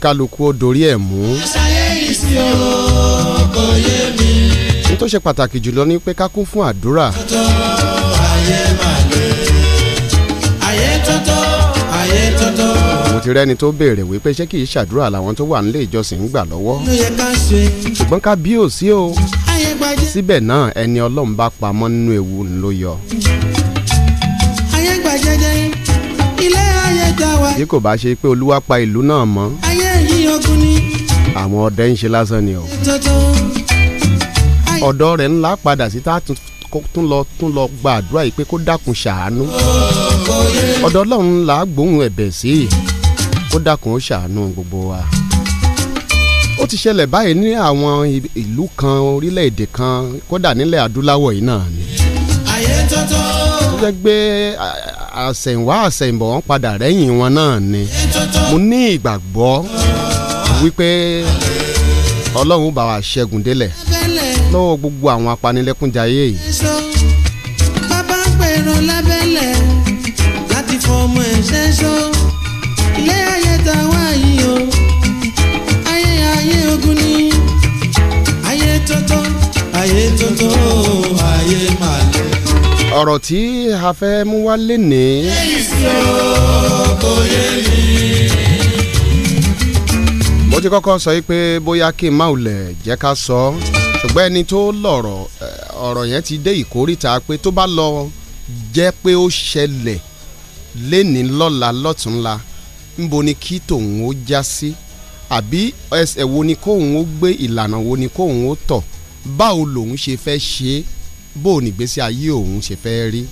kálukú ó dorí ẹ̀ mú. ṣayé ìsìn ọkọ̀ yé mi. ní tó ṣe pàtàkì jùlọ ni pé ká kún fún àdúrà. tọ́tọ́ ayé máa lè ayé tọ́tọ́ ayé tọ́tọ́. mo ti rẹ́ni tó béèrè wípé ṣé kì í ṣàdúrà làwọn tó wà nílé ìjọsìn ń gbà lọ́wọ́. ṣùgbọ́n ká bí ò sí o síbẹ̀ náà ẹni ọlọ́run bá pamọ́ nínú ewu ló yọ. wa. bí kò bá ṣe pé olúwa pa ìlú náà mọ́. ayé àwọn ọdẹ ń ṣe lásán ni o ọ̀dọ̀ rẹ̀ ńlá padà sí tá a tún lọ tún lọ gba àdúrà yìí pé kó dákun ṣàánú ọ̀dọ̀ Ọlọ́run là á gbóhùn ẹ̀bẹ̀ sí i kó dákun ó ṣàánú gbogbo wa ó ti ṣẹlẹ̀ báyìí ní àwọn ìlú kan orílẹ̀-èdè kan kódà nílẹ̀ adúláwọ̀ yìí náà ni tó àṣẹ̀wá àṣẹ̀bọ̀ wọn padà rẹ́yìn wọn náà ni mo ní ìgbàgbọ́ wípé ọlọ́run bá wa ṣẹ́gun délẹ̀ lọ́wọ́ gbogbo àwọn apanilẹ́kúnjayé yìí. bàbá pẹ̀rọ lábẹ́lẹ̀ láti fọmọ ẹ̀ṣẹ́ ṣó ilé ayé tá a wá yìí o ayé ayé ogun ni ayé tótó ayé tótó ayé màlẹ́. ọ̀rọ̀ tí a fẹ́ mú wá lénìí. èyí sí o kò yé mo ti kọ́kọ́ sọ yìí pé bóyá kí n má wulẹ̀ jẹ́ ká sọ ọ́ ṣùgbọ́n ẹni tó lọ̀rọ̀ ọ̀rọ̀ yẹn ti dé ìkórìtà pé tó bá lọ jẹ́ pé ó ṣẹlẹ̀ léni lọ́la lọ́túnla ńbo ni kí tòun ó já sí àbí ẹsẹ̀ wo ni kóun ó gbé ìlànà wo ni kóun ó tọ̀ báwo lòun ṣe fẹ́ ṣe é bó o ayé òun ṣe fẹ́ rí.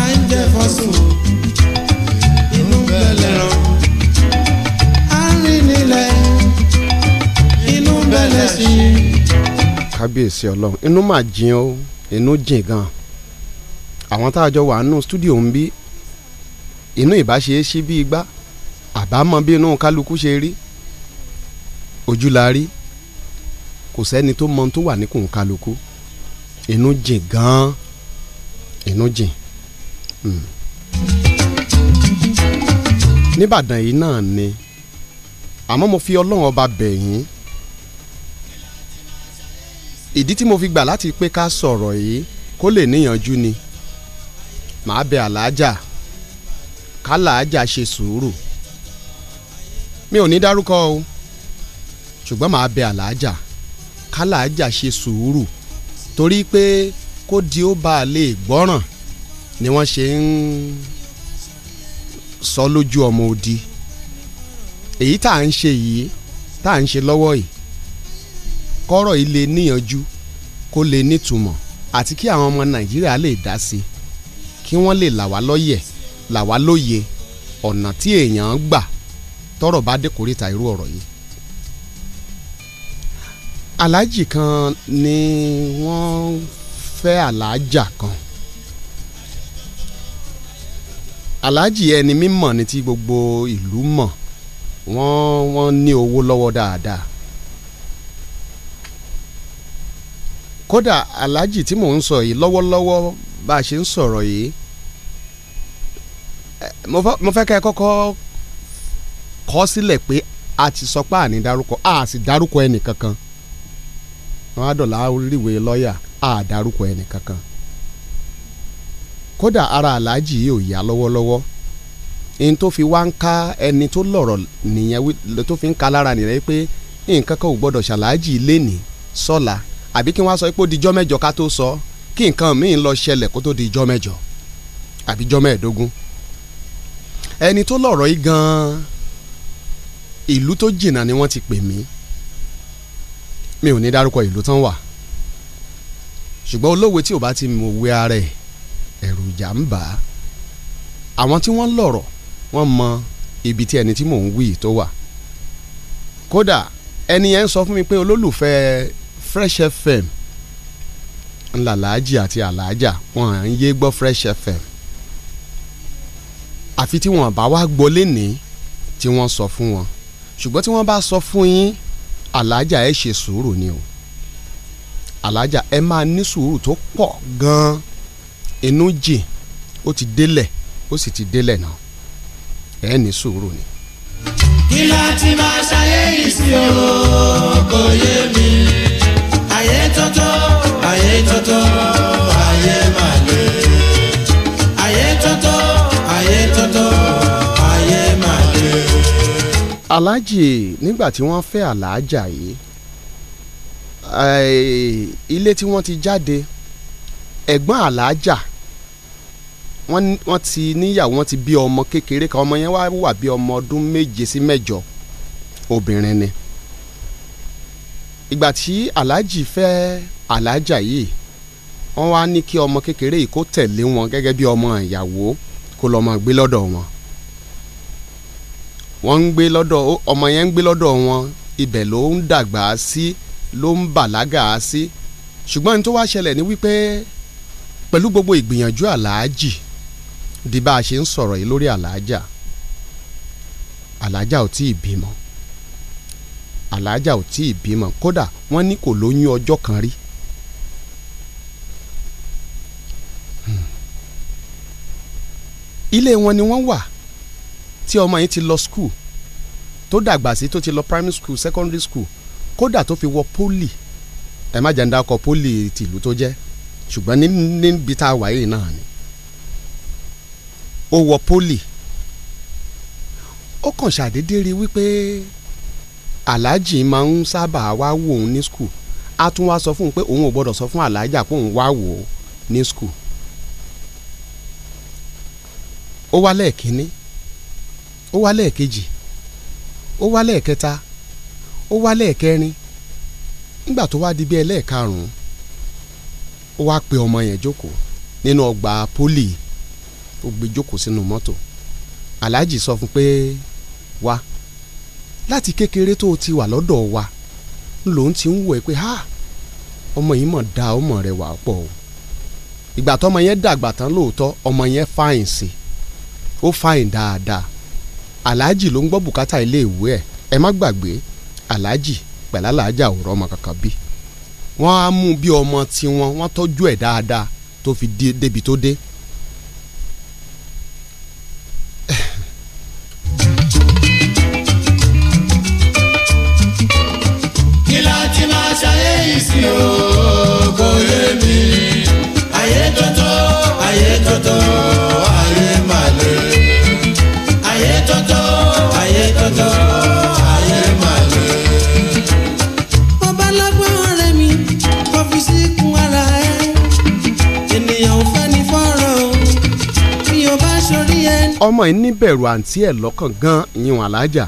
à ń jẹ́ fọ́sùn. kábíyèsí. kábíyèsí ọlọ́run inú mà jìn o inú jìn gan àwọn tá a jọ wà nù stúdíò ń bí inú ìbáṣe é ṣí bí igbá àbámọ̀ bí inú kálukú ṣe rí ojú la rí kò sẹ́ni tó mọ tó wà ní kùn kálukú inú jìn gan inú jìn. Mm. nìbàdàn yìí náà ni àmọ́ mo fi ọlọ́run ọba bẹ̀ yín ìdí tí mo fi gbà láti pé ká sọ̀rọ̀ yìí kó lè níyànjú ni màá bẹ àlàájà kálàájà ṣe sùúrù mi ò ní dárúkọ o ṣùgbọ́n màá bẹ àlàájà kálàájà ṣe sùúrù torí pé kó di ó bá a lè gbọ́ràn ni wọ́n ṣe ń sọ lójú ọmọ òdi èyí tá à ń ṣe yìí tá à ń ṣe lọ́wọ́ yìí kọ́rọ̀ yìí lè níyanjú kó lè nítumọ̀ àti kí àwọn ọmọ nàìjíríà lè dá sí i kí wọ́n lè là wá lóye là wá lóye ọ̀nà tí èèyàn gbà tọ́rọ̀ bá dé kòríta irú ọ̀rọ̀ yìí. aláàjì kan ni wọ́n fẹ́ aláàjà kan aláàjì ẹni mímọ̀ ni tí gbogbo ìlú mọ̀ wọ́n wọ́n ní owó lọ́wọ́ dáadáa kódà aláàjì tí mò ń sọ yìí lọ́wọ́lọ́wọ́ bá a ṣe ń sọ̀rọ̀ yìí mo fẹ́ kẹ́ ẹ kọ́kọ́ kọ́ sílẹ̀ pé a ti sọ pé àní dárúkọ a sì dárúkọ ẹnì kankan wọn á dọ̀là ríwe lọ́ọ̀yà a dárúkọ ẹnì kankan kódà ara aláàjì yìí ò yá lọ́wọ́lọ́wọ́ ẹni tó fi wá ń ká ẹni tó lọ̀rọ̀ nìyẹn tó fi ń ka lára nìyẹn pé nǹkan kan ò gbọ́dọ̀ ṣàlàájì lẹ́nìí sọ́la. So àbí kí wọ́n á sọ pé ó di ijọ́ mẹ́jọ ká tó sọ kí nǹkan míì lọ ṣẹlẹ̀ kó tó di ijọ́ mẹ́jọ àbí ijọ́ mẹ́ẹ̀ẹ́dógún ẹni tó lọ̀rọ̀ yìí gan-an ìlú tó jìnnà ni wọ́n ti pè mí mi ò ní dárúkọ ìlú tán wà ṣùgbọ́n olówe tí ò bá ti mọ̀ wé ara ẹ̀ ẹ̀rù ń bà á àwọn tí wọ́n lọ̀rọ̀ wọ́n mọ ibi tí ẹni tí mò ń wí tó wà kódà ẹni yẹn sọ fún mi pé olólùfẹ́ Fresh FM ńlàlájì àti àlájà wọn à ń yé gbọ́ Fresh FM àfi tí wọn bá wá gbọ́ lénìí tí wọ́n sọ fún wọn ṣùgbọ́n tí wọ́n bá sọ fún yín àlájà ẹ ṣe sùúrù ni o àlájà ẹ máa ní sùúrù tó pọ̀ gan-an inú jìn ó ti délẹ̀ ó sì ti délẹ̀ náà ẹ ní sùúrù ni. kí láti máa ṣayé yìí sí o kò yé mi ayé tótó ayé tótó ayé máa le ayé tótó ayé tótó ayé máa le. aláàjì nígbà tí wọ́n fẹ́ aláàjà yìí eh, ilé tí wọ́n ti jáde ẹ̀gbọ́n aláàjà wọ́n ti níyàwó wọ́n ti bí ọmọ kékeré kan ọmọ yẹn wà bí ọmọ ọdún méje sí mẹ́jọ obìnrin ni. Si ìgbà tí aláàjì fẹ́ aláàjà yìí wọ́n wá ní kí ọmọ kékeré yìí kó tẹ̀lé wọn gẹ́gẹ́ bí ọmọ ìyàwó kó lọ́mọ gbé lọ́dọ̀ wọn wọ́n ń gbé lọ́dọ̀ ọmọ yẹn ń gbé lọ́dọ̀ wọn ibẹ̀ ló ń dàgbà sí ló ń bàlágà sí ṣùgbọ́n ní tó wá ṣẹlẹ̀ ni wípé pẹ̀lú gbogbo ìgbìyànjú aláàjì di bá a ṣe ń sọ̀rọ̀ yìí lórí aláàjà aláàjà ò tí ì bímọ aláàjà ò tí ì bímọ kódà wọ́n ní kò lóyún ọjọ́ kan rí. ilé wọn ni wọ́n wà tí ọmọ yìí ti lọ skul tó dàgbà sí tó ti lọ primary school secondary school kódà tó fi wọ poli ẹ má jẹ́ ń dákọ̀ poli tìlú tó jẹ́ ṣùgbọ́n níbi tá a wà yìí náà ni ó wọ poli ó kàn ṣàdédé rí wípé alhaji máa ń sábà wá wò ó ní skul a tún wá sọ fún un pé òun ò sọ fún aláàjà pé òun wá wò ó ní skul. ó wá lẹ́ẹ̀kínní ó wá lẹ́ẹ̀kejì ó wá lẹ́ẹ̀kẹta ó wá lẹ́ẹ̀kẹrin nígbà tó wá di bí ẹlẹ́ẹ̀karùn ọmọ yẹn jókòó nínú ọgbà pólì ó gbé jókòó sínú mọ́tò sọ láti kékeré tó o ti wà lọ́dọ̀ wa lòun ti ń wò ẹ́ pé ha ọmọ yìí mọ̀ dá ọmọ rẹ̀ wà pọ̀ o ìgbà tọ́mọ yẹn dàgbà tán lóòótọ́ ọmọ yẹn fáìn sí ó fáìn dáadáa aláàjì ló ń gbọ́ bùkátà ilé ìwé ẹ̀ ẹ má gbàgbé aláàjì pẹ̀lú aláàjà ò rọ́mọ kankan bí wọ́n á mú bí ọmọ tiwọn wọ́n tọ́jú ẹ̀ dáadáa tó fi débi tó dé. De, yìí sí o kò yé mi ayé tọ́tọ́ ayé tọ́tọ́ ayé màlè ayé tọ́tọ́ ayé tọ́tọ́ ayé màlè. babalágbọ́n ọ̀rẹ́ mi kọ́ sí kun ara ẹ̀ ènìyàn ò ní fọ́rọ̀ mi ò bá sórí ẹ. ọmọ yìí ní bẹ̀rù àǹtí ẹ̀ lọ́kàn gan-an ìyún alájà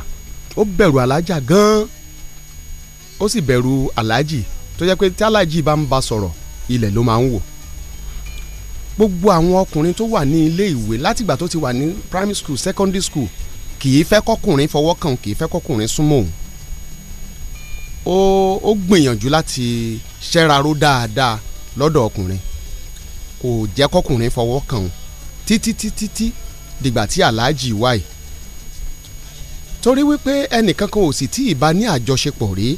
ó bẹ̀rù alájà gan-an ó sì bẹ̀rù aláàjì tó jẹ́ pé tí aláàjì bá ń ba sọ̀rọ̀ ilẹ̀ ló máa ń wò gbogbo àwọn ọkùnrin tó wà ní ilé ìwé látìgbà tó ti wà ní primary school secondary school kì í fẹ́ kọkùnrin fọwọ́ kàn kì í fẹ́ kọkùnrin súnmọ́ òun ó gbìyànjú láti ṣẹ́raró dáadáa lọ́dọ̀ ọkùnrin kò jẹ́ kọkùnrin fọwọ́ kàn òun títí títí tí dìgbà tí aláàjì wáyìí torí wípé ẹnìkan kan ò sì tí ì bá ní àjọṣepọ̀ rí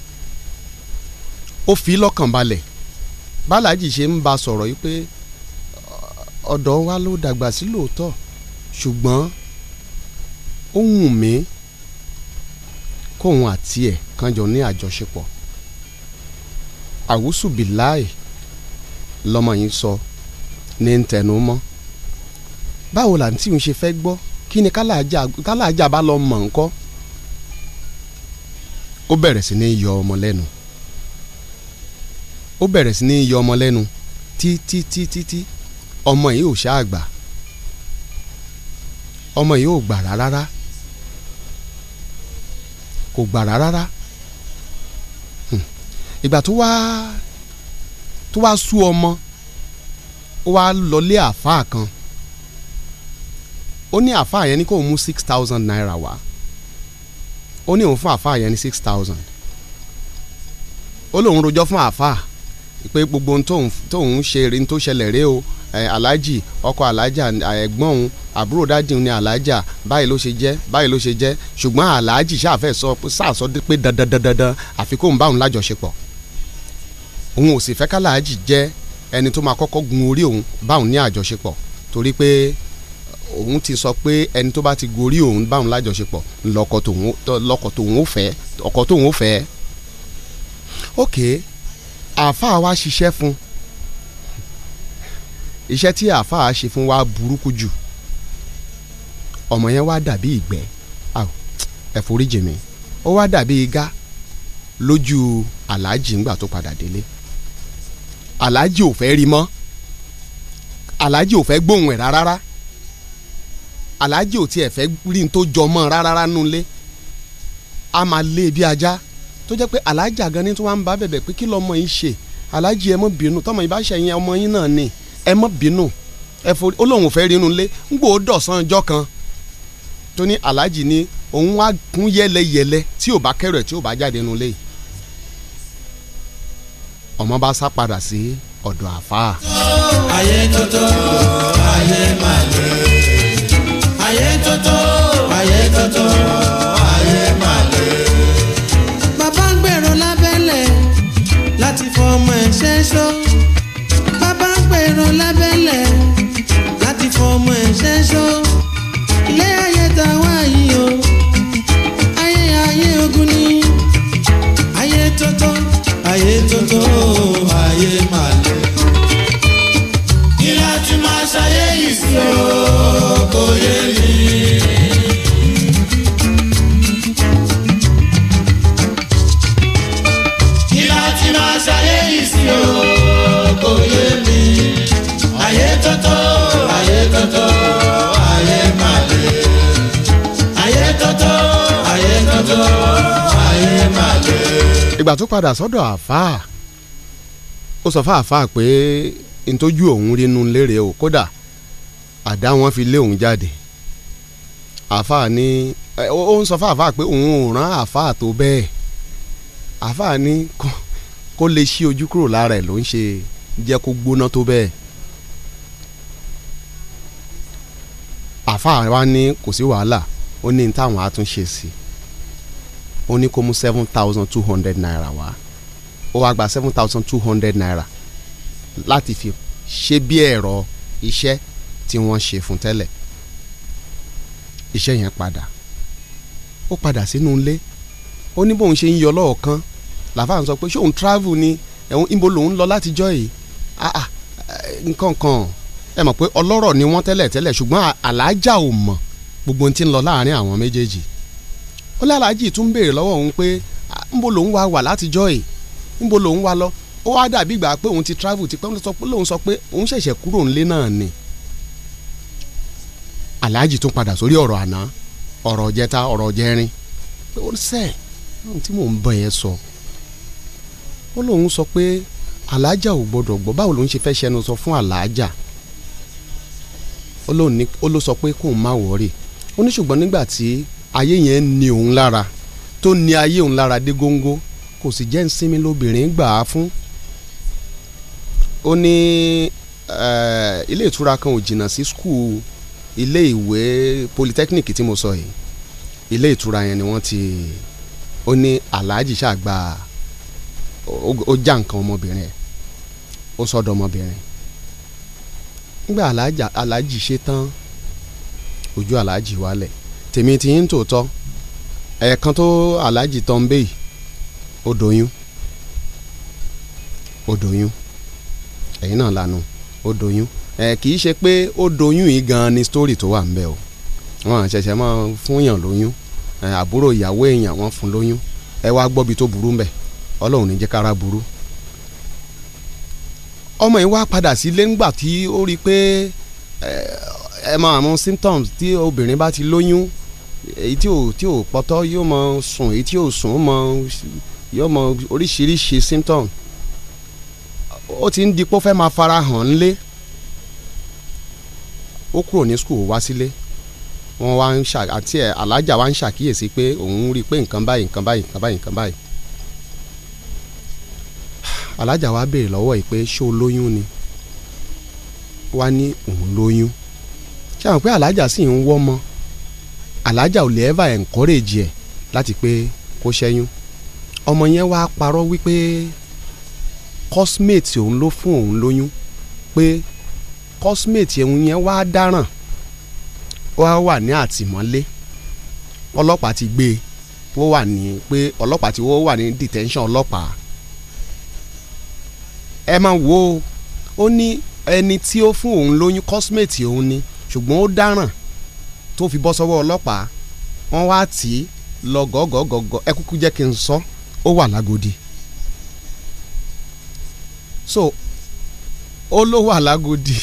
ó fi lọ́kàn balẹ̀ bálàjì ṣe ń ba sọ̀rọ̀ yìí pé ọ̀dọ̀ wa ló dàgbà sí lóòótọ́ ṣùgbọ́n ó wùn mí kóun àti ẹ̀ kan jọ ní àjọṣepọ̀ àwùsùbìláì lọmọ yìí sọ ní ń tẹnu mọ́ báwo là ń tí n ṣe fẹ́ gbọ́ kí ni kálàájà bá lọ mọ̀ ń kọ́ ó bẹ̀rẹ̀ sí ní yọ ọmọ lẹ́nu ó bẹ̀rẹ̀ sí ní yọ ọmọ lẹ́nu títítítítí ọmọ yìí ò ṣáà gbà ọmọ yìí ò gbà rárá kò gbà rárá hmm. ìgbà tó wá tó wá sú ọmọ ó wá lọlé àáfàá kan ó ní àáfàá yẹn ní kó mú six thousand naira wá ó ní òun fún àáfàá yẹn ní six thousand ó lóun rojọ́ fún àáfàá pé gbogbo tóun ṣe rí tó ṣẹlẹ̀ rèé o aláàjì ọkọ aláàjà ẹ̀gbọ́n òun àbúrò dájú ni aláàjà báyìí ló ṣe jẹ́ báyìí ló ṣe jẹ́ ṣùgbọ́n aláàjì ṣàfẹ́ sọ sàsọ pé dandandandan àfi kóun bá òun lájọṣepọ̀ òun ò sì fẹ́ káláàjì jẹ́ ẹni tó máa kọ́kọ́ gun orí òun bá òun ní àjọṣepọ̀ torí pé òun ti sọ pé ẹni tó bá ti gun orí òun bá òun lájọṣepọ̀ lọ́kọ tóun ó fẹ́ ọkọ tóun ó fẹ́ ok àáfàá wa ṣiṣẹ́ fún iṣẹ́ tí àáfàá ṣe fún wa burúkú jù ọmọ yẹn wá dàbí ìgbẹ́ ẹ̀foríjì mi ó wá dàbí igá lójú aláàjì ńgbà tó padà délé aláàjì ò fẹ́ rí mọ́ aláàjì ò fẹ́ gbóhùn ẹ̀ rárá aláàjì ò tiẹ̀ fẹ́ rí n tó jọ rárá nulẹ̀ a máa lé e bí ajá tó jẹ́ pé alájà gan ni tí wọ́n á ń bá bẹ̀bẹ̀ pé kí lọ́mọ yìí ṣe alájì ẹ mọ̀ bínú tọ́mọ yìí bá ṣẹ̀yìn ọmọ yín náà ni ẹ mọ̀ bínú ẹ forí ó lóun ò fẹ́ rínú lé ń gbòó dọ̀sán ọjọ́ kan tó ní alájì ni òun wá kún yẹ́lẹ́yẹ́lẹ́ tí ò bá kẹ́rù ẹ̀ tí ò bá jáde nínú lé ọmọ bá sá padà sí ọ̀dọ̀ àfáà. ayé tótó ayé màlẹ́ ayé tótó ayé tótó. fọmọ ẹ̀ ṣẹ́ṣọ́ bàbá ń pèrò lábẹ́lẹ̀ láti fọmọ ẹ̀ ṣẹ́ṣọ́ ilé ayé tá a wá yìí o ayé ayé ogun ni ayé tótó ayé tótó. ìgbà tó padà sọ́dọ̀ àfáà ó sọ fáàfáà pé ntójú òun rínú lérè o kódà àdá wọn fi lé òun jáde àfáà ní ó ń sọ fáàfáà pé òun ò rán àfáà tó bẹ́ẹ̀ àfáà ní kó lè ṣí ojú kúrò lára ẹ̀ ló ń ṣe jẹ́ kó gbóná tó bẹ́ẹ̀. àfáà wa ní kò sí wàhálà ó ní táwọn á tún ṣe sí i ó ní kó mú seven thousand two hundred naira wá ó wá gba seven thousand two hundred naira láti fi ṣe bí ẹ̀rọ iṣẹ́ tí wọ́n ṣe fún tẹ́lẹ̀ iṣẹ́ yẹn padà ó padà sínú ilé ó ní bóun ṣe ń yọ lọ́ọ̀kan làfáà ń sọ pé ṣóun travel ni ẹ̀hún ibo lòun lọ látijọ́ yìí ah, ah eh, nǹkan kan ẹ mọ̀ pé ọlọ́rọ̀ ni wọ́n tẹ́lẹ̀ tẹ́lẹ̀ ṣùgbọ́n alájà ò mọ̀ gbogbo ohun tí ń lọ láàrin àwọn méjèèjì ó lálàájì tún béèrè lọ́wọ́ òun pé ńbo lòun wá wà látijọ́ yìí ńbo lòun wá lọ ó wá dàbí ìgbà pé òun ti travel ti pẹ́ lóun sọ pé òun ṣẹ̀ṣẹ̀ kúrò ńlé náà ni aláàjì tún padà sórí ọ̀rọ̀ àná ọ̀rọ̀ jẹta ọ̀rọ̀ jẹrin pé ó sẹ́ẹ̀ ohun tí mò ń bọ̀ yẹn sọ ó lóun sọ pé aláàjà ò gbọdọ̀ gbọ́ báwo lòun ṣe fẹ́ ṣẹnu sọ fún aláàjà ó ló sọ pé o má wọ̀ọ́rì ó ní ṣùgbọ́n nígbà tí ayé yẹn ni òun lára tó ni ayé òun lára dé góńgó kò sì jẹ́ ìsinmi lóbìnrin gbà á fún. ó ní eh, ilé ìtura kan ò jìnnà sí skul ilé ìwé polytechnic tí mo sọ yìí ilé ìtura yẹn ni wọ́n ti ó ní aláàjì ṣàgbà ó já nǹkan ọmọbìnrin ẹ̀ ó sọ́dọ̀ ọmọbìnrin nígbà aláàjì ṣe tán ojú aláàjì wálẹ̀ tèmi ti yín tòótọ́ ẹ̀ẹ̀kan tó aláàjì tó ń bẹ̀ yìí ó doyún ó doyún ẹ̀yin náà lanu ó doyún ẹ̀ kì í ṣe pé ó yìí gan-an ni story tó wà ń bẹ̀ o wọn ṣẹ̀ṣẹ̀ máa fún yàn lóyún àbúrò ìyàwó èèyàn wọn fún lóyún ẹ wá gbọ́bi tó burú mbẹ̀ ọlọ́run ní jẹ́ burú ọmọ yìí wá padà sílé ńgbà tí ó rí i pé ẹ mọ àwọn symptoms tí obìnrin bá ti lóyún èyí tí ò tí ò pọtọ yóò mọ sùn èyí tí ò sùn mọ yóò mọ oríṣiríṣi symptom ó ti ń di pé ó fẹ́ máa fara hàn nílé ó kúrò ní school wá sílé wọ́n wá ń ṣà àti ẹ̀ alájà wá ń ṣàkíyèsí pé òun rí i pé nǹkan báyìí nǹkan báyìí nǹkan báyìí nǹkan báyìí alájà wá béèrè lọ́wọ́ yìí pé ṣé o lóyún ni wá ní òun lóyún ṣé àwọn pé alájà sì ń wọ́ ọmọ alájà ò lè ẹ́fà encourage ẹ̀ láti pé kó ṣẹ́yún ọmọ yẹn wá parọ́ wípé cosmate òun ló fún òun lóyún pé cosmate òun yẹn wá dáràn wá wà ní àtìmọ́lé ọlọ́pàá ti gbé e wà ní pé ọlọ́pàá ti wọ́n wà ní detention ọlọ́pàá ẹ máa wo ó ní ẹni tí ó fún òun lóyún cosmate òun ni ṣùgbọ́n ó dáràn tó fi bọ́ sọ́wọ́ ọlọ́pàá wọ́n wá tì í lọ gọ́gọ́gọ́gọ́ ẹ kúkú jẹ́ kí n sọ ó wà lágòdì so ó ló wà lágòdì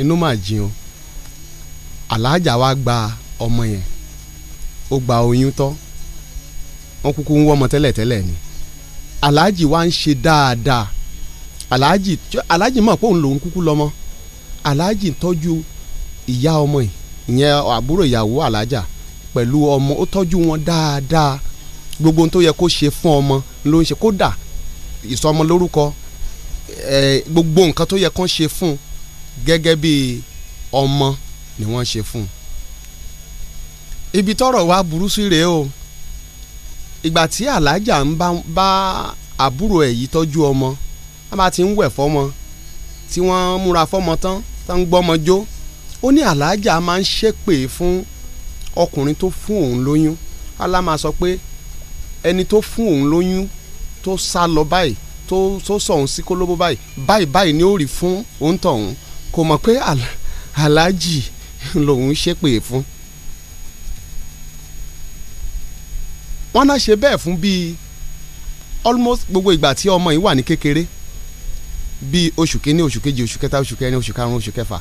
inú mà jìn o aláàjà wa gba ọmọ yẹn ó gba oyún tọ́ wọ́n kúkú ń wọ́ tẹ́lẹ̀tẹ́lẹ̀ ni aláàjì wa ń ṣe dáadáa aláàjì aláàjì mọ̀ pé òun lòún kúkú lọ́mọ aláàjì ń tọ́jú ìyá ọmọ ẹ̀ ìyẹn àbúrò ìyàwó alájà pẹ̀lú ọmọ ó tọ́jú wọn dáadáa gbogbo ohun tó yẹ kó ṣe fún ọmọ ló ń ṣe kódà ìsọmọ lórúkọ gbogbo nǹkan tó yẹ kó ṣe fún gẹ́gẹ́ bí ọmọ ni wọ́n ṣe fún ibi tọ́rọ̀ wa burú sí rèé o ìgbà tí alájà ń bá àbúrò ẹ̀ yìí tọ́jú ọmọ a máa ti ń wẹ̀ fọ́mọ tí wọ́n múra fọ́mọ tán tán ń gbọ́mọ jó ó ní aláàjà máa ń ṣépè fún ọkùnrin tó fún òun lóyún alá máa sọ pé ẹni tó fún òun lóyún tó sá lọ báyìí tó tó sọ òun sí kólóbó báyìí báyìí báyìí ni ó rí fún òun tọ̀hún kò mọ̀ pé aláàjì lòun ṣépè fún. wọ́n náà ṣe bẹ́ẹ̀ fún bíi almost gbogbo ìgbà tí ọmọ yìí wà ní kékeré bíi oṣù kínní oṣù kejì oṣù kẹta oṣù kẹrin oṣù karùn oṣù kẹfà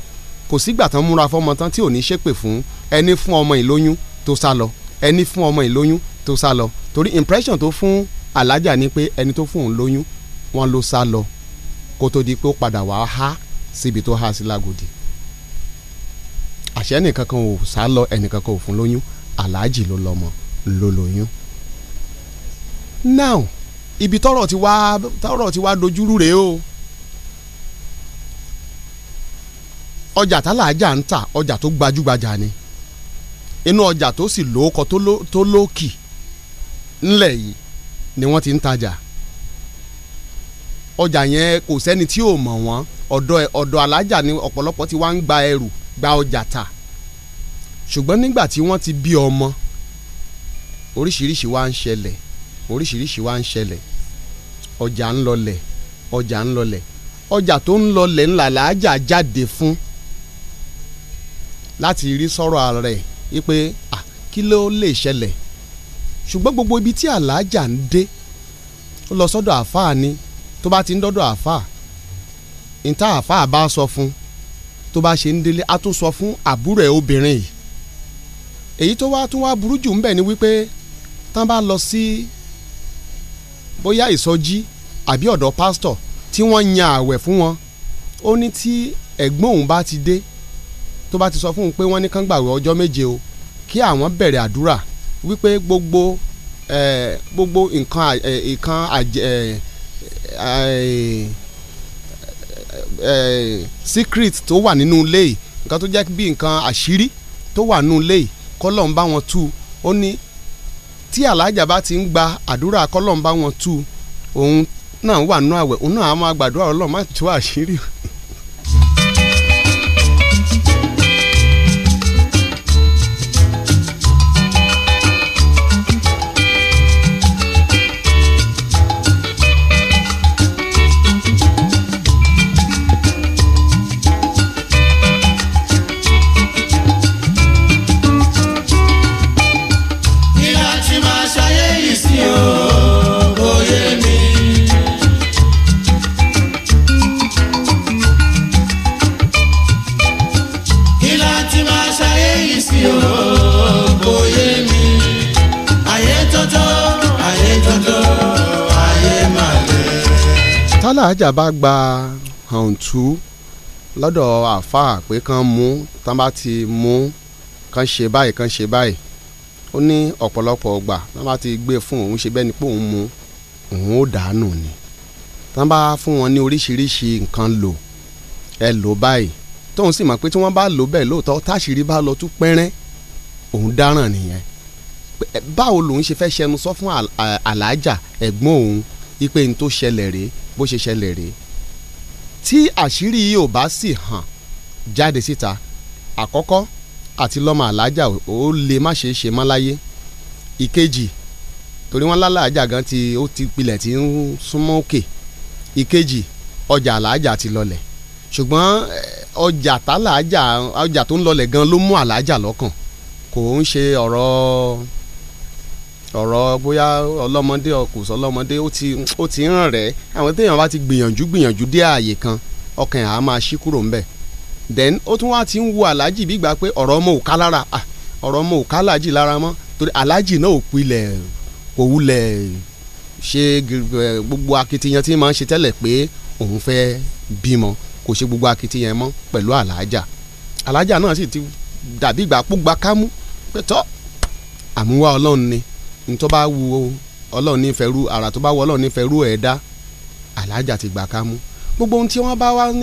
kò sígbà tán múra fọmọ tán tí ò ní ṣépè fún ẹni fún ọmọ ìlóyún tó sá lọ ẹni fún ọmọ ìlóyún tó sá lọ torí impression tó fún alájà ni pé ẹni tó fún òun lóyún wọn ló sá lọ kó tó di pé ó padà wá há síbi tó há sí lágòdì àṣẹ ẹnìkankan ò sá lọ ẹnìkankan ò fún lóyún aláàjì ló lọmọ ló lóyún. now ibi tọrọ ti wá tọrọ ti wá dojúrú rèé o ọjà tálàájà ń tà ọjà tó gbajúgbajà ni inú ọjà tó sì lóókọ tó lóòkì ńlẹ̀ yìí ni wọ́n ti ń tajà ọjà yẹn kò sẹ́ni tí ò mọ̀ wọ́n ọ̀dọ̀ alájà ni ọ̀pọ̀lọpọ̀ ti wá ń gba ẹrù gba ọjà tà ṣùgbọ́n nígbà tí wọ́n ti bí ọmọ oríṣiríṣi wá ń ṣẹlẹ̀ oríṣiríṣi wá ń ṣẹlẹ̀ ọjà ń lọlẹ̀ ọjà ń lọlẹ̀ ọjà tó ń lọlẹ̀ ńlá làájà jáde fún láti rí sọ̀rọ̀ ààrẹ wípé kí ló lè ṣẹlẹ̀ ṣùgbọ́n gbogbo ibi tí aláàjà ń dé ó lọ sọ́dọ̀ àáfàá ni tó bá ti ń dọ́dọ̀ àáfàá níta àáfàá bá sọ fún tó bá ṣe ń délé á tún sọ fún àbúrò ẹ̀ obìnrin yìí èyí tó wá tún wá burú jù ń bẹ̀ ni wípé tán bá lọ sí bóyá ìsọjí àbí ọ̀dọ̀ pásítọ̀ tí wọ́n yan ààwẹ̀ fún wọn ó ní tí ẹ̀gbọ́n òun bá ti dé tó bá ti sọ fún un pé wọ́n ní kán gbàwé ọjọ́ méje o kí àwọn bẹ̀rẹ̀ àdúrà wípé gbogbo gbogbo nǹkan nǹkan secret tó wà nínú ilé yìí nǹkan tó jẹ́ bí nǹkan àṣírí tó wà nínú ilé yìí kọ́lọ́n bá wọn tú ó ní tí alájà bá ti ń gba àdúrà kọ́lọ́n bá wọn tú òun náà wà nínú àwẹ̀ òun náà á máa gbàdúrà ọlọ́run má tú àṣírí tálàájà bá gba hàǹtú lọ́dọ̀ àáfàá pé kán mú tán bá ti mú kán ṣe báyìí kán ṣe báyìí ó ní ọ̀pọ̀lọpọ̀ ọgbà tán bá ti gbé fún òun ṣe bẹ́ẹ̀ ni pé òun mú òun ó dànù ni tán bá fún wọn ní oríṣiríṣi nǹkan lò ẹ lò báyìí tóun sì mọ̀ pé tí wọ́n bá lò bẹ́ẹ̀ lóòótọ́ táṣìírí bá lọ tú pẹ́rẹ́ òun dáràn nìyẹn báwo lòun ṣe fẹ́ ṣẹnu sọ fún àlàájà ẹ̀gbọ́n òun ipe n tó ṣẹlẹ̀ rèé bó ṣe ṣẹlẹ̀ rèé tí àṣírí yìí ò bá sì hàn jáde síta àkọ́kọ́ àti lọ́mọ àlájà ó lè má ṣe é ṣe mọ́ láyé ìkejì torí wọ́n lálàájà gan ti ó ti pilẹ̀ tí ń súnmọ́ òkè ìkejì ọjà àlájà ti lọlẹ̀ ṣùgbọ́n eh, ọjà tálàájà ọjà tó ń lọlẹ̀ gan ló mú àlájà lọ́kàn kò ń ṣe ọ̀rọ̀ ọ̀rọ̀ bóyá ọlọ́mọdé ọkùnrin ọlọ́mọdé ó ti ń rẹ̀ àwọn téèyàn bá ti gbìyànjú gbìyànjú dé ààyè kan ọkàn àá máa ṣí kúrò ńbẹ̀ then ó tún wá ti ń wo aláàjì bí gbà pé ọ̀rọ̀ ọmọ ò ká lára ọ̀rọ̀ ọmọ ò ká aláàjì lára mọ́ torí aláàjì náà ò pilẹ̀ kò wulẹ̀ ṣe gbogbo akitiyan tí máa ń ṣe tẹ́lẹ̀ pé òun fẹ́ bímọ kò ṣe gbogbo akitiyan mọ́ pẹ̀lú aláàjà aláàjà náà sì ti dàbí ìgbà púgbà kámú pẹ̀tọ́ àmúwá ọlọ́run ni ntọ́ bá wu ọlọ́run nífẹ̀ẹ́ rú àrà tó bá wu ọlọ́run nífẹ̀ẹ́ rú ẹ̀ alájà ti gbà ká mú gbogbo ohun tí wọ́n bá wá ní